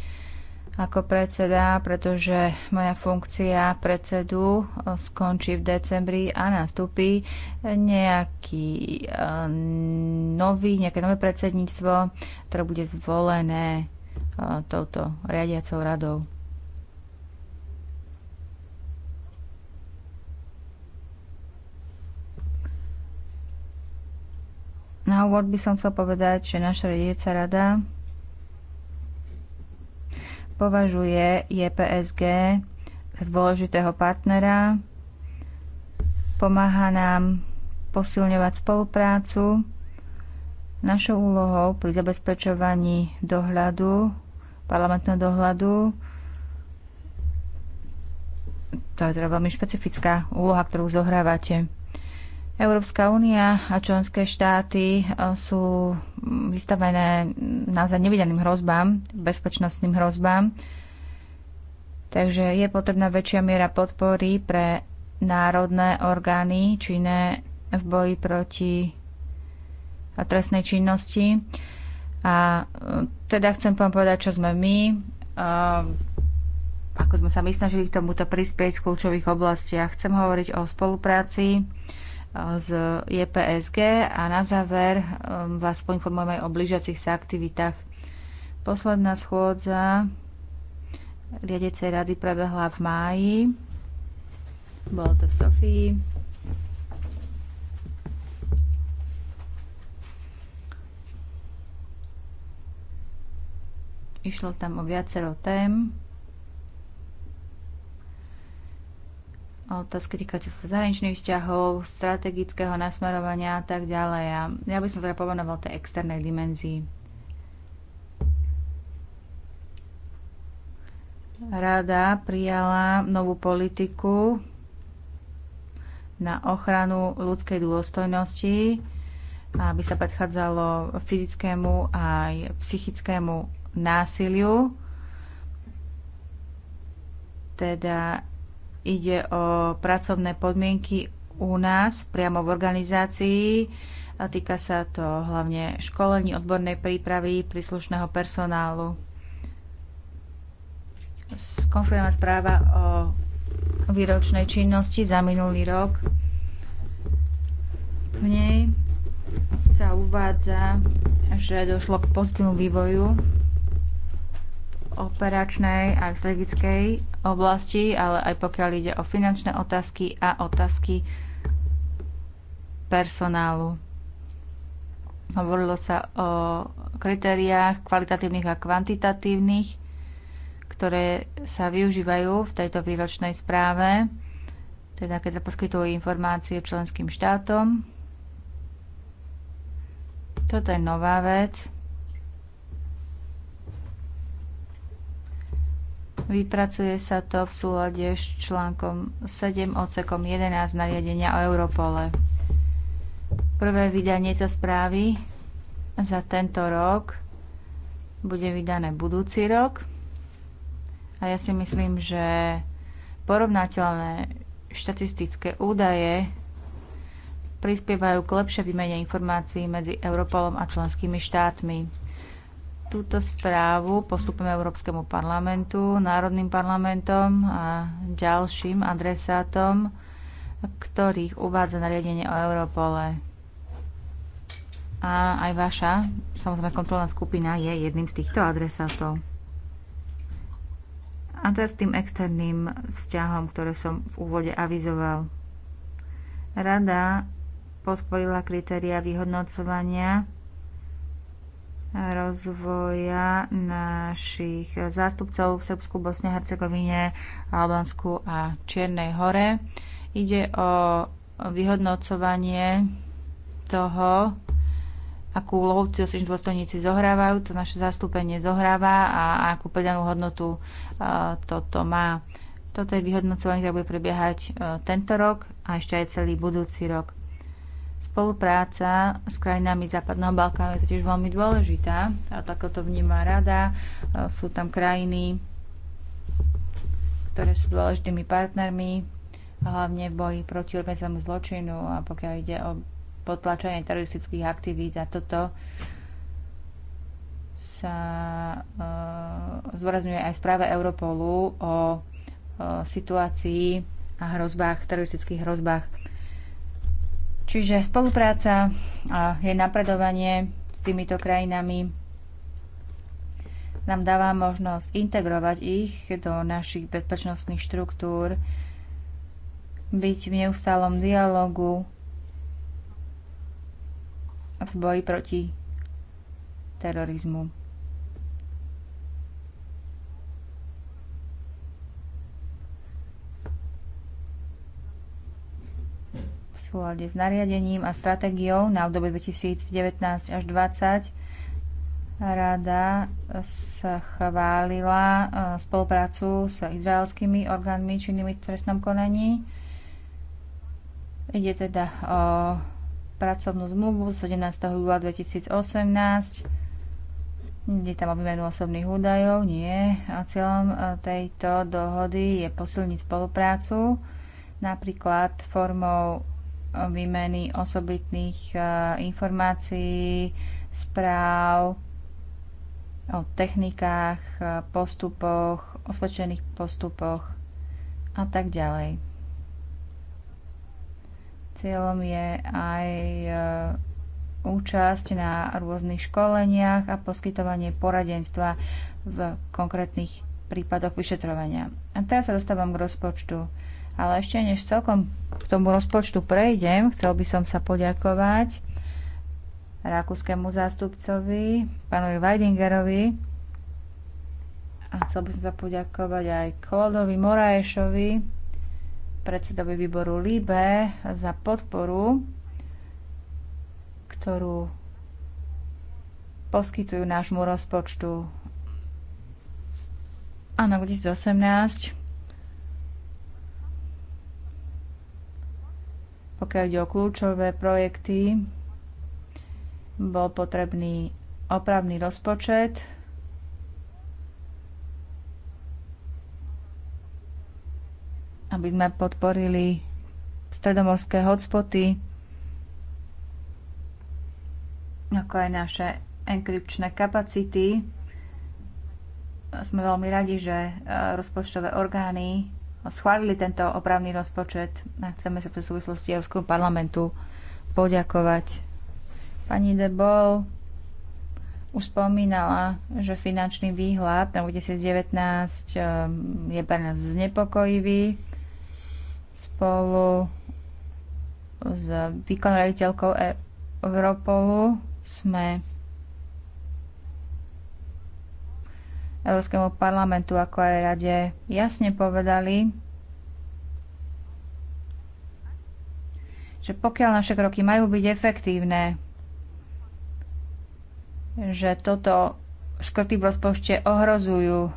ako predseda, pretože moja funkcia predsedu skončí v decembri a nastúpi nejaký nový, nejaké nové predsedníctvo, ktoré bude zvolené touto riadiacou radou. Na úvod by som chcel povedať, že naša riadiaca rada považuje JPSG za dôležitého partnera, pomáha nám posilňovať spoluprácu. Našou úlohou pri zabezpečovaní dohľadu, parlamentného dohľadu, to je teda veľmi špecifická úloha, ktorú zohrávate. Európska únia a členské štáty e, sú vystavené naozaj nevideným hrozbám, bezpečnostným hrozbám. Takže je potrebná väčšia miera podpory pre národné orgány činné v boji proti trestnej činnosti. A e, teda chcem vám povedať, čo sme my, e, ako sme sa my snažili k tomuto prispieť v kľúčových oblastiach. Chcem hovoriť o spolupráci z JPSG a na záver um, vás poinformujem aj o blížiacich sa aktivitách. Posledná schôdza riadecej rady prebehla v máji. Bolo to v Sofii. Išlo tam o viacero tém. otázky týkajúce sa zahraničných vzťahov, strategického nasmerovania a tak ďalej. A ja by som teda pomenoval tej externej dimenzii. Rada prijala novú politiku na ochranu ľudskej dôstojnosti, aby sa predchádzalo fyzickému aj psychickému násiliu. Teda Ide o pracovné podmienky u nás priamo v organizácii. A týka sa to hlavne školení, odbornej prípravy, príslušného personálu. Skonfirmá správa o výročnej činnosti za minulý rok. V nej sa uvádza, že došlo k pozitívnu vývoju operačnej a strategickej oblasti, ale aj pokiaľ ide o finančné otázky a otázky personálu. Hovorilo sa o kritériách kvalitatívnych a kvantitatívnych, ktoré sa využívajú v tejto výročnej správe, teda keď sa poskytujú informácie členským štátom. Toto je nová vec Vypracuje sa to v súlade s článkom 7 odsekom 11 nariadenia o Europole. Prvé vydanie to správy za tento rok bude vydané budúci rok. A ja si myslím, že porovnateľné štatistické údaje prispievajú k lepšej výmene informácií medzi Europolom a členskými štátmi túto správu postupujeme Európskemu parlamentu, národným parlamentom a ďalším adresátom, ktorých uvádza nariadenie o Europole. A aj vaša, samozrejme kontrolná skupina, je jedným z týchto adresátov. A teraz tým externým vzťahom, ktoré som v úvode avizoval. Rada podporila kritéria vyhodnocovania rozvoja našich zástupcov v Srbsku, Bosne, Hercegovine, Albánsku a Čiernej hore. Ide o vyhodnocovanie toho, akú úlohu naši dôstojníci zohrávajú, to naše zastúpenie zohráva a, a akú pridanú hodnotu e, toto má. Toto je vyhodnocovanie, ktoré bude prebiehať e, tento rok a ešte aj celý budúci rok. Spolupráca s krajinami Západného Balkánu je totiž veľmi dôležitá a takto to vníma rada. E, sú tam krajiny, ktoré sú dôležitými partnermi, hlavne v boji proti organizovanému zločinu a pokiaľ ide o potlačenie teroristických aktivít a toto sa e, zvorazňuje aj správe Europolu o e, situácii a hrozbách, teroristických hrozbách Čiže spolupráca a je napredovanie s týmito krajinami nám dáva možnosť integrovať ich do našich bezpečnostných štruktúr, byť v neustálom dialogu v boji proti terorizmu. súlade s nariadením a stratégiou na obdobie 2019 až 2020 Rada schválila eh, spoluprácu s izraelskými orgánmi činnými v trestnom konaní. Ide teda o pracovnú zmluvu z 17. júla 2018. Ide tam o výmenu osobných údajov? Nie. A cieľom eh, tejto dohody je posilniť spoluprácu napríklad formou výmeny osobitných e, informácií, správ o technikách, e, postupoch, osvedčených postupoch a tak ďalej. Cieľom je aj e, účasť na rôznych školeniach a poskytovanie poradenstva v konkrétnych prípadoch vyšetrovania. A teraz sa dostávam k rozpočtu. Ale ešte než celkom k tomu rozpočtu prejdem, chcel by som sa poďakovať rakúskému zástupcovi, pánovi Weidingerovi. A chcel by som sa poďakovať aj Klodovi Moraešovi, predsedovi výboru LIBE, za podporu, ktorú poskytujú nášmu rozpočtu. na 2018 Pokiaľ ide o kľúčové projekty, bol potrebný opravný rozpočet, aby sme podporili stredomorské hotspoty, ako aj naše enkrypčné kapacity. Sme veľmi radi, že eh, rozpočtové orgány schválili tento opravný rozpočet a chceme sa v súvislosti Európskeho parlamentu poďakovať. Pani Debol už spomínala, že finančný výhľad na 2019 ehm, je pre nás znepokojivý spolu s výkon riaditeľkou e- Europolu sme Európskemu parlamentu ako aj rade jasne povedali, že pokiaľ naše kroky majú byť efektívne, že toto škrty v rozpočte ohrozujú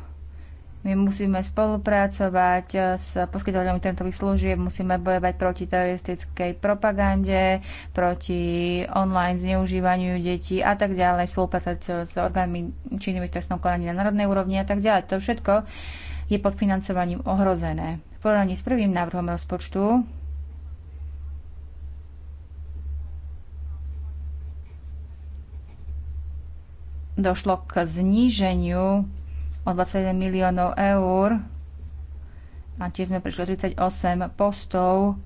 my musíme spolupracovať eh, s poskytovateľom internetových služieb, musíme bojovať proti teroristickej propagande, proti online zneužívaniu detí a tak ďalej, spolupracovať s orgánmi činnými v trestnom konaní na národnej úrovni a tak ďalej. To všetko je pod financovaním ohrozené. V porovnaní s prvým návrhom rozpočtu došlo k zníženiu o 21 miliónov eur a tiež sme prišli 38 postov.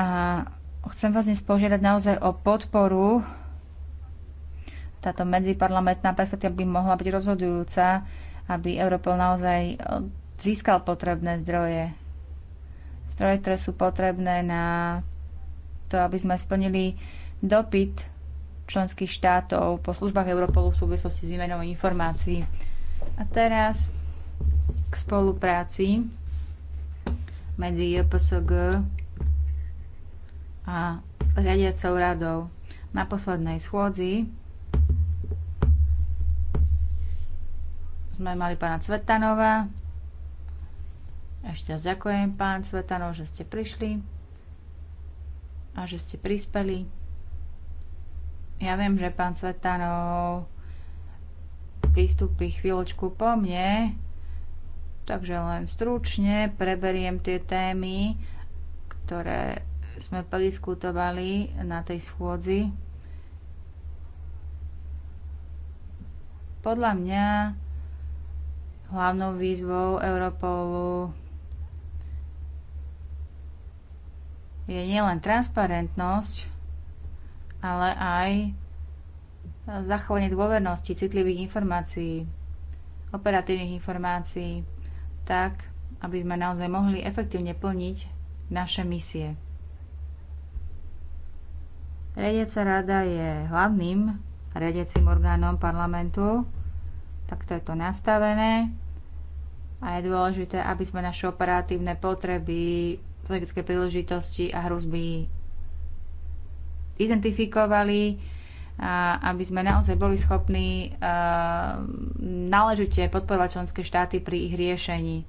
A chcem vás dnes požiadať naozaj o podporu. Táto medziparlamentná perspektíva by mohla byť rozhodujúca, aby Europol naozaj e, získal potrebné zdroje. Zdroje, ktoré sú potrebné na to, aby sme splnili dopyt členských štátov po službách Europolu v súvislosti s výmenou informácií. A teraz k spolupráci medzi JPSG a riadiacou radou. Na poslednej schôdzi sme mali pána Cvetanova. Ešte raz ďakujem, pán Cvetanov, že ste prišli a že ste prispeli. Ja viem, že pán Svetanov vystúpi chvíľočku po mne, takže len stručne preberiem tie témy, ktoré sme prediskutovali na tej schôdzi. Podľa mňa hlavnou výzvou Europolu je nielen transparentnosť, ale aj zachovanie dôvernosti citlivých informácií, operatívnych informácií, tak, aby sme naozaj mohli efektívne plniť naše misie. Riadiaca rada je hlavným riadiacim orgánom parlamentu, takto je to nastavené a je dôležité, aby sme naše operatívne potreby, strategické príležitosti a hrozby identifikovali, a aby sme naozaj boli schopní náležite podporovať členské štáty pri ich riešení.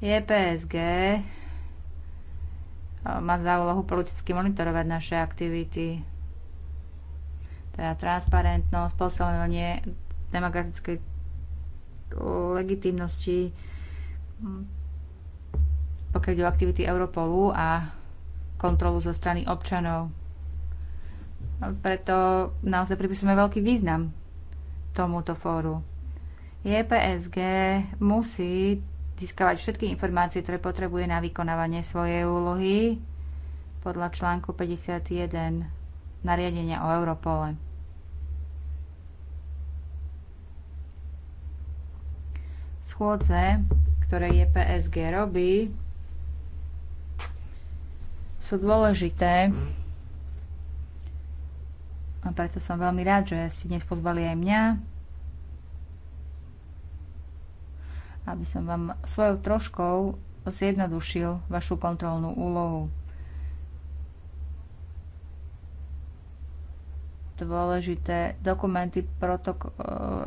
EPSG má za úlohu politicky monitorovať naše aktivity, teda transparentnosť, posilnenie demokratickej legitimnosti, pokiaľ ide o aktivity Europolu a kontrolu zo strany občanov preto naozaj pripisujeme veľký význam tomuto fóru. JPSG musí získavať všetky informácie, ktoré potrebuje na vykonávanie svojej úlohy podľa článku 51 nariadenia o Europole. Schôdze, ktoré JPSG robí, sú dôležité a preto som veľmi rád, že ste dnes pozvali aj mňa, aby som vám svojou troškou zjednodušil vašu kontrolnú úlohu. dôležité dokumenty protok-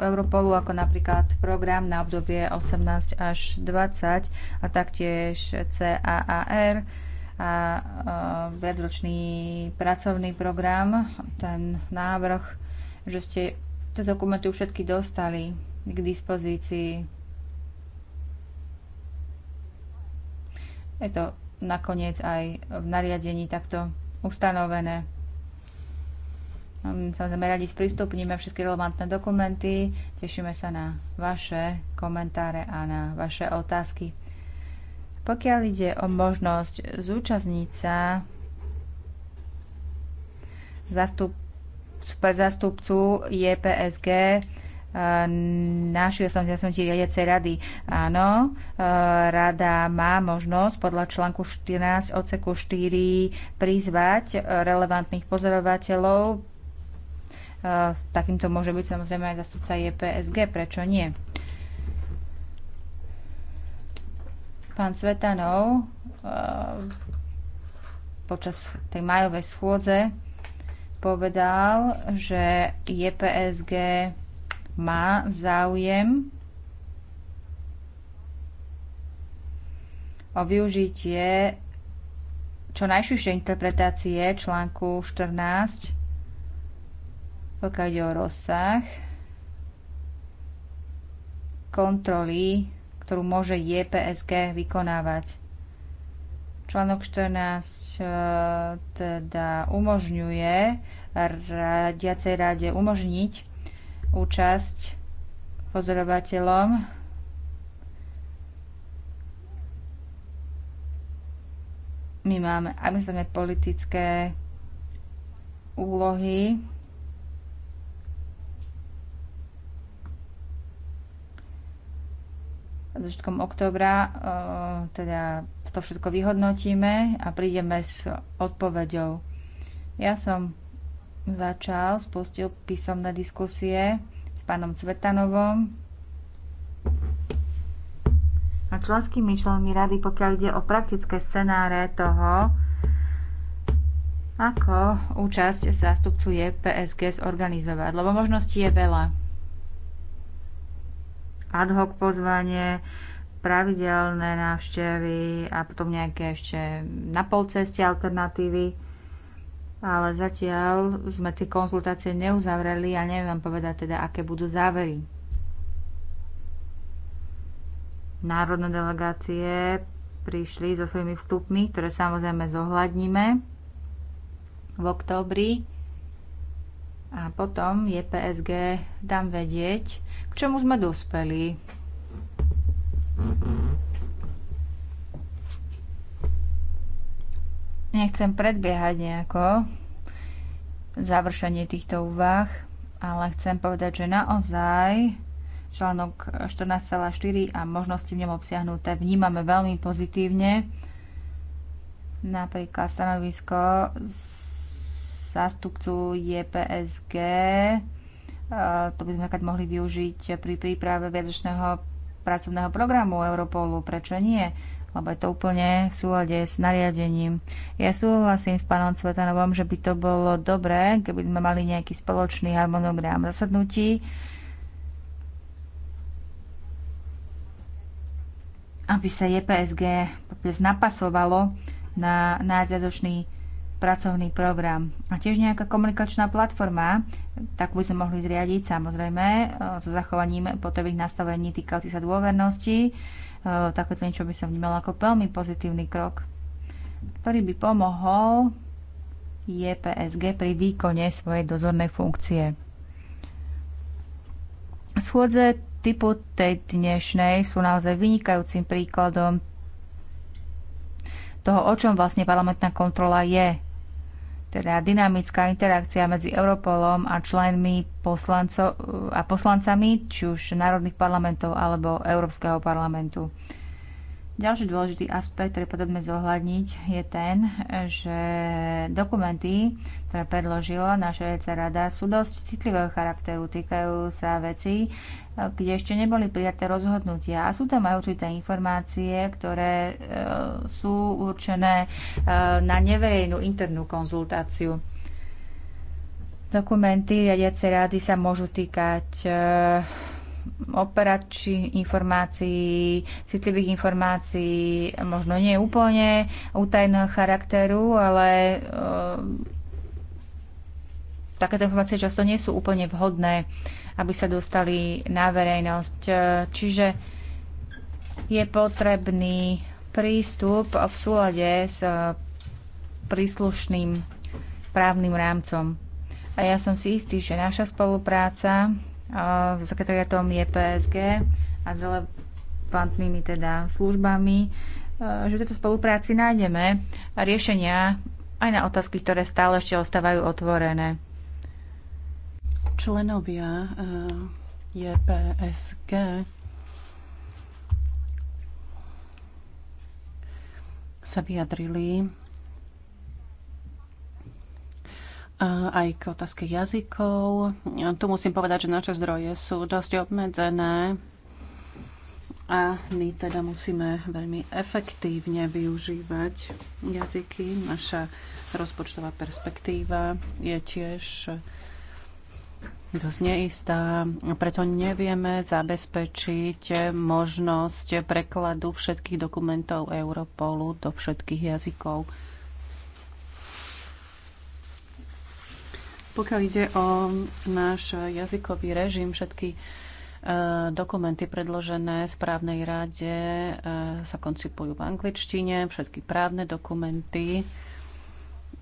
Europolu, ako napríklad program na obdobie 18 až 20 a taktiež CAAR, a viacročný pracovný program, ten návrh, že ste tie dokumenty všetky dostali k dispozícii. Je to nakoniec aj v nariadení takto ustanovené. Samozrejme, radi sprístupníme všetky relevantné dokumenty. Tešíme sa na vaše komentáre a na vaše otázky. Pokiaľ ide o možnosť zúčastniť sa zastup, pre zastupcu JPSG e e, našiel som ti riadiacej rady. Áno, e, rada má možnosť podľa článku 14 odseku 4 prizvať relevantných pozorovateľov. Takýmto môže byť samozrejme aj zastupca JPSG, prečo nie? Pán Svetanov eh, počas tej majovej schôdze povedal, že JPSG má záujem o využitie čo najšiššie interpretácie článku 14, pokiaľ ide o rozsah kontroly ktorú môže JPSG vykonávať. Článok 14 e, teda umožňuje radiacej rade umožniť účasť pozorovateľom My máme administratívne politické úlohy začiatkom októbra e, teda to všetko vyhodnotíme a prídeme s odpoveďou. Ja som začal, spustil písomné diskusie s pánom Cvetanovom a členskými členmi rady, pokiaľ ide o praktické scenáre toho, ako účasť zástupcu je PSG zorganizovať, lebo možností je veľa ad hoc pozvanie, pravidelné návštevy a potom nejaké ešte na polceste alternatívy. Ale zatiaľ sme tie konzultácie neuzavreli a neviem vám povedať teda, aké budú závery. Národné delegácie prišli so svojimi vstupmi, ktoré samozrejme zohľadníme v októbri a potom je PSG, dám vedieť, k čomu sme dospeli. Nechcem predbiehať nejako završenie týchto úvah, ale chcem povedať, že naozaj článok 14,4 a možnosti v ňom obsiahnuté vnímame veľmi pozitívne. Napríklad stanovisko z zástupcu JPSG. To by sme mohli využiť pri príprave viacročného pracovného programu Europolu. Prečo nie? lebo je to úplne v súlade s nariadením. Ja súhlasím s pánom Cvetanovom, že by to bolo dobré, keby sme mali nejaký spoločný harmonogram zasadnutí, aby sa JPSG napasovalo na nájsť pracovný program a tiež nejaká komunikačná platforma, tak by sme mohli zriadiť samozrejme e, so zachovaním potrebných nastavení týkajúcich sa dôvernosti. E, Takéto niečo by som vnímalo ako veľmi pozitívny krok, ktorý by pomohol JPSG pri výkone svojej dozornej funkcie. Schôdze typu tej dnešnej sú naozaj vynikajúcim príkladom toho, o čom vlastne parlamentná kontrola je teda dynamická interakcia medzi Europolom a členmi poslanco, a poslancami, či už národných parlamentov alebo Európskeho parlamentu. Ďalší dôležitý aspekt, ktorý potrebujeme zohľadniť, je ten, že dokumenty, ktoré predložila naša rada, sú dosť citlivého charakteru, týkajú sa vecí, kde ešte neboli prijaté rozhodnutia. A sú tam aj určité informácie, ktoré e, sú určené e, na neverejnú internú konzultáciu. Dokumenty riadiacej rady sa môžu týkať operačí, operačných informácií, citlivých informácií, možno nie úplne útajného charakteru, ale e, takéto informácie často nie sú úplne vhodné e, aby sa dostali na verejnosť. E, Čiže je potrebný prístup v súlade s e, príslušným právnym rámcom. A ja som si istý, že naša spolupráca e, so sekretariatom JPSG a s relevantnými teda službami, že v tejto spolupráci nájdeme riešenia aj na otázky, ktoré stále ešte ostávajú otvorené. Členovia eh, JPSG sa vyjadrili eh, aj k otázke jazykov. Tu musím povedať, že naše zdroje sú dosť obmedzené a my teda musíme veľmi efektívne využívať jazyky. Naša rozpočtová perspektíva je tiež dosť neistá, preto nevieme zabezpečiť možnosť prekladu všetkých dokumentov Europolu do všetkých jazykov. Pokiaľ ide o náš jazykový režim, všetky e, dokumenty predložené správnej rade e, sa koncipujú v angličtine, všetky právne dokumenty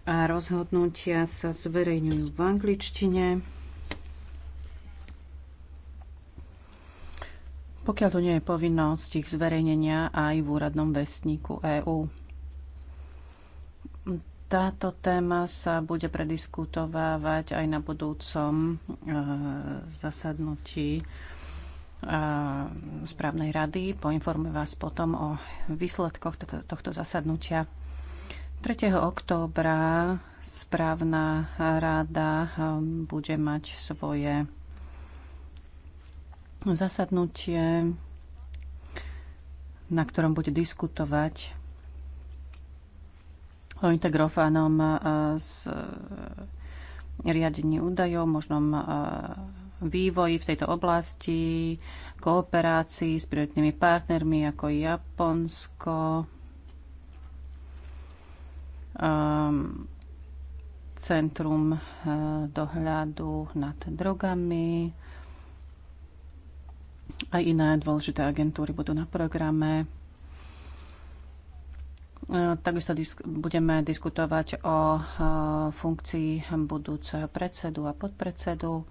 a rozhodnutia sa zverejňujú v angličtine. pokiaľ to nie je povinnosť ich zverejnenia aj v úradnom vestníku EÚ. Táto téma sa bude prediskutovávať aj na budúcom e, zasadnutí e, správnej rady. Poinformujem vás potom o výsledkoch tohto, tohto zasadnutia. 3. októbra správna rada e, bude mať svoje zasadnutie, na ktorom bude diskutovať o integrovanom s e, e, riadení údajov, možnom e, vývoji v tejto oblasti, kooperácii s prioritnými partnermi ako Japonsko, ehm, Centrum dohľadu nad drogami, aj iné dôležité agentúry budú na programe. Takisto disk- budeme diskutovať o funkcii budúceho predsedu a podpredsedu.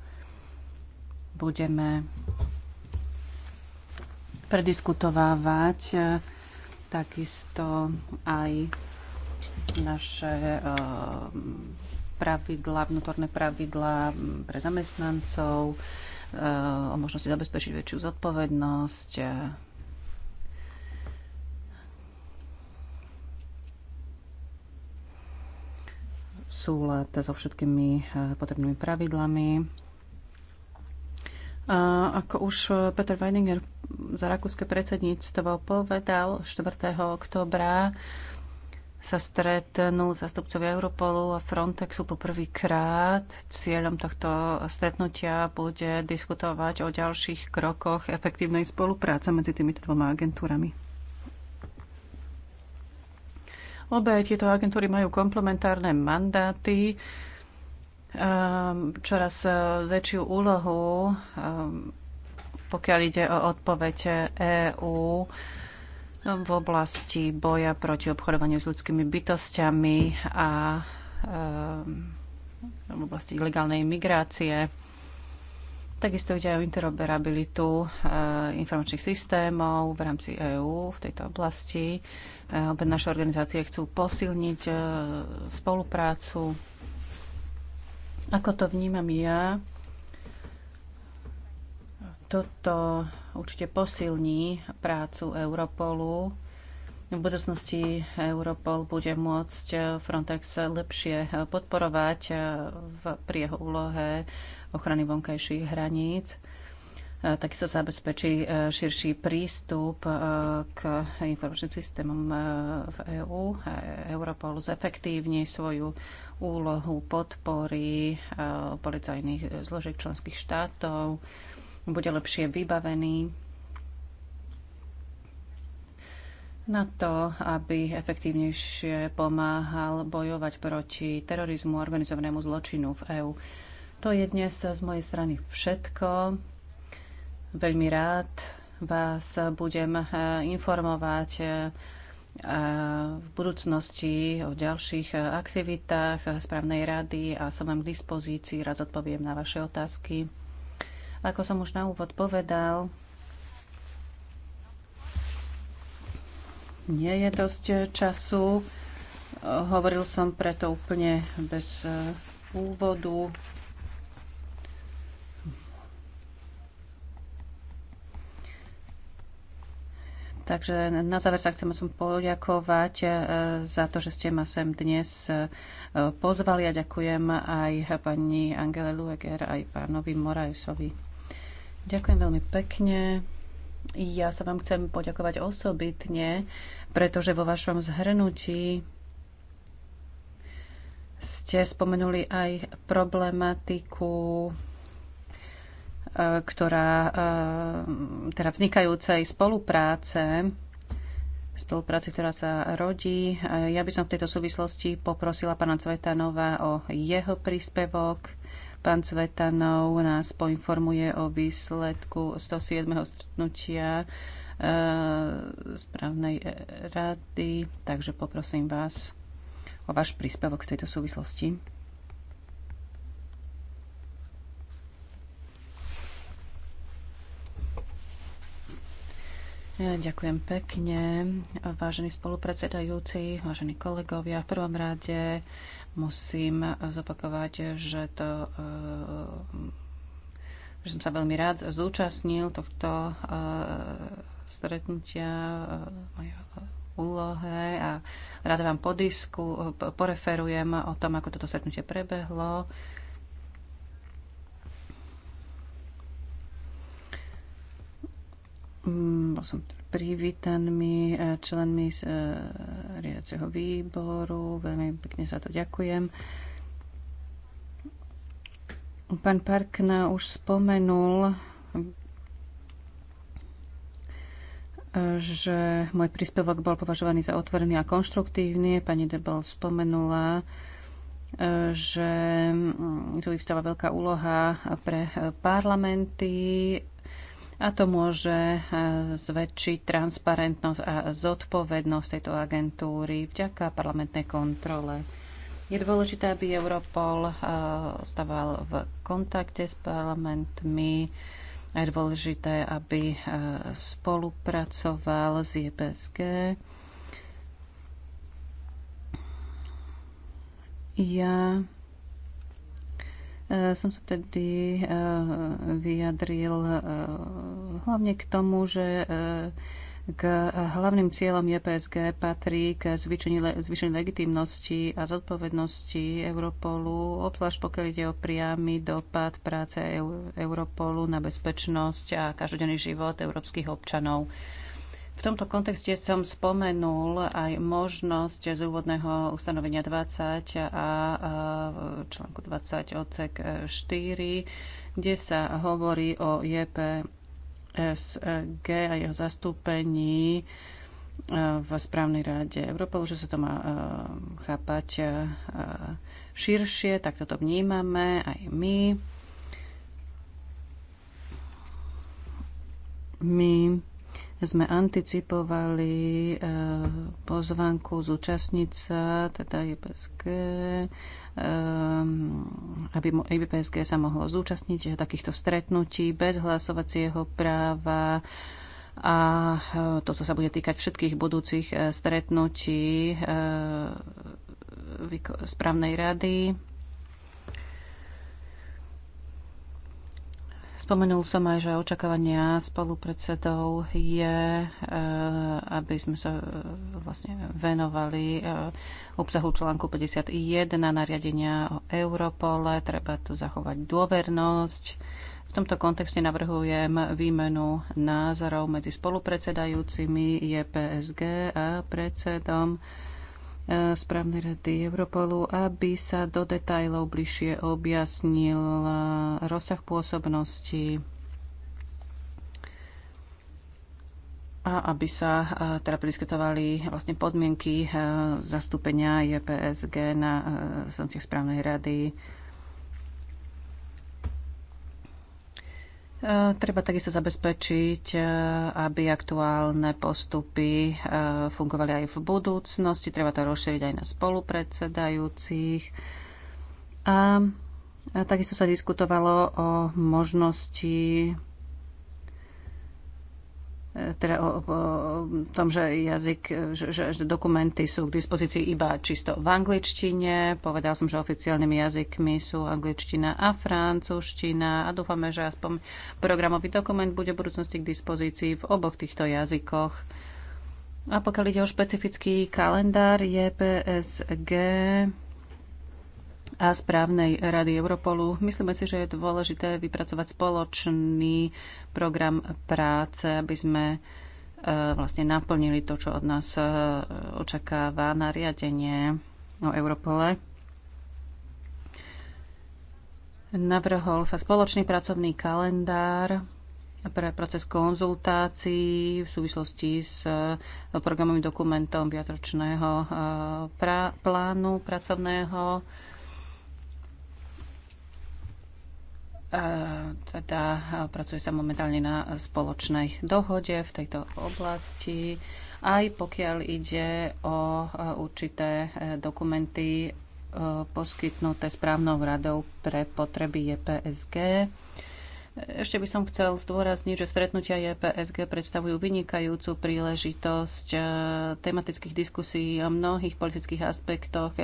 Budeme prediskutovávať takisto aj naše pravidla, vnútorné pravidla pre zamestnancov, Eh, o možnosti zabezpečiť väčšiu zodpovednosť. Eh, súlad so všetkými eh, potrebnými pravidlami. A ako už Peter Weininger za rakúske predsedníctvo povedal 4. oktobra, sa stretnú zastupcovia Europolu a Frontexu poprvýkrát. Cieľom tohto stretnutia bude diskutovať o ďalších krokoch efektívnej spolupráce medzi týmito dvoma agentúrami. Obe tieto agentúry majú komplementárne mandáty, ehm, čoraz väčšiu úlohu, ehm, pokiaľ ide o odpoveď EÚ v oblasti boja proti obchodovaniu s ľudskými bytostiami a e, v oblasti legálnej migrácie. Takisto ide aj o interoperabilitu e, informačných systémov v rámci EÚ v tejto oblasti. E, obe naše organizácie chcú posilniť spoluprácu. Ako to vnímam ja, toto určite posilní prácu Europolu. V budúcnosti Europol bude môcť Frontex lepšie podporovať v, pri jeho úlohe ochrany vonkajších hraníc. Taký sa zabezpečí širší prístup k informačným systémom v EÚ. Europol zefektívni svoju úlohu podpory policajných zložiek členských štátov bude lepšie vybavený na to, aby efektívnejšie pomáhal bojovať proti terorizmu a organizovanému zločinu v EÚ. To je dnes z mojej strany všetko. Veľmi rád vás budem eh, informovať eh, v budúcnosti o ďalších eh, aktivitách správnej rady a som vám k dispozícii, rád odpoviem na vaše otázky. Ako som už na úvod povedal, nie je dosť času. Hovoril som preto úplne bez e, úvodu. Takže na záver sa chcem som poďakovať e, za to, že ste ma sem dnes e, pozvali a ďakujem aj pani Angele Lueger, aj pánovi Morajsovi. Ďakujem veľmi pekne. Ja sa vám chcem poďakovať osobitne, pretože vo vašom zhrnutí ste spomenuli aj problematiku e, ktorá e, teda vznikajúcej spolupráce spolupráci, ktorá sa rodí. E, ja by som v tejto súvislosti poprosila pána Cvetanova o jeho príspevok Pán Cvetanov nás poinformuje o výsledku 107. stretnutia eh, správnej eh, rady, takže poprosím vás o váš príspevok v tejto súvislosti. ďakujem pekne, vážení spolupredsedajúci, vážení kolegovia. V prvom rade Musím zopakovať, že to eh, že som sa veľmi rád zúčastnil tohto eh, stretnutia eh, mojej úlohe a rád vám po disku poreferujem o tom, ako toto stretnutie prebehlo. Mm, bol som privítaný členmi z riadiaceho výboru. Veľmi pekne za to ďakujem. Pán Parkna už spomenul, že môj príspevok bol považovaný za otvorený a konštruktívny. Pani Debel spomenula, že tu vyvstáva veľká úloha pre parlamenty a to môže e, zväčšiť transparentnosť a zodpovednosť tejto agentúry vďaka parlamentnej kontrole. Je dôležité, aby Europol e, stával v kontakte s parlamentmi, je dôležité, aby e, spolupracoval s JPSG. Ja Eh, som sa tedy eh, vyjadril eh, hlavne k tomu, že k hlavným cieľom JPSG patrí k zvýšení, zvýšení legitimnosti a zodpovednosti Europolu, obzvlášť pokiaľ ide o priamy dopad práce Europolu na bezpečnosť a každodenný život európskych občanov. V tomto kontexte som spomenul aj možnosť z úvodného ustanovenia 20 a článku 20 odsek 4, e, kde sa hovorí o JPSG a jeho zastúpení e, v správnej rade Európol, že sa to má e, chápať širšie, tak toto vnímame aj my. My sme anticipovali eh, pozvanku zúčastnica, sa, teda IPSG, eh, aby IPSG sa mohlo zúčastniť takýchto stretnutí bez hlasovacieho práva a eh, toto sa bude týkať všetkých budúcich stretnutí správnej rady Spomenul som aj, že očakávania spolupredsedov je, eh, aby sme sa eh, vlastne venovali eh, obsahu článku 51 nariadenia o Europole. Treba tu zachovať dôvernosť. V tomto kontexte navrhujem výmenu názorov medzi spolupredsedajúcimi PSG a predsedom E, správnej rady Europolu, aby sa do detajlov bližšie objasnil e, rozsah pôsobnosti a aby sa e, teda prediskutovali vlastne podmienky zastúpenia JPSG na samotných správnej rady E, treba takisto zabezpečiť, e, aby aktuálne postupy e, fungovali aj v budúcnosti. Treba to rozšíriť aj na spolupredsedajúcich. A takisto sa diskutovalo o možnosti teda o, o tom, že jazyk, že, že dokumenty sú k dispozícii iba čisto v angličtine. Povedal som, že oficiálnymi jazykmi sú angličtina a francúzština a dúfame, že aspoň programový dokument bude v budúcnosti k dispozícii v oboch týchto jazykoch. A pokiaľ ide o špecifický kalendár JPSG, a správnej rady Europolu. Myslíme si, že je dôležité vypracovať spoločný program práce, aby sme e, vlastne naplnili to, čo od nás e, očakáva nariadenie o Europole. Navrhol sa spoločný pracovný kalendár pre proces konzultácií v súvislosti s e, programovým dokumentom viacročného plánu pracovného E, teda e, pracuje sa momentálne na spoločnej dohode v tejto oblasti, aj pokiaľ ide o e, určité dokumenty poskytnuté správnou radou pre potreby JPSG. Ešte by som chcel zdôrazniť, že stretnutia JPSG predstavujú vynikajúcu príležitosť tematických diskusí o mnohých politických aspektoch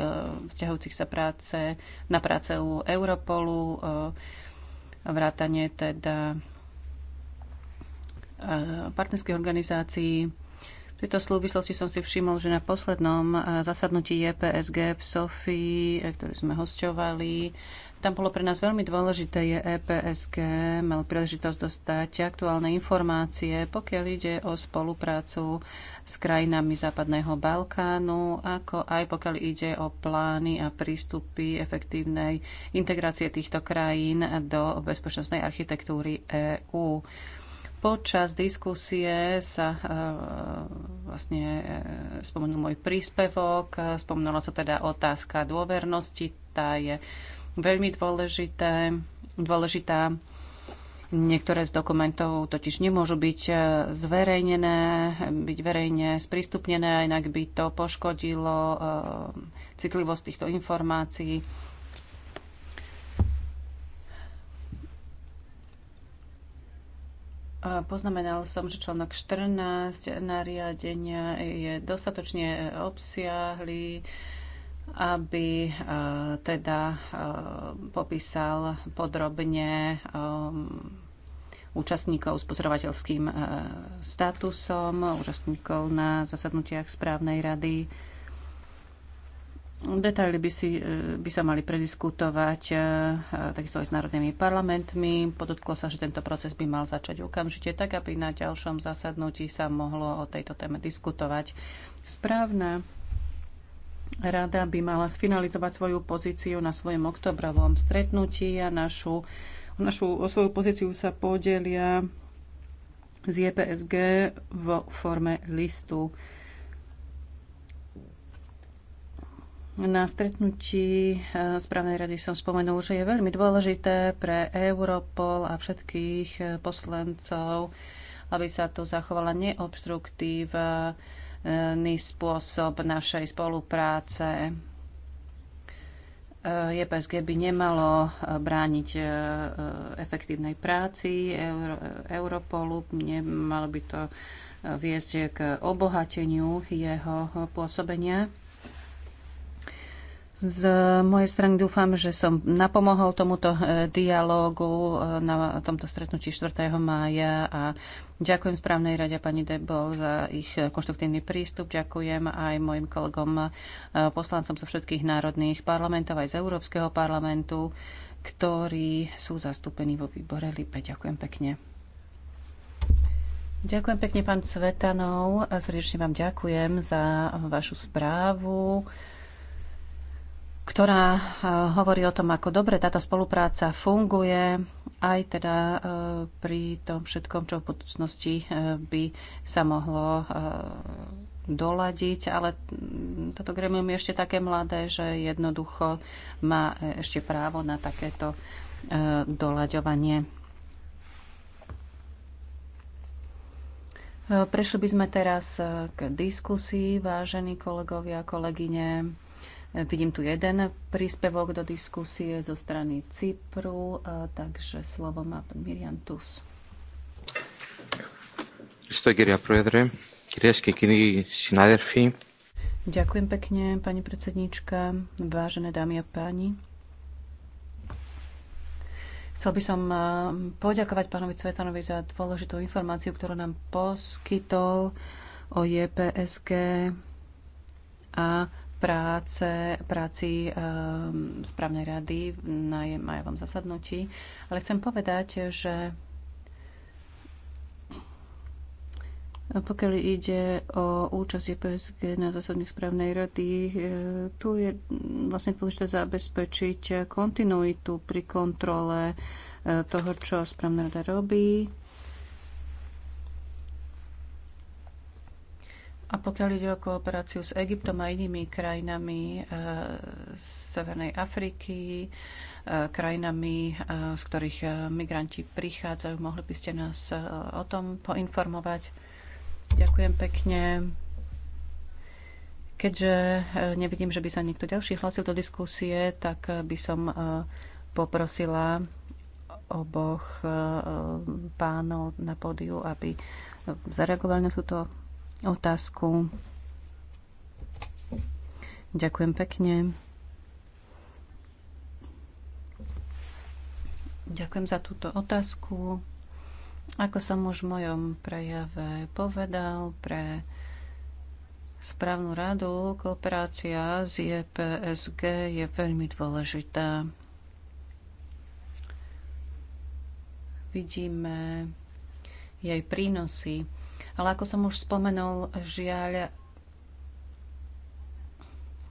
vzťahujúcich sa práce, na práce u Europolu, vrátanie teda e, partnerských organizácií, v tejto súvislosti som si všimol, že na poslednom eh, zasadnutí EPSG v Sofii, eh, ktorý sme hosťovali, tam bolo pre nás veľmi dôležité, je EPSG mal príležitosť dostať aktuálne informácie, pokiaľ ide o spoluprácu s krajinami Západného Balkánu, ako aj pokiaľ ide o plány a prístupy efektívnej integrácie týchto krajín do bezpečnostnej architektúry EÚ. Počas diskusie sa e, vlastne e, spomenul môj príspevok, spomenula sa teda otázka dôvernosti, tá je veľmi dôležité, dôležitá. Niektoré z dokumentov totiž nemôžu byť e, zverejnené, byť verejne sprístupnené, inak by to poškodilo citlivosť týchto informácií. Poznamenal som, že článok 14 nariadenia je dostatočne obsiahly, aby e, teda e, popísal podrobne e, účastníkov s pozorovateľským statusom, účastníkov na zasadnutiach správnej rady Detaily by, si, eh, by sa mali prediskutovať eh, eh, takisto aj s národnými parlamentmi. Podotklo sa, že tento proces by mal začať okamžite, tak aby na ďalšom zasadnutí sa mohlo o tejto téme diskutovať. Správna rada by mala sfinalizovať svoju pozíciu na svojom oktobrovom stretnutí a našu, našu, o svoju pozíciu sa podelia z JPSG vo forme listu. Na stretnutí e, správnej rady som spomenul, že je veľmi dôležité pre Europol a všetkých e, poslancov, aby sa tu zachovala neobštruktívny spôsob našej spolupráce. JPSG e, by nemalo brániť efektívnej práci Europolu, nemalo by to viesť k obohateniu jeho pôsobenia z mojej strany dúfam, že som napomohol tomuto e, dialógu e, na tomto stretnutí 4. mája a ďakujem správnej rade pani Debol za ich konštruktívny prístup. Ďakujem aj mojim kolegom e, poslancom zo všetkých národných parlamentov, aj z Európskeho parlamentu, ktorí sú zastúpení vo výbore LIPE. Ďakujem pekne. Ďakujem pekne, pán Cvetanov. Srdečne vám ďakujem za vašu správu ktorá eh, hovorí o tom, ako dobre táto spolupráca funguje, aj teda eh, pri tom všetkom, čo v budúcnosti eh, by sa mohlo doladiť, ale mm, toto gremium je ešte také mladé, že jednoducho má ešte právo na takéto dolaďovanie. Prešli by sme teraz k diskusii, vážení kolegovia a kolegyne. Vidím tu jeden príspevok do diskusie zo strany Cypru, takže slovo má pán Miriam Tus. Ďakujem pekne, pani predsedníčka, vážené dámy a páni. Chcel by som poďakovať pánovi Cvetanovi za dôležitú informáciu, ktorú nám poskytol o JPSG a práce, práci e, správnej rady na majovom zasadnutí. Ale chcem povedať, že pokiaľ ide o účasť JPSG na zasadných správnej rady, eh, tu je vlastne dôležité zabezpečiť kontinuitu pri kontrole eh, toho, čo správna rada robí A pokiaľ ide o kooperáciu s Egyptom a inými krajinami e, Severnej Afriky, e, krajinami, e, z ktorých e, migranti prichádzajú, mohli by ste nás e, o tom poinformovať? Ďakujem pekne. Keďže e, nevidím, že by sa niekto ďalší hlasil do diskusie, tak e, by som e, poprosila oboch e, pánov na pódiu, aby zareagovali na túto otázku. Ďakujem pekne. Ďakujem za túto otázku. Ako som už v mojom prejave povedal, pre správnu radu kooperácia z JPSG e je veľmi dôležitá. Vidíme jej prínosy ale ako som už spomenul, žiaľ,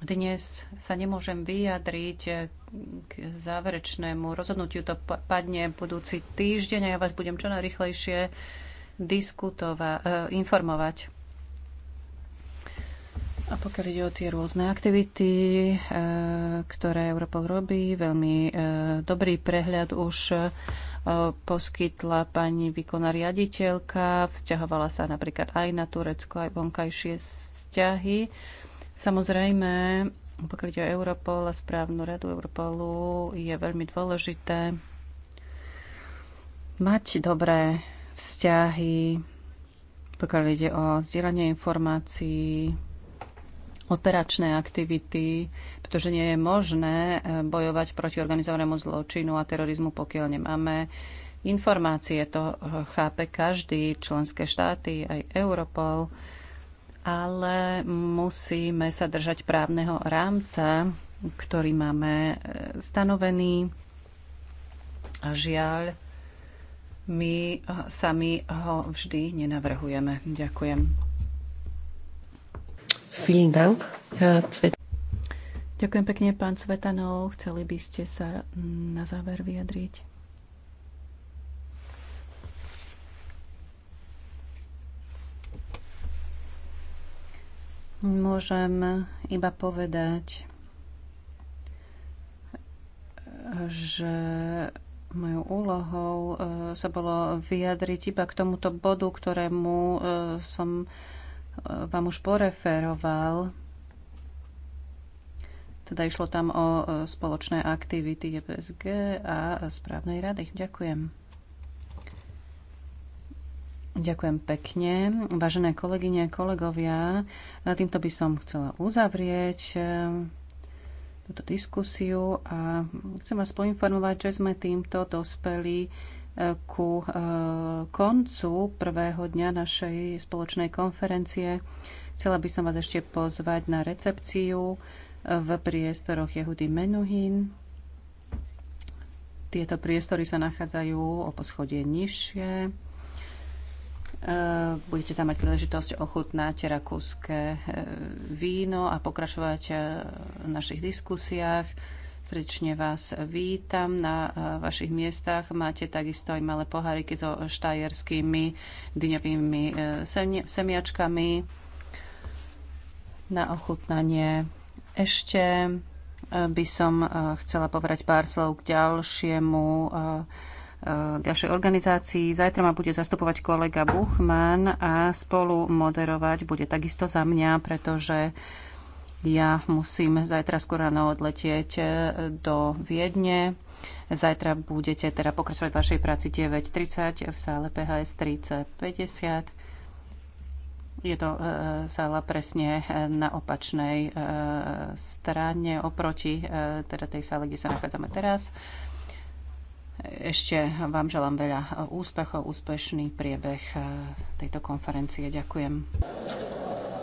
dnes sa nemôžem vyjadriť k záverečnému rozhodnutiu. To padne budúci týždeň a ja vás budem čo najrychlejšie diskutovať, e, informovať. A pokiaľ ide o tie rôzne aktivity, e, ktoré Europol robí, veľmi e, dobrý prehľad už poskytla pani výkonná riaditeľka, vzťahovala sa napríklad aj na Turecko, aj vonkajšie vzťahy. Samozrejme, pokiaľ ide o Europol a správnu radu Europolu, je veľmi dôležité mať dobré vzťahy, pokiaľ ide o zdieľanie informácií, operačné aktivity, pretože nie je možné eh, bojovať proti organizovanému zločinu a terorizmu, pokiaľ nemáme informácie. To eh, chápe každý, členské štáty, aj Europol, ale musíme sa držať právneho rámca, ktorý máme eh, stanovený. A žiaľ, my sami ho vždy nenavrhujeme. Ďakujem. Vielen Dank, Herr Cvet. Ďakujem pekne, pán Cvetanov. Chceli by ste sa mm, na záver vyjadriť? Môžem iba povedať, že mojou úlohou e, sa bolo vyjadriť iba k tomuto bodu, ktorému e, som E, vám už poreferoval. Teda išlo tam o e, spoločné aktivity EPSG a správnej rady. Ďakujem. Ďakujem pekne. Vážené kolegyne, kolegovia, e, týmto by som chcela uzavrieť túto diskusiu a chcem vás poinformovať, že sme týmto dospeli ku e, koncu prvého dňa našej spoločnej konferencie. Chcela by som vás ešte pozvať na recepciu v priestoroch Jehudy Menuhin. Tieto priestory sa nachádzajú o poschodie nižšie. E, budete tam mať príležitosť ochutnať rakúske e, víno a pokračovať v našich diskusiách Srdečne vás vítam na eh, vašich miestach. Máte takisto aj malé poháriky so štajerskými dyňovými eh, semiačkami na ochutnanie. Ešte eh, by som chcela povedať pár slov k ďalšiemu ďalšej organizácii. Zajtra ma bude zastupovať kolega Buchman a spolu moderovať bude takisto za mňa, pretože ja musím zajtra skôr ráno odletieť e, do Viedne. Zajtra budete teda pokračovať v vašej práci 9.30 v sále PHS 3050. Je to e, sála presne e, na opačnej e, strane oproti e, teda tej sále, kde sa nachádzame teraz. Ešte vám želám veľa e, úspechov, úspešný priebeh tejto konferencie. Ďakujem.